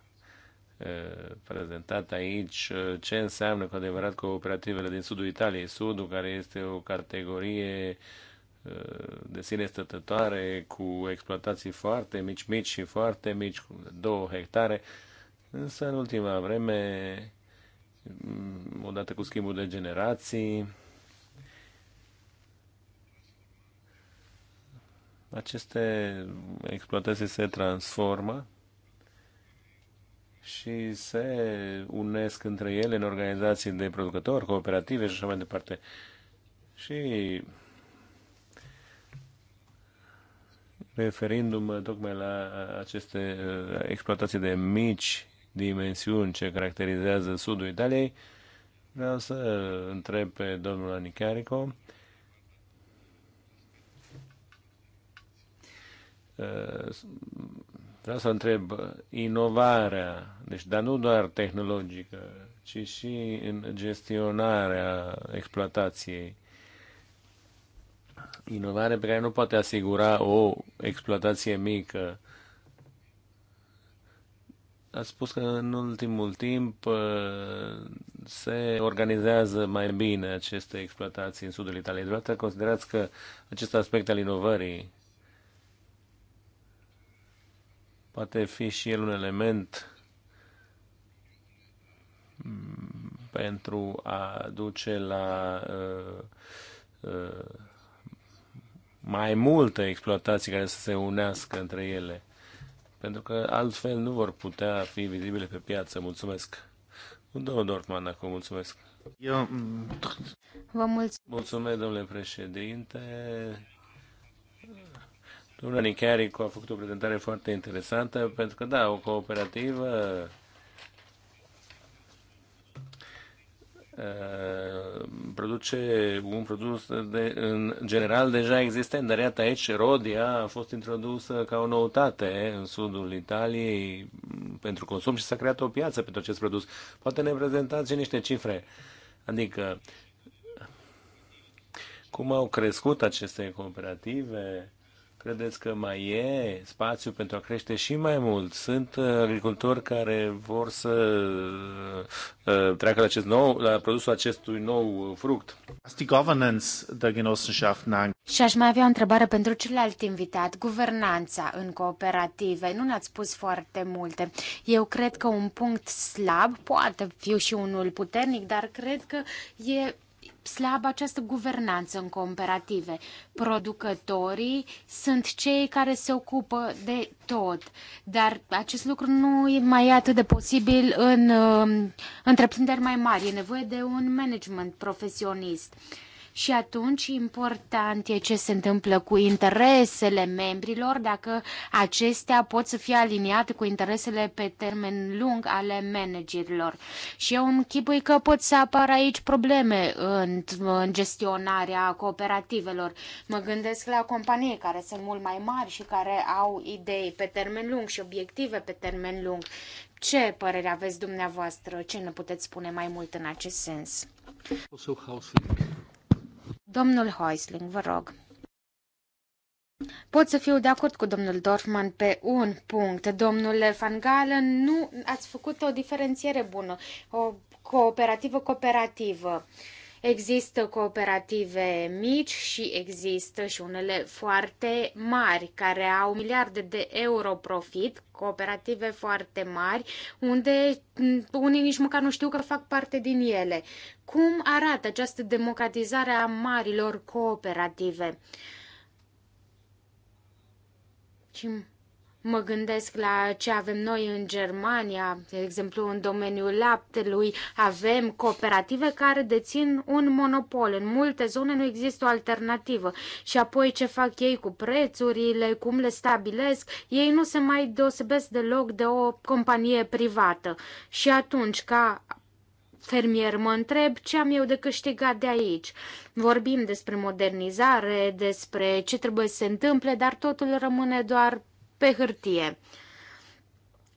prezentat aici ce înseamnă cu adevărat cooperativele din sudul Italiei, sudul care este o categorie uh, de sine stătătoare cu exploatații foarte mici, mici și foarte mici, cu două hectare, însă în ultima vreme, mm, odată cu schimbul de generații, aceste exploatații se transformă și se unesc între ele în organizații de producători, cooperative și așa mai departe. Și referindu-mă tocmai la uh, aceste uh, exploatații de mici dimensiuni ce caracterizează sudul Italiei, vreau să uh, întreb pe domnul Anicarico vreau să întreb inovarea, deci dar nu doar tehnologică, ci și în gestionarea exploatației inovare pe care nu poate asigura o exploatație mică. Ați spus că în ultimul timp uh, se organizează mai bine aceste exploatații în sudul Italiei. Dumneavoastră considerați că acest aspect al inovării poate fi și el un element mm, pentru a duce la uh, uh, mai multe exploatații care să se unească între ele. Pentru că altfel nu vor putea fi vizibile pe piață. Mulțumesc. Domnul Dorfman, acum mulțumesc. Eu... Vă mulțumesc. Mulțumesc, domnule președinte. Domnul Nichiaricu a făcut o prezentare foarte interesantă, pentru că, da, o cooperativă Uh, produce un produs de, în general deja existent, dar iată aici rodia a fost introdusă ca o noutate în sudul Italiei pentru consum și s-a creat o piață pentru acest produs. Poate ne prezentați și niște cifre, adică cum au crescut aceste cooperative, Credeți că mai e spațiu pentru a crește și mai mult? Sunt uh, agricultori care vor să uh, uh, treacă la, acest nou, la produsul acestui nou fruct. Și aș mai avea o întrebare pentru celălalt invitat. Guvernanța în cooperative. Nu ne-ați spus foarte multe. Eu cred că un punct slab poate fi și unul puternic, dar cred că e slabă această guvernanță în cooperative. Producătorii sunt cei care se ocupă de tot, dar acest lucru nu e mai atât de posibil în uh, întreprinderi mai mari. E nevoie de un management profesionist. Uh, și atunci important e ce se întâmplă cu interesele membrilor, dacă acestea pot să fie aliniate cu interesele pe termen lung ale managerilor. Și eu închipui că pot să apară aici probleme în, în gestionarea cooperativelor. Mă gândesc la companii care sunt mult mai mari și care au idei pe termen lung și obiective pe termen lung. Ce părere aveți dumneavoastră? Ce ne puteți spune mai mult în acest sens? Domnul Heusling, vă rog. Pot să fiu de acord cu domnul Dorfman pe un punct. Domnule Van Galen, nu ați făcut o diferențiere bună, o cooperativă cooperativă. Uh, Există cooperative mici și există și unele foarte mari care au miliarde de euro profit, cooperative foarte mari, unde unii nici măcar nu știu că fac parte din ele. Cum arată această democratizare a marilor cooperative? Și Mă gândesc la ce avem noi în Germania, de exemplu în domeniul laptelui, avem cooperative care dețin un monopol. În multe zone nu există o alternativă. Și apoi ce fac ei cu prețurile, cum le stabilesc, ei nu se mai deosebesc deloc de o companie privată. Și atunci, ca fermier, mă întreb ce am eu de câștigat de aici. Vorbim despre modernizare, despre ce trebuie să se întâmple, dar totul rămâne doar pe hârtie.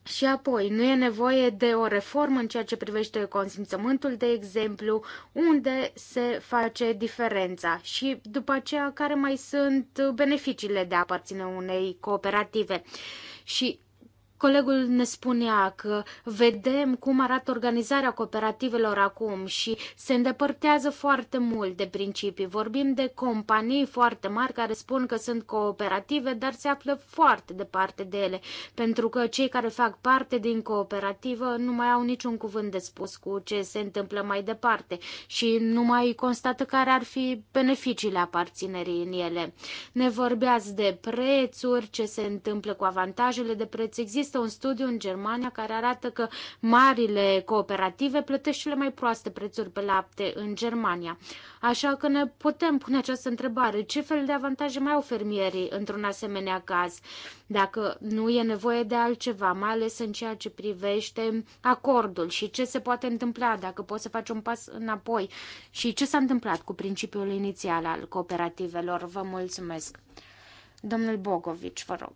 Și apoi, nu e nevoie de o reformă în ceea ce privește consimțământul, de exemplu, unde se face diferența și după aceea care mai sunt beneficiile de a aparține unei cooperative. Și Colegul ne spunea că vedem cum arată organizarea cooperativelor acum și se îndepărtează foarte mult de principii. Vorbim de companii foarte mari care spun că sunt cooperative, dar se află foarte departe de ele, pentru că cei care fac parte din cooperativă nu mai au niciun cuvânt de spus cu ce se întâmplă mai departe și nu mai constată care ar fi beneficiile aparținerii în ele. Ne vorbeați de prețuri, ce se întâmplă cu avantajele de preț. Există Există un studiu în Germania care arată că marile cooperative plătesc cele mai proaste prețuri pe lapte în Germania. Așa că ne putem pune această întrebare. Ce fel de avantaje mai au fermierii într-un asemenea caz? Dacă nu e nevoie de altceva, mai ales în ceea ce privește acordul și ce se poate întâmpla dacă poți să faci un pas înapoi și ce s-a întâmplat cu principiul inițial al cooperativelor. Vă mulțumesc! Domnul Bogovici, vă rog.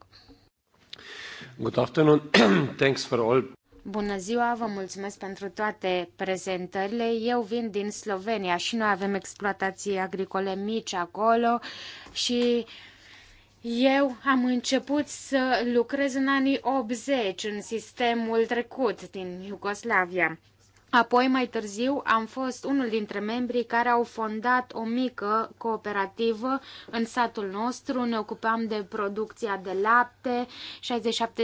Good afternoon. Thanks for all. Bună ziua, vă mulțumesc pentru toate prezentările. Eu vin din Slovenia și noi avem exploatații agricole mici acolo și eu am început să lucrez în anii 80 în sistemul trecut din Iugoslavia. Apoi, mai târziu, am fost unul dintre membrii care au fondat o mică cooperativă în satul nostru. Ne ocupam de producția de lapte,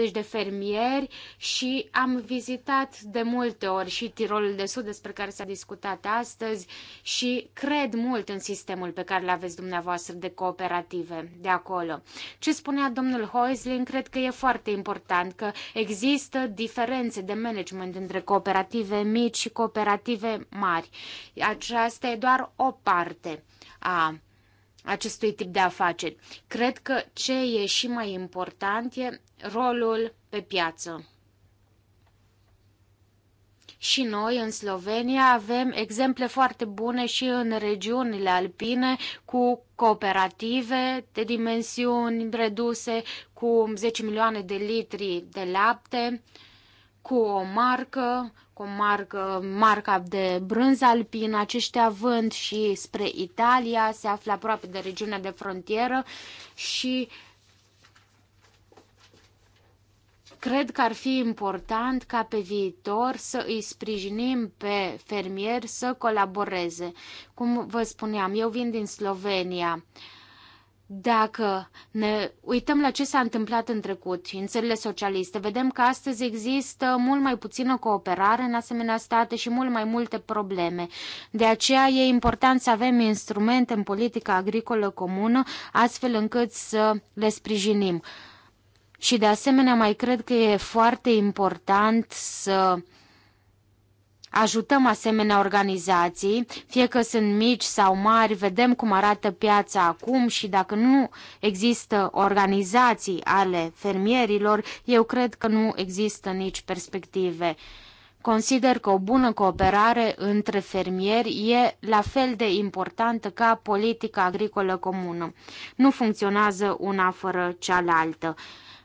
60-70 de fermieri și am vizitat de multe ori și Tirolul de Sud, despre care s-a discutat astăzi, și cred mult în sistemul pe care îl aveți dumneavoastră de cooperative de acolo. Ce spunea domnul Hoisling, cred că e foarte important că există diferențe de management între cooperative mici cât și cooperative mari. Aceasta e doar o parte a acestui tip de afaceri. Cred că ce e și mai important e rolul pe piață. Și noi, în Slovenia, avem exemple foarte bune și în regiunile alpine cu cooperative de dimensiuni reduse, cu 10 milioane de litri de lapte, cu o marcă cu marcă, marca de brânz alpin, aceștia vând și spre Italia, se află aproape de regiunea de frontieră și cred că ar fi important ca pe viitor să îi sprijinim pe fermieri să colaboreze. Cum vă spuneam, eu vin din Slovenia. Uh, dacă ne uităm la ce s-a întâmplat în trecut în țările socialiste, vedem că astăzi există mult mai puțină cooperare în asemenea state și mult mai multe probleme. De aceea e important să avem instrumente în politica agricolă comună, astfel încât să le sprijinim. Și de asemenea mai cred că e foarte important să ajutăm asemenea organizații, fie că sunt mici sau mari, vedem cum arată piața acum și dacă nu există organizații ale fermierilor, eu cred că nu există nici perspective. Consider că o bună cooperare între fermieri e la fel de importantă ca politica agricolă comună. Nu funcționează una fără cealaltă.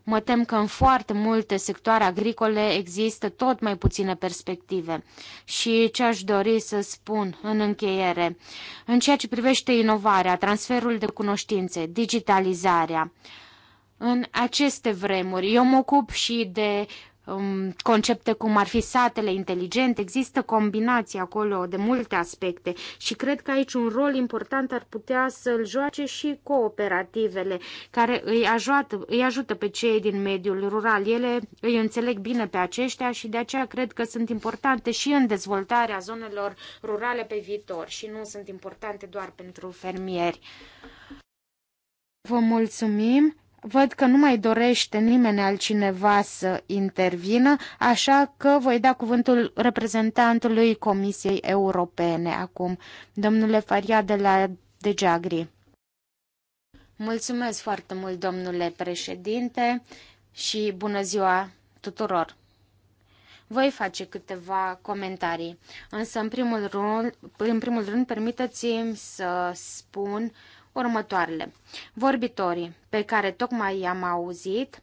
Mă tem că în foarte multe sectoare agricole există tot mai puține perspective. Și ce aș dori să spun în încheiere, în ceea ce privește inovarea, transferul de cunoștințe, digitalizarea, în aceste vremuri. Eu mă ocup și de Um, concepte cum ar fi satele inteligente, există combinații acolo de multe aspecte și cred că aici un rol important ar putea să-l joace și cooperativele care îi ajută, îi ajută pe cei din mediul rural. Ele îi înțeleg bine pe aceștia și de aceea cred că sunt importante și în dezvoltarea zonelor rurale pe viitor și nu sunt importante doar pentru fermieri. Vă mulțumim! Văd că nu mai dorește nimeni altcineva să intervină, așa că voi da cuvântul reprezentantului Comisiei Europene acum, domnule Faria de la Degeagri. Mulțumesc foarte mult, domnule președinte, și bună ziua tuturor! Voi face câteva comentarii, însă în primul rând, în primul rând permiteți-mi să spun uh, următoarele. Vorbitorii pe care tocmai i-am auzit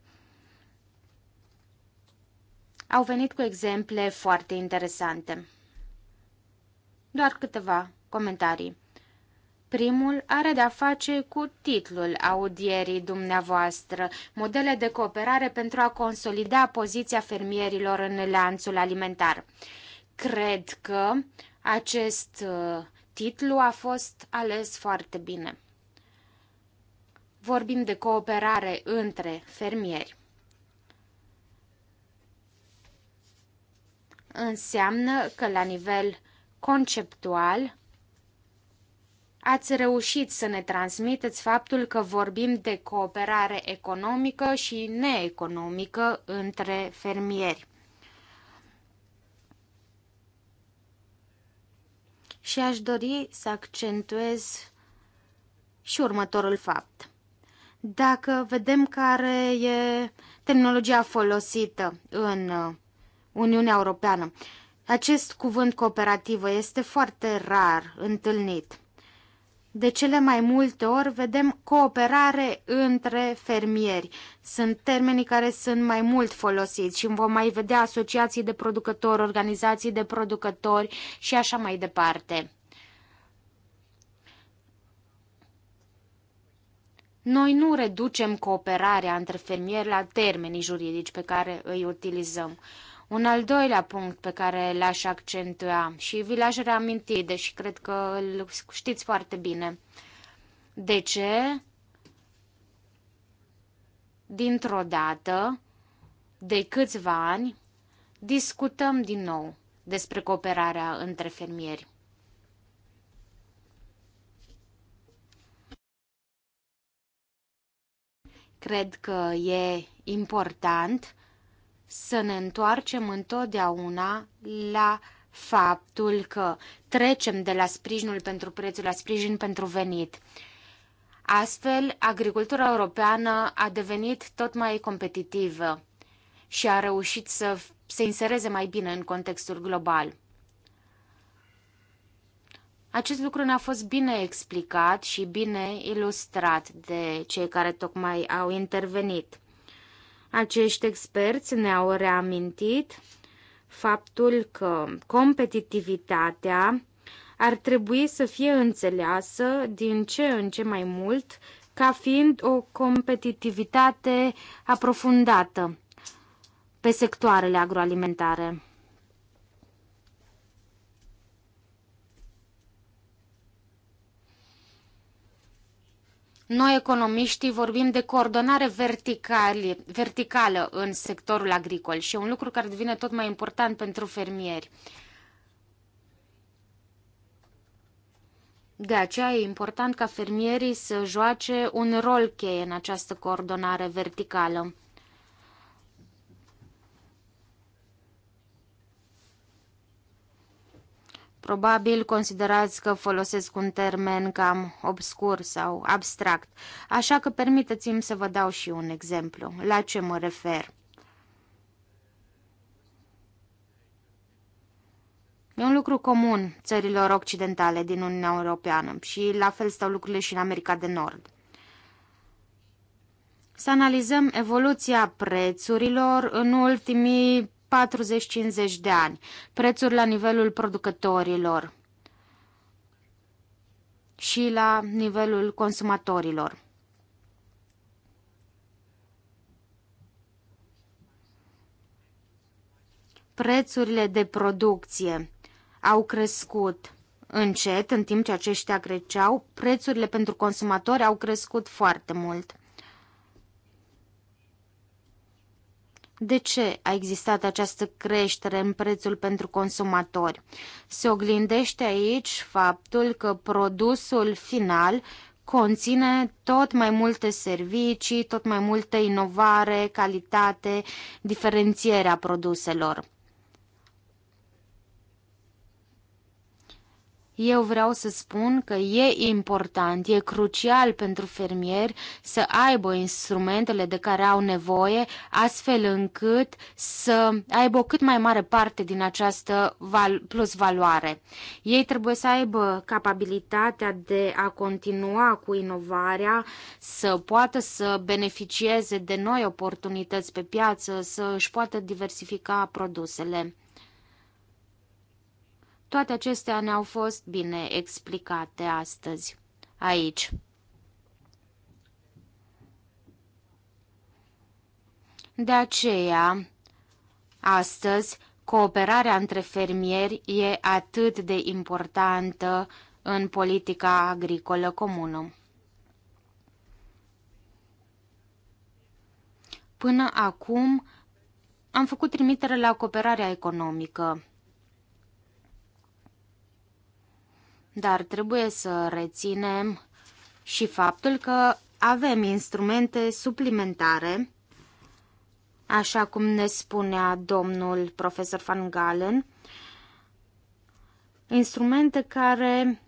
au venit cu exemple foarte interesante. Doar câteva comentarii. Primul are de-a face cu titlul audierii dumneavoastră, modele de cooperare pentru a consolida poziția fermierilor în lanțul alimentar. Cred că acest uh, titlu a fost ales foarte bine. Vorbim de cooperare între fermieri. Înseamnă că la nivel conceptual ați reușit să ne transmiteți faptul că vorbim de cooperare economică și neeconomică între fermieri. Și aș dori să accentuez și următorul fapt. Dacă vedem care e terminologia folosită în uh, Uniunea Europeană, acest cuvânt cooperativă este foarte rar întâlnit. De cele mai multe ori vedem cooperare între fermieri. Sunt termenii care sunt mai mult folosiți și vom mai vedea asociații de producători, organizații de producători și așa mai departe. Noi nu reducem cooperarea între fermieri la termenii juridici pe care îi utilizăm. Un al doilea punct pe care l-aș accentua și vi l-aș reaminti, deși cred că îl știți foarte bine. De ce? Dintr-o dată, de câțiva ani, discutăm din nou despre cooperarea între fermieri. Cred că e important să ne întoarcem întotdeauna la faptul că trecem de la sprijinul pentru prețul la sprijin pentru venit. Astfel, agricultura europeană a devenit tot mai competitivă și a reușit să se insereze mai bine în contextul global. Acest lucru ne-a fost bine explicat și bine ilustrat de cei care tocmai au intervenit. Acești experți ne-au reamintit faptul că competitivitatea ar trebui să fie înțeleasă din ce în ce mai mult ca fiind o competitivitate aprofundată pe sectoarele agroalimentare. Noi, economiștii, vorbim de coordonare verticali, verticală în sectorul agricol și e un lucru care devine tot mai important pentru fermieri. De aceea e important ca fermierii să joace un rol cheie în această coordonare verticală. Probabil considerați că folosesc un termen cam obscur sau abstract, așa că permiteți-mi să vă dau și un exemplu, la ce mă refer. E un lucru comun țărilor occidentale din Uniunea Europeană și la fel stau lucrurile și în America de Nord. Să analizăm evoluția prețurilor în ultimii 40-50 de ani, prețuri la nivelul producătorilor și la nivelul consumatorilor. Prețurile de producție au crescut încet, în timp ce aceștia creceau, prețurile pentru consumatori au crescut foarte mult. De ce a existat această creștere în prețul pentru consumatori? Se oglindește aici faptul că produsul final conține tot mai multe servicii, tot mai multă inovare, calitate, diferențierea produselor. Eu vreau să spun că e important, e crucial pentru fermieri să aibă instrumentele de care au nevoie, astfel încât să aibă o cât mai mare parte din această plus valoare. Ei trebuie să aibă capabilitatea de a continua cu inovarea, să poată să beneficieze de noi oportunități pe piață, să își poată diversifica produsele. Toate acestea ne-au fost bine explicate astăzi, aici. De aceea, astăzi, cooperarea între fermieri e atât de importantă în politica agricolă comună. Până acum, am făcut trimitere la cooperarea economică. dar trebuie să reținem și faptul că avem instrumente suplimentare, așa cum ne spunea domnul profesor Van Galen, instrumente care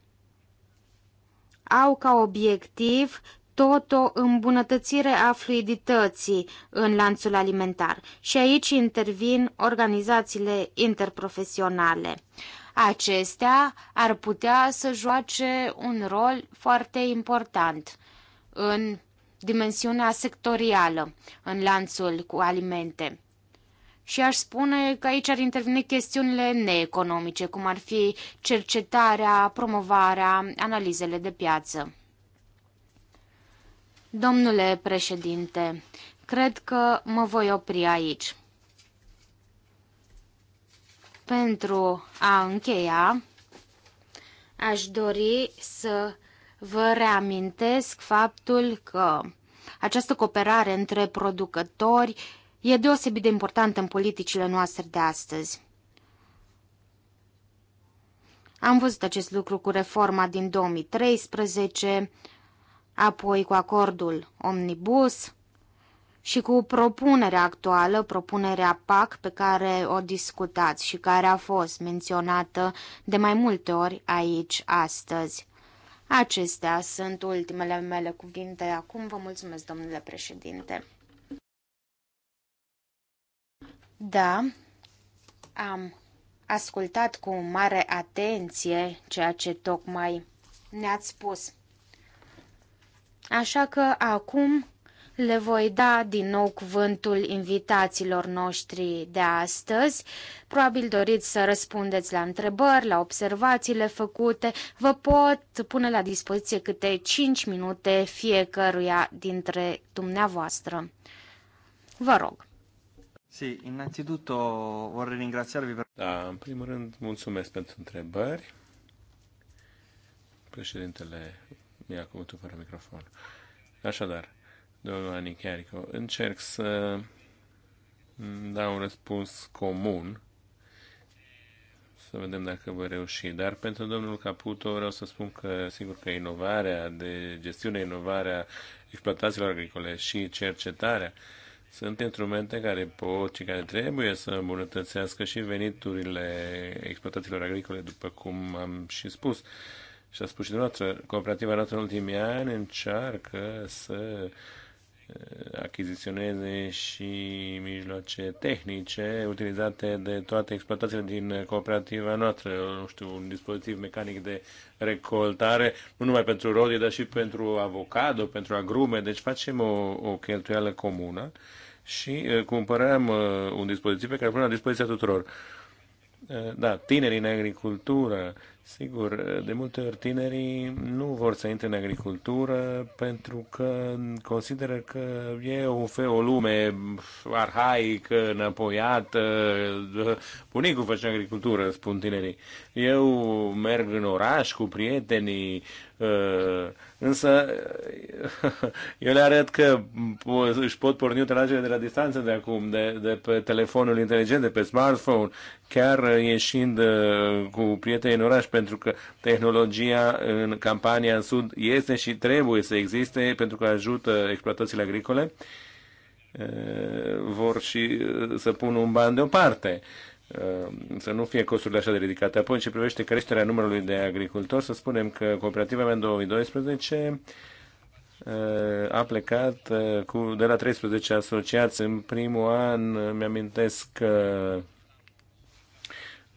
au ca obiectiv tot o îmbunătățire a fluidității în lanțul alimentar și aici intervin organizațiile interprofesionale. Acestea ar putea să joace un rol foarte important în dimensiunea sectorială, în lanțul cu alimente. Și aș spune că aici ar interveni chestiunile neeconomice, cum ar fi cercetarea, promovarea, analizele de piață. Domnule președinte, cred că mă voi opri aici. Pentru a încheia, aș dori să vă reamintesc faptul că această cooperare între producători e deosebit de importantă în politicile noastre de astăzi. Am văzut acest lucru cu reforma din 2013, apoi cu acordul Omnibus, și cu propunerea actuală, propunerea PAC pe care o discutați și care a fost menționată de mai multe ori aici astăzi. Acestea sunt ultimele mele cuvinte. Acum vă mulțumesc, domnule președinte. Da, am ascultat cu mare atenție ceea ce tocmai ne-ați spus. Așa că acum le voi da din nou cuvântul invitaților noștri de astăzi. Probabil doriți să răspundeți la întrebări, la observațiile făcute. Vă pot pune la dispoziție câte 5 minute fiecăruia dintre dumneavoastră. Vă rog. Sì, innanzitutto vorrei ringraziarvi per... Da, în primul rând mulțumesc pentru întrebări. Președintele ia cuvântul fără microfon. Așadar, domnul Anichiarico. Încerc să dau un răspuns comun, să vedem dacă voi reuși. Dar pentru domnul Caputo vreau să spun că, sigur că inovarea, de gestiune, inovarea exploatațiilor agricole și cercetarea sunt instrumente care pot și care trebuie să îmbunătățească și veniturile exploatațiilor agricole, după cum am și spus. Și a spus și dumneavoastră, cooperativa noastră în ultimii ani încearcă să uh, achiziționeze și mijloace tehnice utilizate de toate exploatațiile din cooperativa noastră, nu știu, un dispozitiv mecanic de recoltare, nu numai pentru rodie, dar și pentru avocado, pentru agrume, deci facem o, o cheltuială comună și uh, cumpărăm uh, un dispozitiv pe care îl punem la dispoziția tuturor. Uh, da, tinerii în agricultură, Sigur, de multe ori tinerii nu vor să intre în agricultură pentru că consideră că e un fel, o lume arhaică, înapoiată. Bunicul face agricultură, spun tinerii. Eu merg în oraș cu prietenii, uh, însă uh, eu le arăt că își pot porni utilajele de la distanță de acum, de, de pe telefonul inteligent, de pe smartphone, chiar ieșind uh, cu prietenii în oraș pe pentru că tehnologia în campania în sud este și trebuie să existe pentru că ajută exploatațiile agricole vor și să pun un ban deoparte să nu fie costurile așa de ridicate. Apoi, în ce privește creșterea numărului de agricultori, să spunem că cooperativa mea în 2012 a plecat cu, de la 13 asociați în primul an, mi-amintesc că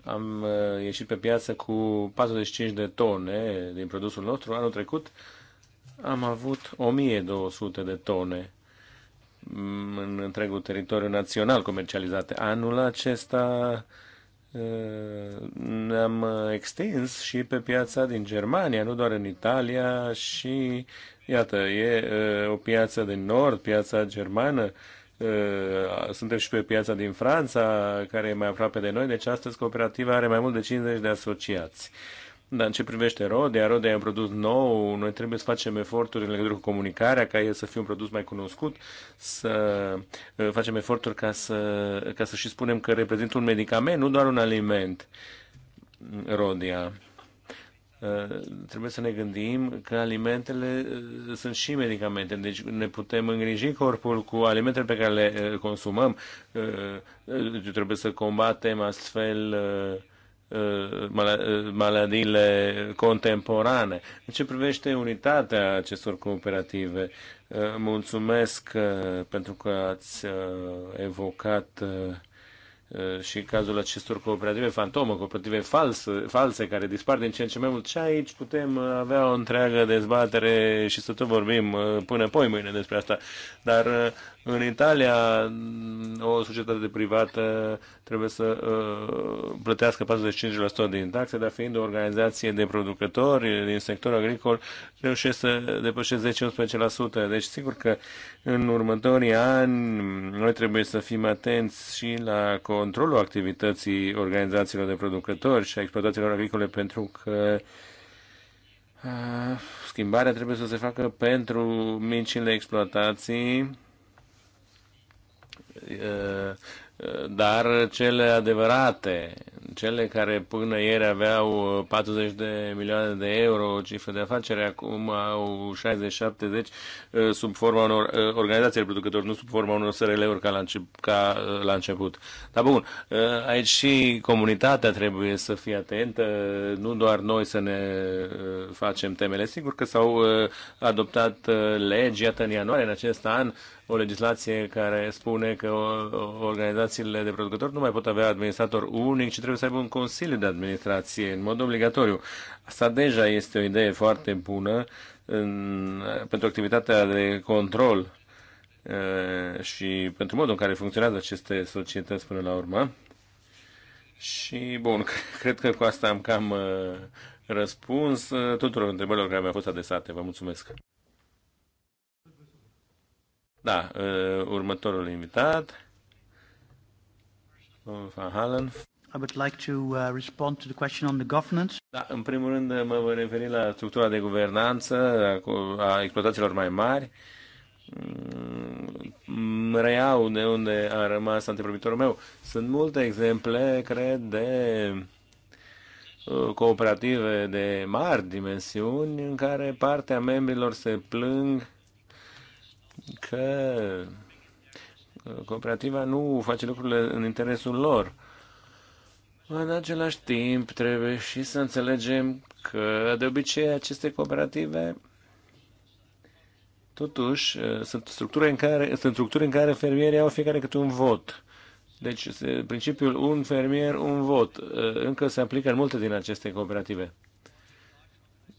am uh, ieșit pe piață cu 45 de tone din produsul nostru. Anul trecut am avut 1200 de tone în întregul teritoriu național comercializate. Anul acesta uh, ne-am extins și pe piața din Germania, nu doar în Italia și iată, e uh, o piață din nord, piața germană, Uh, suntem și pe piața din Franța, care e mai aproape de noi, deci astăzi cooperativa are mai mult de 50 de asociați. Dar în ce privește Rodea, Rodea e un produs nou, noi trebuie să facem eforturi în legătură cu comunicarea, ca el să fie un produs mai cunoscut, să uh, facem eforturi ca să, ca să și spunem că reprezintă un medicament, nu doar un aliment, Rodea. Eh, trebuie să ne gândim că alimentele eh, sunt și medicamente, deci ne putem îngriji corpul cu alimentele pe care le eh, consumăm. trebuie să combatem astfel maladiile contemporane. În ce privește unitatea acestor cooperative, mulțumesc pentru că ați evocat Uh, și cazul acestor cooperative fantomă, cooperative false, false care dispar din ce în ce mai mult. Și aici putem avea o întreagă dezbatere și să tot vorbim uh, până poi mâine despre asta. Dar uh, în Italia, o societate privată trebuie să uh, plătească 45% din taxe, dar fiind o organizație de producători din sectorul agricol, reușesc să depășesc 10-11%. Deci, sigur că în următorii ani noi trebuie să fim atenți și la controlul activității organizațiilor de producători și a exploatațiilor agricole, pentru că uh, Schimbarea trebuie să se facă pentru micile exploatații uh, dar cele adevărate, cele care până ieri aveau 40 uh, de milioane de euro cifră de afacere, acum au 60-70 deci, uh, sub forma unor uh, organizații producători, nu sub forma unor SRL-uri ca la, început, ca la început. Dar bun, aici și comunitatea trebuie să fie atentă, nu doar noi să ne facem temele. Sigur că s-au adoptat legi, iată în ianuarie în acest an, o legislație care spune că o, o organizație asociațiile de producători nu mai pot avea administrator unic, ci trebuie să aibă un consiliu de administrație în mod obligatoriu. Asta deja este o idee foarte bună în, pentru activitatea de control și pentru modul în care funcționează aceste societăți până la urmă. Și, bun, cred că cu asta am cam răspuns tuturor întrebărilor care mi-au fost adresate. Vă mulțumesc! Da, următorul invitat. Van Halen. I would like to uh, respond to the question on the governance. Da, în primul rând mă voi referi la structura de guvernanță a exploatațiilor mai mari. Mm, reiau de unde a rămas anteprimitorul meu. Sunt multe exemple, cred, de uh, cooperative de mari dimensiuni în care partea membrilor se plâng că cooperativa nu face lucrurile în interesul lor. În același timp, trebuie și să înțelegem că, de obicei, aceste cooperative Totuși, eh, sunt structuri în care, sunt structuri în care fermierii au fiecare câte un vot. Deci, principiul un fermier, un vot, eh, încă se aplică în multe din aceste cooperative.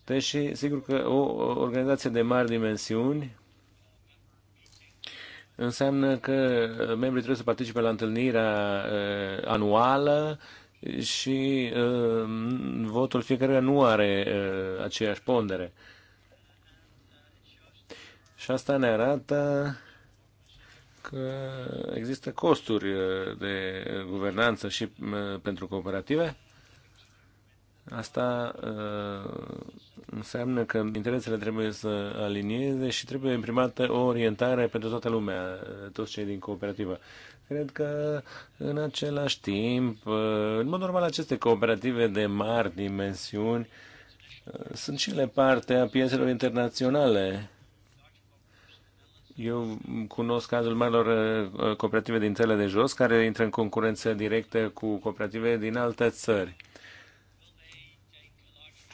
Deși, sigur că o organizație de mari dimensiuni înseamnă că uh, membrii trebuie să participe la întâlnirea uh, anuală și uh, votul fiecare nu are aceeași pondere. Și asta ne arată că există costuri de guvernanță și pentru cooperative Asta uh, înseamnă că interesele trebuie să alinieze și trebuie imprimată o orientare pentru toată lumea, uh, toți cei din cooperativă. Cred că în același timp, uh, în mod normal, aceste cooperative de mari dimensiuni uh, sunt și ele parte a piețelor internaționale. Eu cunosc cazul marilor uh, cooperative din țările de jos care intră în concurență directă cu cooperative din alte țări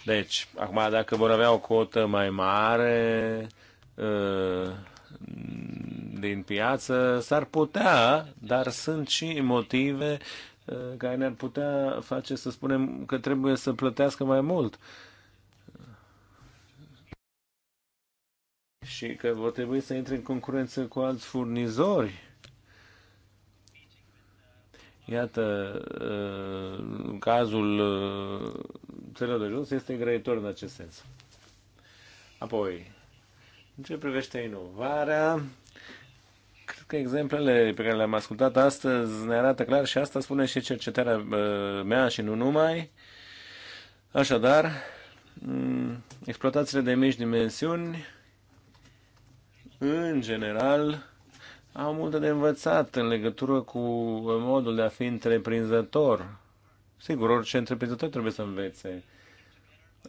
deci, acum, dacă vor avea o cotă mai mare uh, din piață, s-ar putea, dar sunt și motive uh, care ne-ar putea face să spunem că trebuie să plătească mai mult. Și că vor trebui să intre în concurență cu alți furnizori Iată, uh, cazul uh, țărilor de jos este grăitor în acest sens. Apoi, în ce privește inovarea, cred că exemplele pe care le-am ascultat astăzi ne arată clar și asta spune și cercetarea uh, mea și nu numai. Așadar, mm, exploatațiile de mici dimensiuni, în general, au multe de învățat în legătură cu modul de a fi întreprinzător. Sigur, orice întreprinzător trebuie să învețe,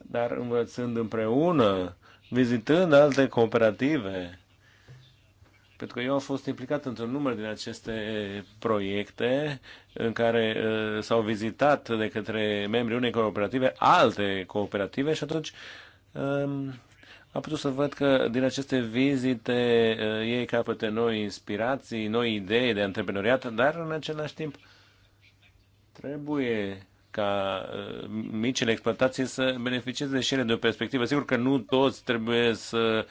dar învățând împreună, vizitând alte cooperative, pentru că eu am fost implicat într-un număr din aceste proiecte în care uh, s-au vizitat de către membrii unei cooperative alte cooperative și atunci um, am putut să văd că din aceste vizite eh, ei capătă noi inspirații, noi idei de antreprenoriat, dar în același timp trebuie ca eh, micile exploatații să beneficieze și ele de o perspectivă. Sigur că nu toți trebuie să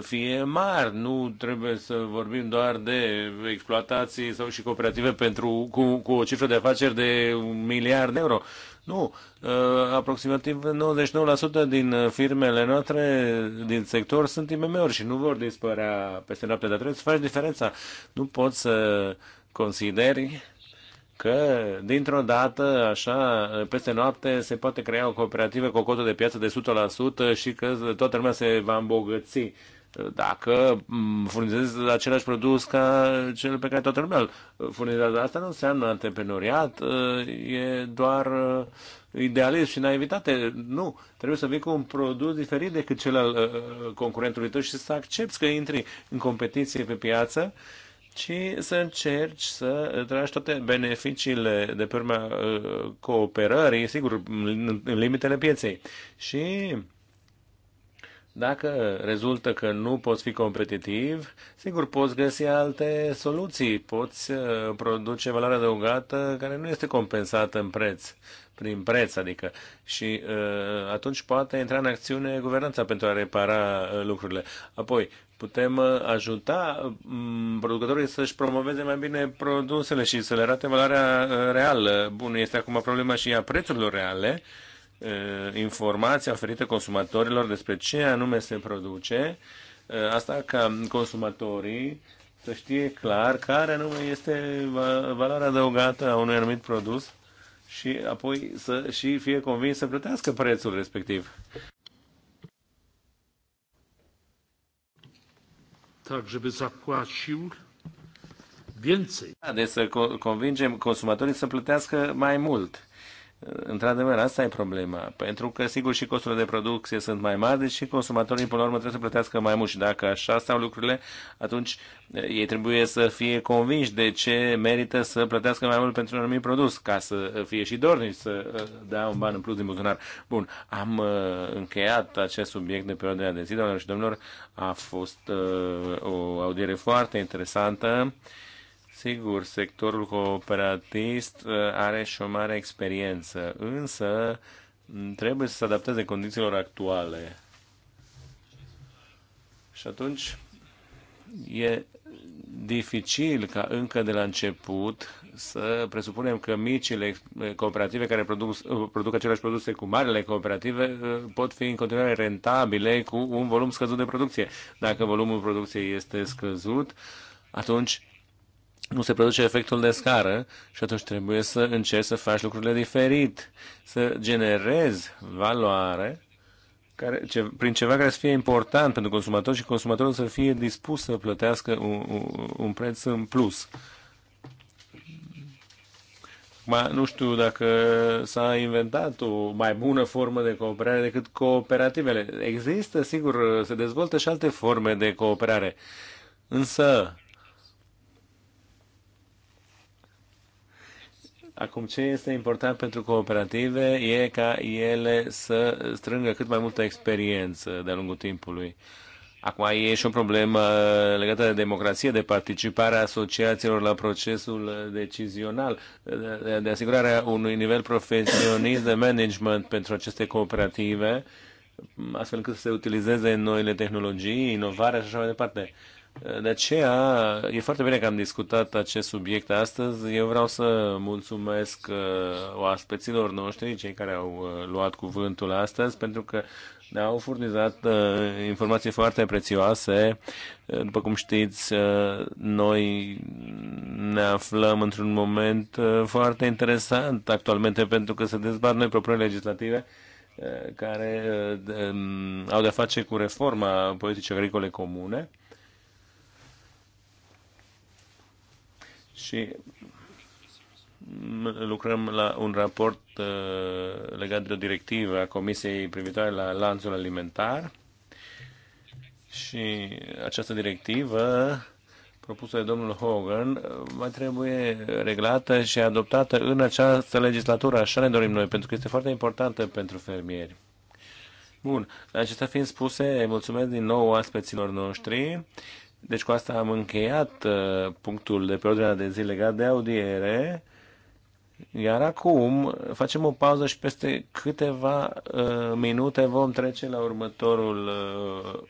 fie mari, nu trebuie să vorbim doar de exploatații sau și cooperative pentru, cu, cu o cifră de afaceri de un miliard de euro. Nu, uh, aproximativ 99% din uh, firmele noastre din sector sunt IMM-uri și nu vor dispărea peste noapte, dar trebuie să faci diferența. Nu poți să consideri că dintr-o dată, așa, uh, peste noapte, se poate crea o cooperativă cu o cotă de piață de 100% și că toată lumea se va îmbogăți dacă mm, furnizez același produs ca cel pe care toată lumea îl furnizează. Asta nu înseamnă antreprenoriat, e doar uh, idealist și naivitate. Nu, trebuie să vii cu un produs diferit decât cel al uh, concurentului tău și să accepti că intri în competiție pe piață ci să încerci să tragi toate beneficiile de pe urma uh, cooperării, sigur, în limitele pieței. Și dacă rezultă că nu poți fi competitiv, sigur, poți găsi alte soluții, poți uh, produce valoare adăugată care nu este compensată în preț, prin preț, adică. Și uh, atunci poate intra în acțiune guvernanța pentru a repara uh, lucrurile. Apoi, putem ajuta mm, producătorii să-și promoveze mai bine produsele și să le arate valoarea reală. Bun, este acum problema și a prețurilor reale, Uh, informația oferită consumatorilor despre ce anume se produce, uh, asta ca consumatorii să știe clar care anume este valoarea adăugată a unui anumit produs și apoi să și fie convins să plătească prețul respectiv. Tak, da, deci să convingem consumatorii să plătească mai mult Într-adevăr, asta e problema. Pentru că, sigur, și costurile de producție sunt mai mari, deci și consumatorii, până la urmă, trebuie să plătească mai mult. Și dacă așa stau lucrurile, atunci ei trebuie să fie convinși de ce merită să plătească mai mult pentru un anumit produs, ca să fie și dornici să dea un ban în plus din buzunar. Bun, am încheiat acest subiect de pe ordinea de zi, doamnelor și domnilor. A fost o audiere foarte interesantă. Sigur, sectorul cooperatist uh, are și o mare experiență, însă mm, trebuie să se adapteze condițiilor actuale. Și atunci e dificil ca încă de la început să presupunem că micile eh, cooperative care produc, eh, produc aceleași produse cu marile cooperative eh, pot fi în continuare rentabile cu un volum scăzut de producție. Dacă volumul producției este scăzut, atunci nu se produce efectul de scară și atunci trebuie să încerci să faci lucrurile diferit, să generezi valoare care, ce, prin ceva care să fie important pentru consumator și consumatorul să fie dispus să plătească un, un, un preț în plus. Ma, nu știu dacă s-a inventat o mai bună formă de cooperare decât cooperativele. Există, sigur, se dezvoltă și alte forme de cooperare. Însă, Acum, ce este important pentru cooperative e ca ele să strângă cât mai multă experiență de-a lungul timpului. Acum e și o problemă legată de democrație, de participarea asociațiilor la procesul decizional, de asigurarea unui nivel profesionist de management pentru aceste cooperative, astfel încât să se utilizeze noile tehnologii, inovarea și așa mai departe. De aceea e foarte bine că am discutat acest subiect astăzi. Eu vreau să mulțumesc uh, oaspeților noștri, cei care au uh, luat cuvântul astăzi, pentru că ne-au furnizat uh, informații foarte prețioase. După cum știți, noi ne aflăm într-un moment foarte interesant actualmente pentru că se dezbat noi propriile legislative care um, au de-a face cu reforma politicii agricole comune și lucrăm la un raport uh, legat de o directivă a Comisiei privitoare la lanțul alimentar și această directivă propusă de domnul Hogan uh, mai trebuie reglată și adoptată în această legislatură. Așa ne dorim noi, pentru că este foarte importantă pentru fermieri. Bun, acestea fiind spuse, mulțumesc din nou aspeților noștri deci cu asta am încheiat uh, punctul de pe ordinea de zi legat de audiere. Iar acum facem o pauză și peste câteva uh, minute vom trece la următorul uh,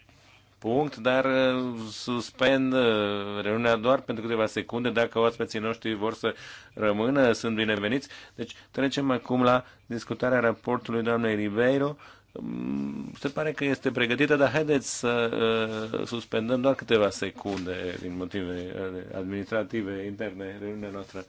punct, dar uh, suspend uh, reuniunea doar pentru câteva secunde. Dacă oaspeții noștri vor să rămână, sunt bineveniți. Deci trecem acum la discutarea raportului doamnei Ribeiro Mm, se pare că este pregătită, dar haideți să uh, suspendăm doar câteva secunde din motive uh, administrative interne reuniunea noastră.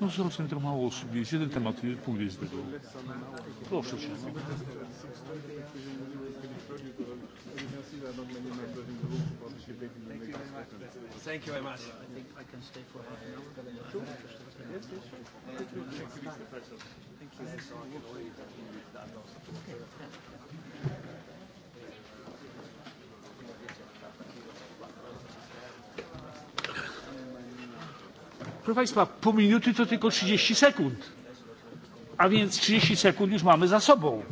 Nu zawsze to mało osób jest. Jeden temat, punkt jest tego. Proszę cię. Thank you very much. I think I can stay for half an hour. Thank you, Thank you. Proszę Państwa, pół minuty to tylko trzydzieści sekund. A więc 30 sekund już mamy za sobą.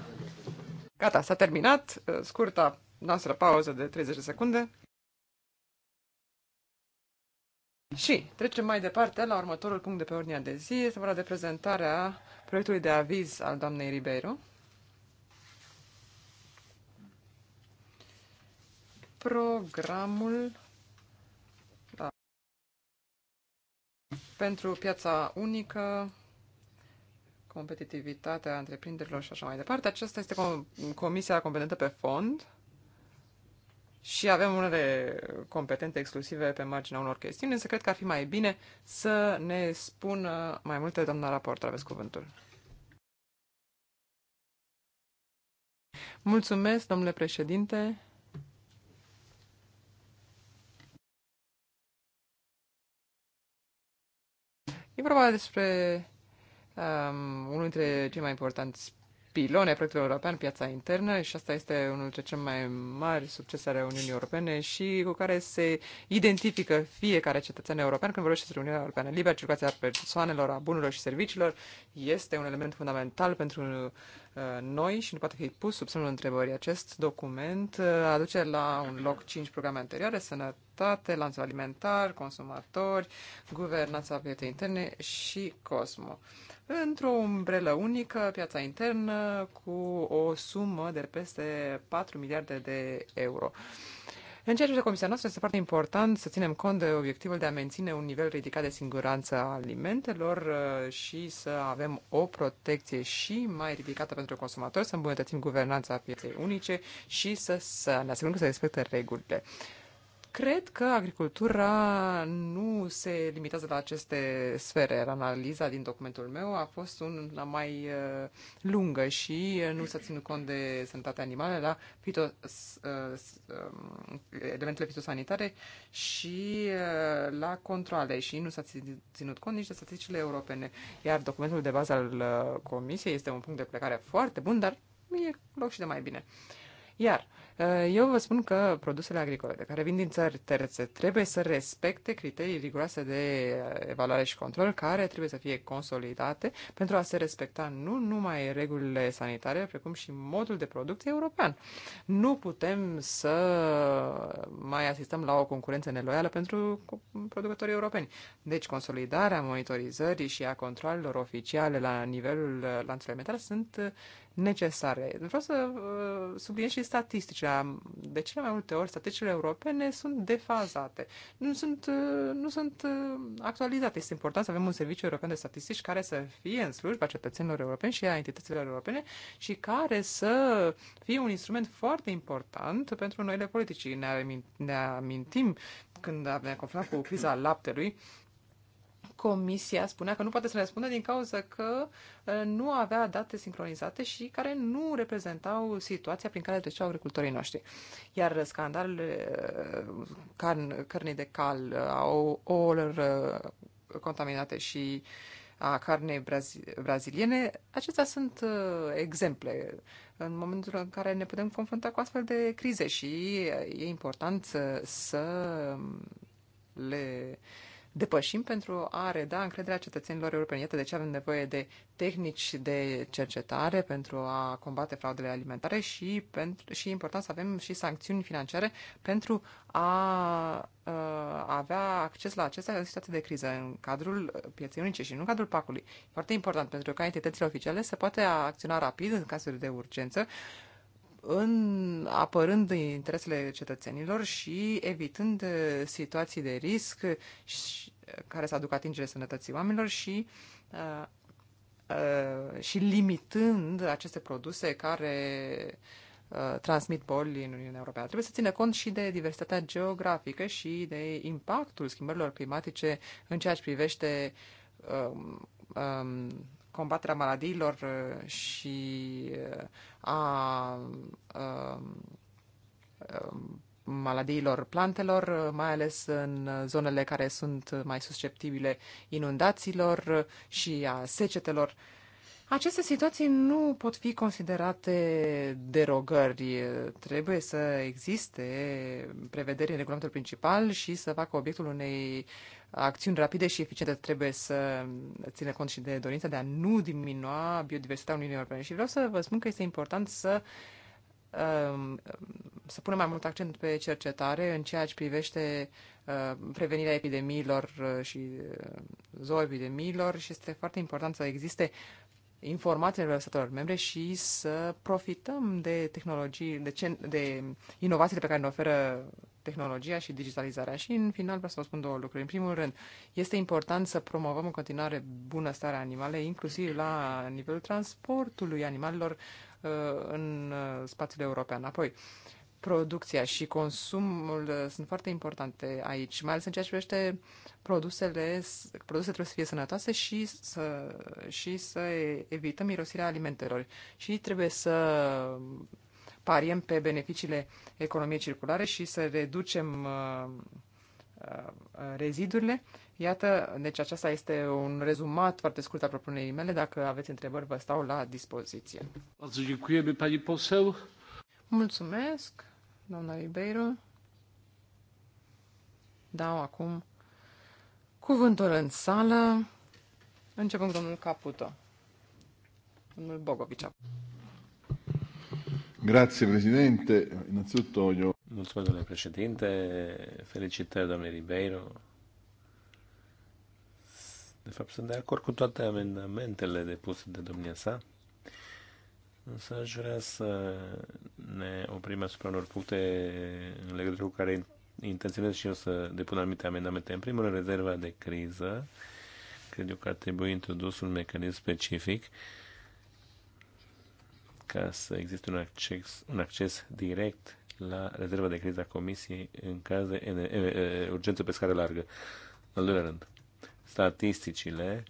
Gata, s-a terminat scurta noastră pauză de 30 de secunde. Și trecem mai departe la următorul punct de pe ordinea de zi. Este vorba de prezentarea proiectului de aviz al doamnei Ribeiro. Programul pentru piața unică, competitivitatea întreprinderilor și așa mai departe. Aceasta este comisia competentă pe fond și avem unele competente exclusive pe marginea unor chestiuni, însă cred că ar fi mai bine să ne spună mai multe, doamna raportor, aveți cuvântul. Mulțumesc, domnule președinte. E vorba despre um, unul dintre cei mai importanti pilone proiectului european, piața internă, și asta este unul dintre cele mai mari succese ale Uniunii Europene și cu care se identifică fiecare cetățean european când vorbește despre Uniunea Europeană. Libera circulație a persoanelor, a bunurilor și serviciilor este un element fundamental pentru uh, noi și nu poate fi pus sub semnul întrebării. Acest document uh, aduce la un loc cinci programe anterioare, sănătate, sănătate, lanțul alimentar, consumatori, guvernanța pieței interne și Cosmo. Într-o umbrelă unică, piața internă cu o sumă de peste 4 miliarde de euro. În ceea ce comisia noastră, este foarte important să ținem cont de obiectivul de a menține un nivel ridicat de siguranță a alimentelor uh, și să avem o protecție și mai ridicată pentru consumatori, să îmbunătățim guvernanța pieței unice și să, să ne asigurăm că se respectă regulile. Cred că agricultura nu se limitează la aceste sfere. analiza din documentul meu a fost una mai uh, lungă și nu s-a ținut cont de sănătatea animală la fito, uh, um, elementele fitosanitare și uh, la controle și nu s-a ținut cont nici de statisticile europene. Iar documentul de bază al Comisiei este un punct de plecare foarte bun, dar e loc și de mai bine. Iar Eh, eu vă spun că produsele agricole de care vin din țări terțe trebuie să respecte criterii riguroase de eh, evaluare și control care trebuie să fie consolidate pentru a se respecta nu numai regulile sanitare, precum și modul de producție european. Nu putem să mai asistăm la o concurență neloială pentru producătorii europeni. Deci consolidarea monitorizării și a controlelor oficiale la nivelul eh, lanțului alimentar sunt necesare. Vreau să uh, subliniez și statisticile. De cele mai multe ori, statisticile europene sunt defazate. Nu sunt, uh, nu sunt uh, actualizate. Este important să avem un serviciu european de statistici care să fie în slujba cetățenilor europeni și a entităților europene și care să fie un instrument foarte important pentru noile politici. ne amintim când ne-am confruntat cu criza laptelui, comisia spunea că nu poate să ne răspundă din cauza că uh, nu avea date sincronizate și care nu reprezentau situația prin care treceau agricultorii noștri. Iar scandalele uh, cărnii de cal, uh, au olor contaminate și a carnei brazi- braziliene, acestea sunt uh, exemple în momentul în care ne putem confrunta cu astfel de crize și e important să, să le uh, depășim pentru a reda încrederea cetățenilor europeni. Iată de ce avem nevoie de tehnici de cercetare pentru a combate fraudele alimentare și, pentru, și important să avem și sancțiuni financiare pentru a, a uh, avea acces la acestea în situații de criză în cadrul pieței unice și nu în cadrul pacului. Foarte important pentru ca entitățile oficiale să poate acționa rapid în cazuri de urgență în apărând interesele cetățenilor și evitând situații de risc și, care să aducă atingere sănătății oamenilor și uh, uh, și limitând aceste produse care uh, transmit boli în Uniunea Europeană. Trebuie să țină cont și de diversitatea geografică și de impactul schimbărilor climatice în ceea ce privește um, um, combaterea maladiilor uh, și uh, a, a um, um, maladiilor plantelor, uh, mai ales în zonele care sunt mai susceptibile inundațiilor și a secetelor. Aceste situații nu pot fi considerate derogări. Trebuie să existe prevederi în regulamentul principal și să facă obiectul unei acțiuni rapide și eficiente trebuie să țină cont și de dorința de a nu diminua biodiversitatea Uniunii Europene. Și vreau să vă spun că este important să um, să punem mai mult accent pe cercetare în ceea ce privește uh, prevenirea epidemiilor uh, și uh, zooepidemiilor și este foarte important să existe informațiile statelor membre și să profităm de tehnologii, de, ce, de inovațiile pe care ne oferă tehnologia și digitalizarea. Și în final vreau să vă spun două lucruri. În primul rând, este important să promovăm în continuare bunăstarea animalei, inclusiv la nivelul transportului animalelor uh, în uh, spațiul european. Apoi, uh, producția și consumul uh, sunt foarte importante aici, mai ales în ceea ce privește produsele, produsele trebuie să fie sănătoase și să, și să evităm mirosirea alimentelor. Și trebuie să pariem pe beneficiile economiei circulare și să reducem uh, uh, rezidurile. Iată, deci aceasta este un rezumat foarte scurt a propunerii mele. Dacă aveți întrebări, vă stau la dispoziție. Mulțumesc doamna Ribeiro. Dau acum cuvântul în sală. Începem cu domnul Caputo. Domnul Bogovici. Grazie, Presidente. Innanzitutto voglio... Mulțumesc, domnule președinte. Felicitări, domnule Ribeiro. De fapt, sunt de acord cu toate amendamentele depuse de domnia sa. Însă aș vrea să ne oprim asupra unor puncte în legătură cu care intenționez și eu să depun anumite amendamente. În primul rând, rezerva de criză. Cred eu că ar trebui introdus un mecanism specific ca să existe un acces, un acces direct la rezerva de criză a Comisiei în caz de urgență pe scară largă. În doilea rând, statisticile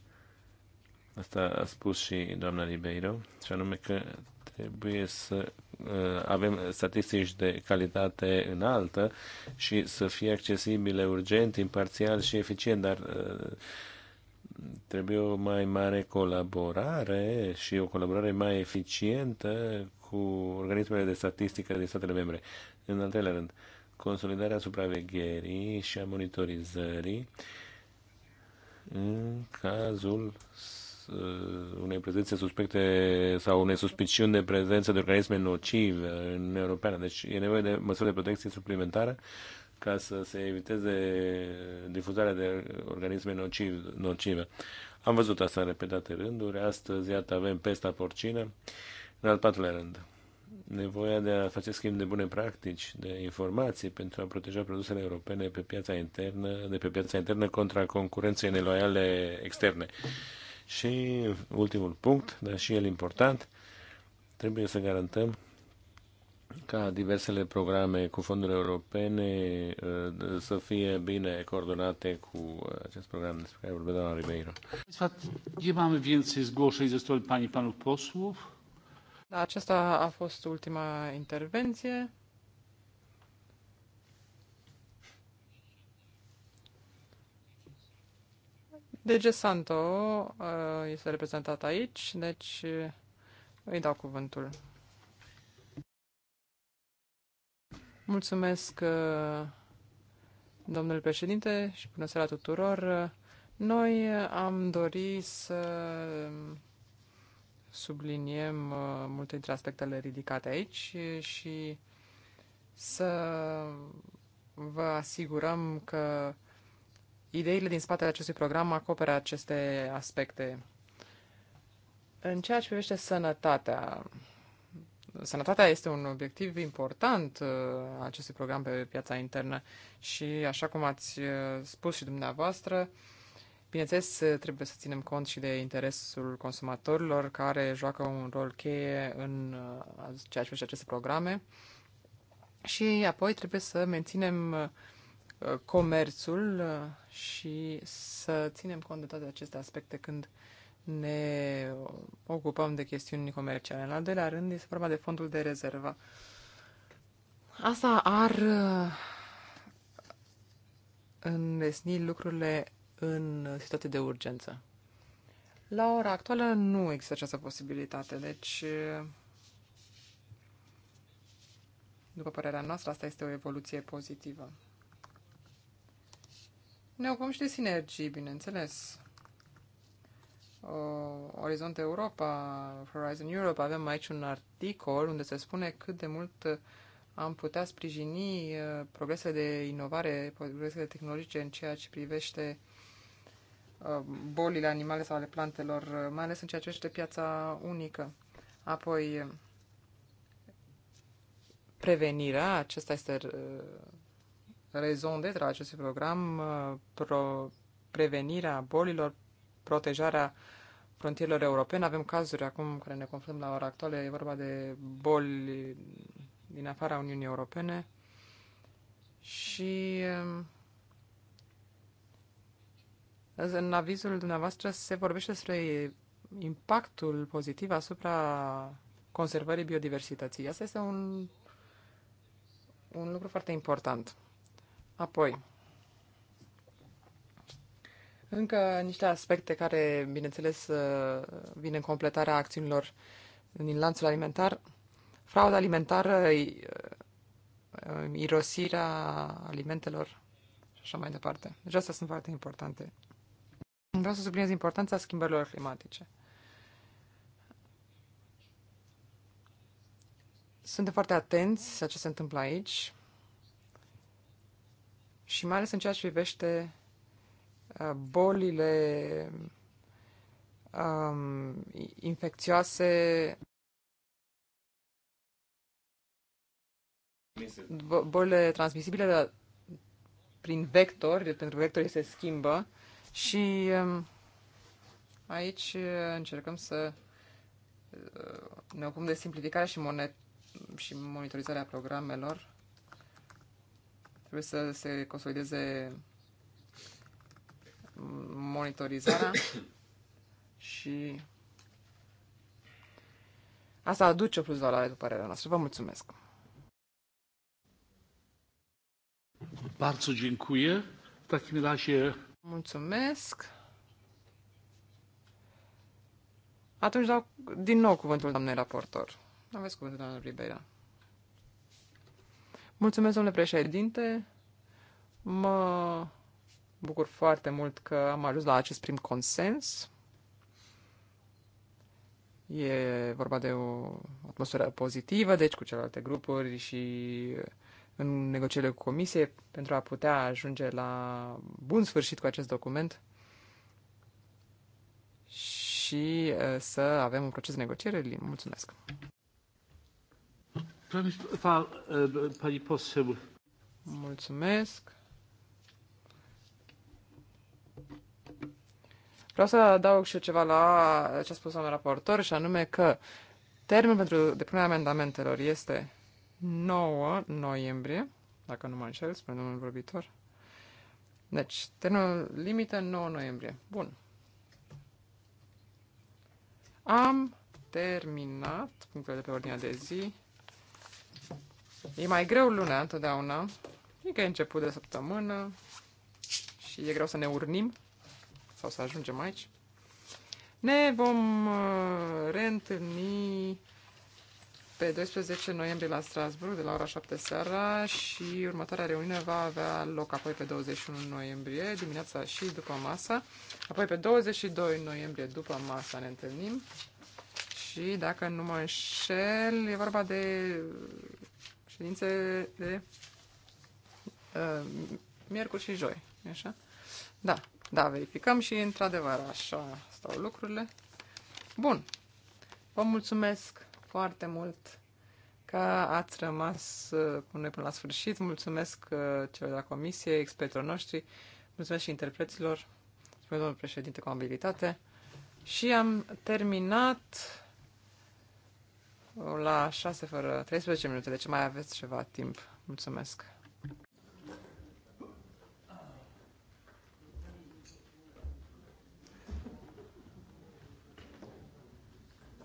Asta a spus și doamna Ribeiro, și anume că trebuie să uh, avem statistici de calitate înaltă și să fie accesibile urgent, imparțial și eficient, dar uh, trebuie o mai mare colaborare și o colaborare mai eficientă cu organismele de statistică din statele membre. În al treilea rând, consolidarea supravegherii și a monitorizării în cazul Uh, unei prezențe suspecte sau unei suspiciuni de prezență de organisme nocive în Europeană. Deci e nevoie de măsuri de protecție suplimentară ca să se eviteze difuzarea de organisme nocive. nocive. Am văzut asta în repetate rânduri. Astăzi, iată, avem pesta porcină. În al patrulea rând, nevoia de a face schimb de bune practici, de informații pentru a proteja produsele europene pe piața internă, de pe piața internă contra concurenței neloiale externe. Și ultimul punct, dar și el important, trebuie să garantăm ca diversele programe cu fonduri europene uh, să fie bine coordonate cu uh, acest program despre care vorbea doamna Ribeiro. Nie pani Da, acesta a fost ultima intervenție. DG Santo uh, este reprezentat aici, deci uh, îi dau cuvântul. Mulțumesc, uh, domnule președinte, și bună seara tuturor. Noi am dorit să subliniem multe dintre aspectele ridicate aici și să vă asigurăm că Ideile din spatele acestui program acoperă aceste aspecte. În ceea ce privește sănătatea, sănătatea este un obiectiv important uh, al acestui program pe piața internă și, așa cum ați uh, spus și dumneavoastră, bineînțeles, uh, trebuie să ținem cont și de interesul consumatorilor care joacă un rol cheie în ceea ce privește aceste programe și apoi trebuie să menținem Uh, comerțul uh, și să ținem cont de toate aceste aspecte când ne ocupăm de chestiuni comerciale. În al doilea rând, este vorba de fondul de rezervă. Asta ar uh, înlesni lucrurile în situații de urgență. La ora actuală nu există această posibilitate, deci, după părerea noastră, asta este o evoluție pozitivă. Ne ocupăm și de sinergii, bineînțeles. Uh, Orizont Europa, Horizon Europe, avem aici un articol unde se spune cât de mult am putea sprijini uh, progresele de inovare, progresele tehnologice în ceea ce privește uh, bolile animale sau ale plantelor, uh, mai ales în ceea ce privește piața unică. Apoi, prevenirea, acesta este raison d'être a acestui program, uh, pro, prevenirea bolilor, protejarea frontierelor europene. Avem cazuri acum care ne confruntăm la ora actuală, e vorba de boli din afara Uniunii Europene și uh, în avizul dumneavoastră se vorbește despre impactul pozitiv asupra conservării biodiversității. Asta este un, un lucru foarte important. Apoi, încă niște aspecte care, bineînțeles, uh, vin în completarea acțiunilor din lanțul alimentar. Frauda alimentară, uh, irosirea alimentelor și așa mai departe. Deci astea sunt foarte importante. Vreau să subliniez importanța schimbărilor climatice. Suntem foarte atenți la ce se întâmplă aici și mai ales în ceea ce privește uh, bolile um, infecțioase, bolile transmisibile prin vector, pentru că vectorii se schimbă și um, aici uh, încercăm să uh, ne ocupăm de simplificarea și, monet- și monitorizarea programelor Trebuie să se consolideze monitorizarea și asta aduce o plus valoare, după părerea noastră. Vă mulțumesc! Bardzo dziękuję. W takim razie... Mulțumesc. Atunci dau din nou cuvântul doamnei raportor. Aveți cuvântul, doamnei Ribeira. Mulțumesc, domnule președinte. Mă bucur foarte mult că am ajuns la acest prim consens. E vorba de o atmosferă pozitivă, deci cu celelalte grupuri și în negocierile cu comisie pentru a putea ajunge la bun sfârșit cu acest document și eh, să avem un proces de negociere. Mulțumesc! Mulțumesc. Vreau să adaug și eu ceva la ce a spus doamna raportor, și anume că termenul pentru depunerea amendamentelor este 9 noiembrie, dacă nu mă înșel, spune domnul vorbitor. Deci, termenul limită 9 noiembrie. Bun. Am terminat punctele de pe ordinea de zi. E mai greu luna întotdeauna. E că e început de săptămână și e greu să ne urnim sau să ajungem aici. Ne vom uh, reîntâlni pe 12 noiembrie la Strasbourg, de la ora 7 seara și următoarea reuniune va avea loc apoi pe 21 noiembrie dimineața și după masa. Apoi pe 22 noiembrie după masa ne întâlnim și dacă nu mă înșel, e vorba de ședințe de uh, miercuri și joi, așa? Da, da, verificăm și într-adevăr așa stau lucrurile. Bun, vă mulțumesc foarte mult că ați rămas uh, cu noi până la sfârșit. Mulțumesc uh, celor de la comisie, expertilor noștri, mulțumesc și interpreților, spune domnul președinte cu abilitate. Și am terminat la 6 fără 13 minute, deci mai aveți ceva timp. Mulțumesc.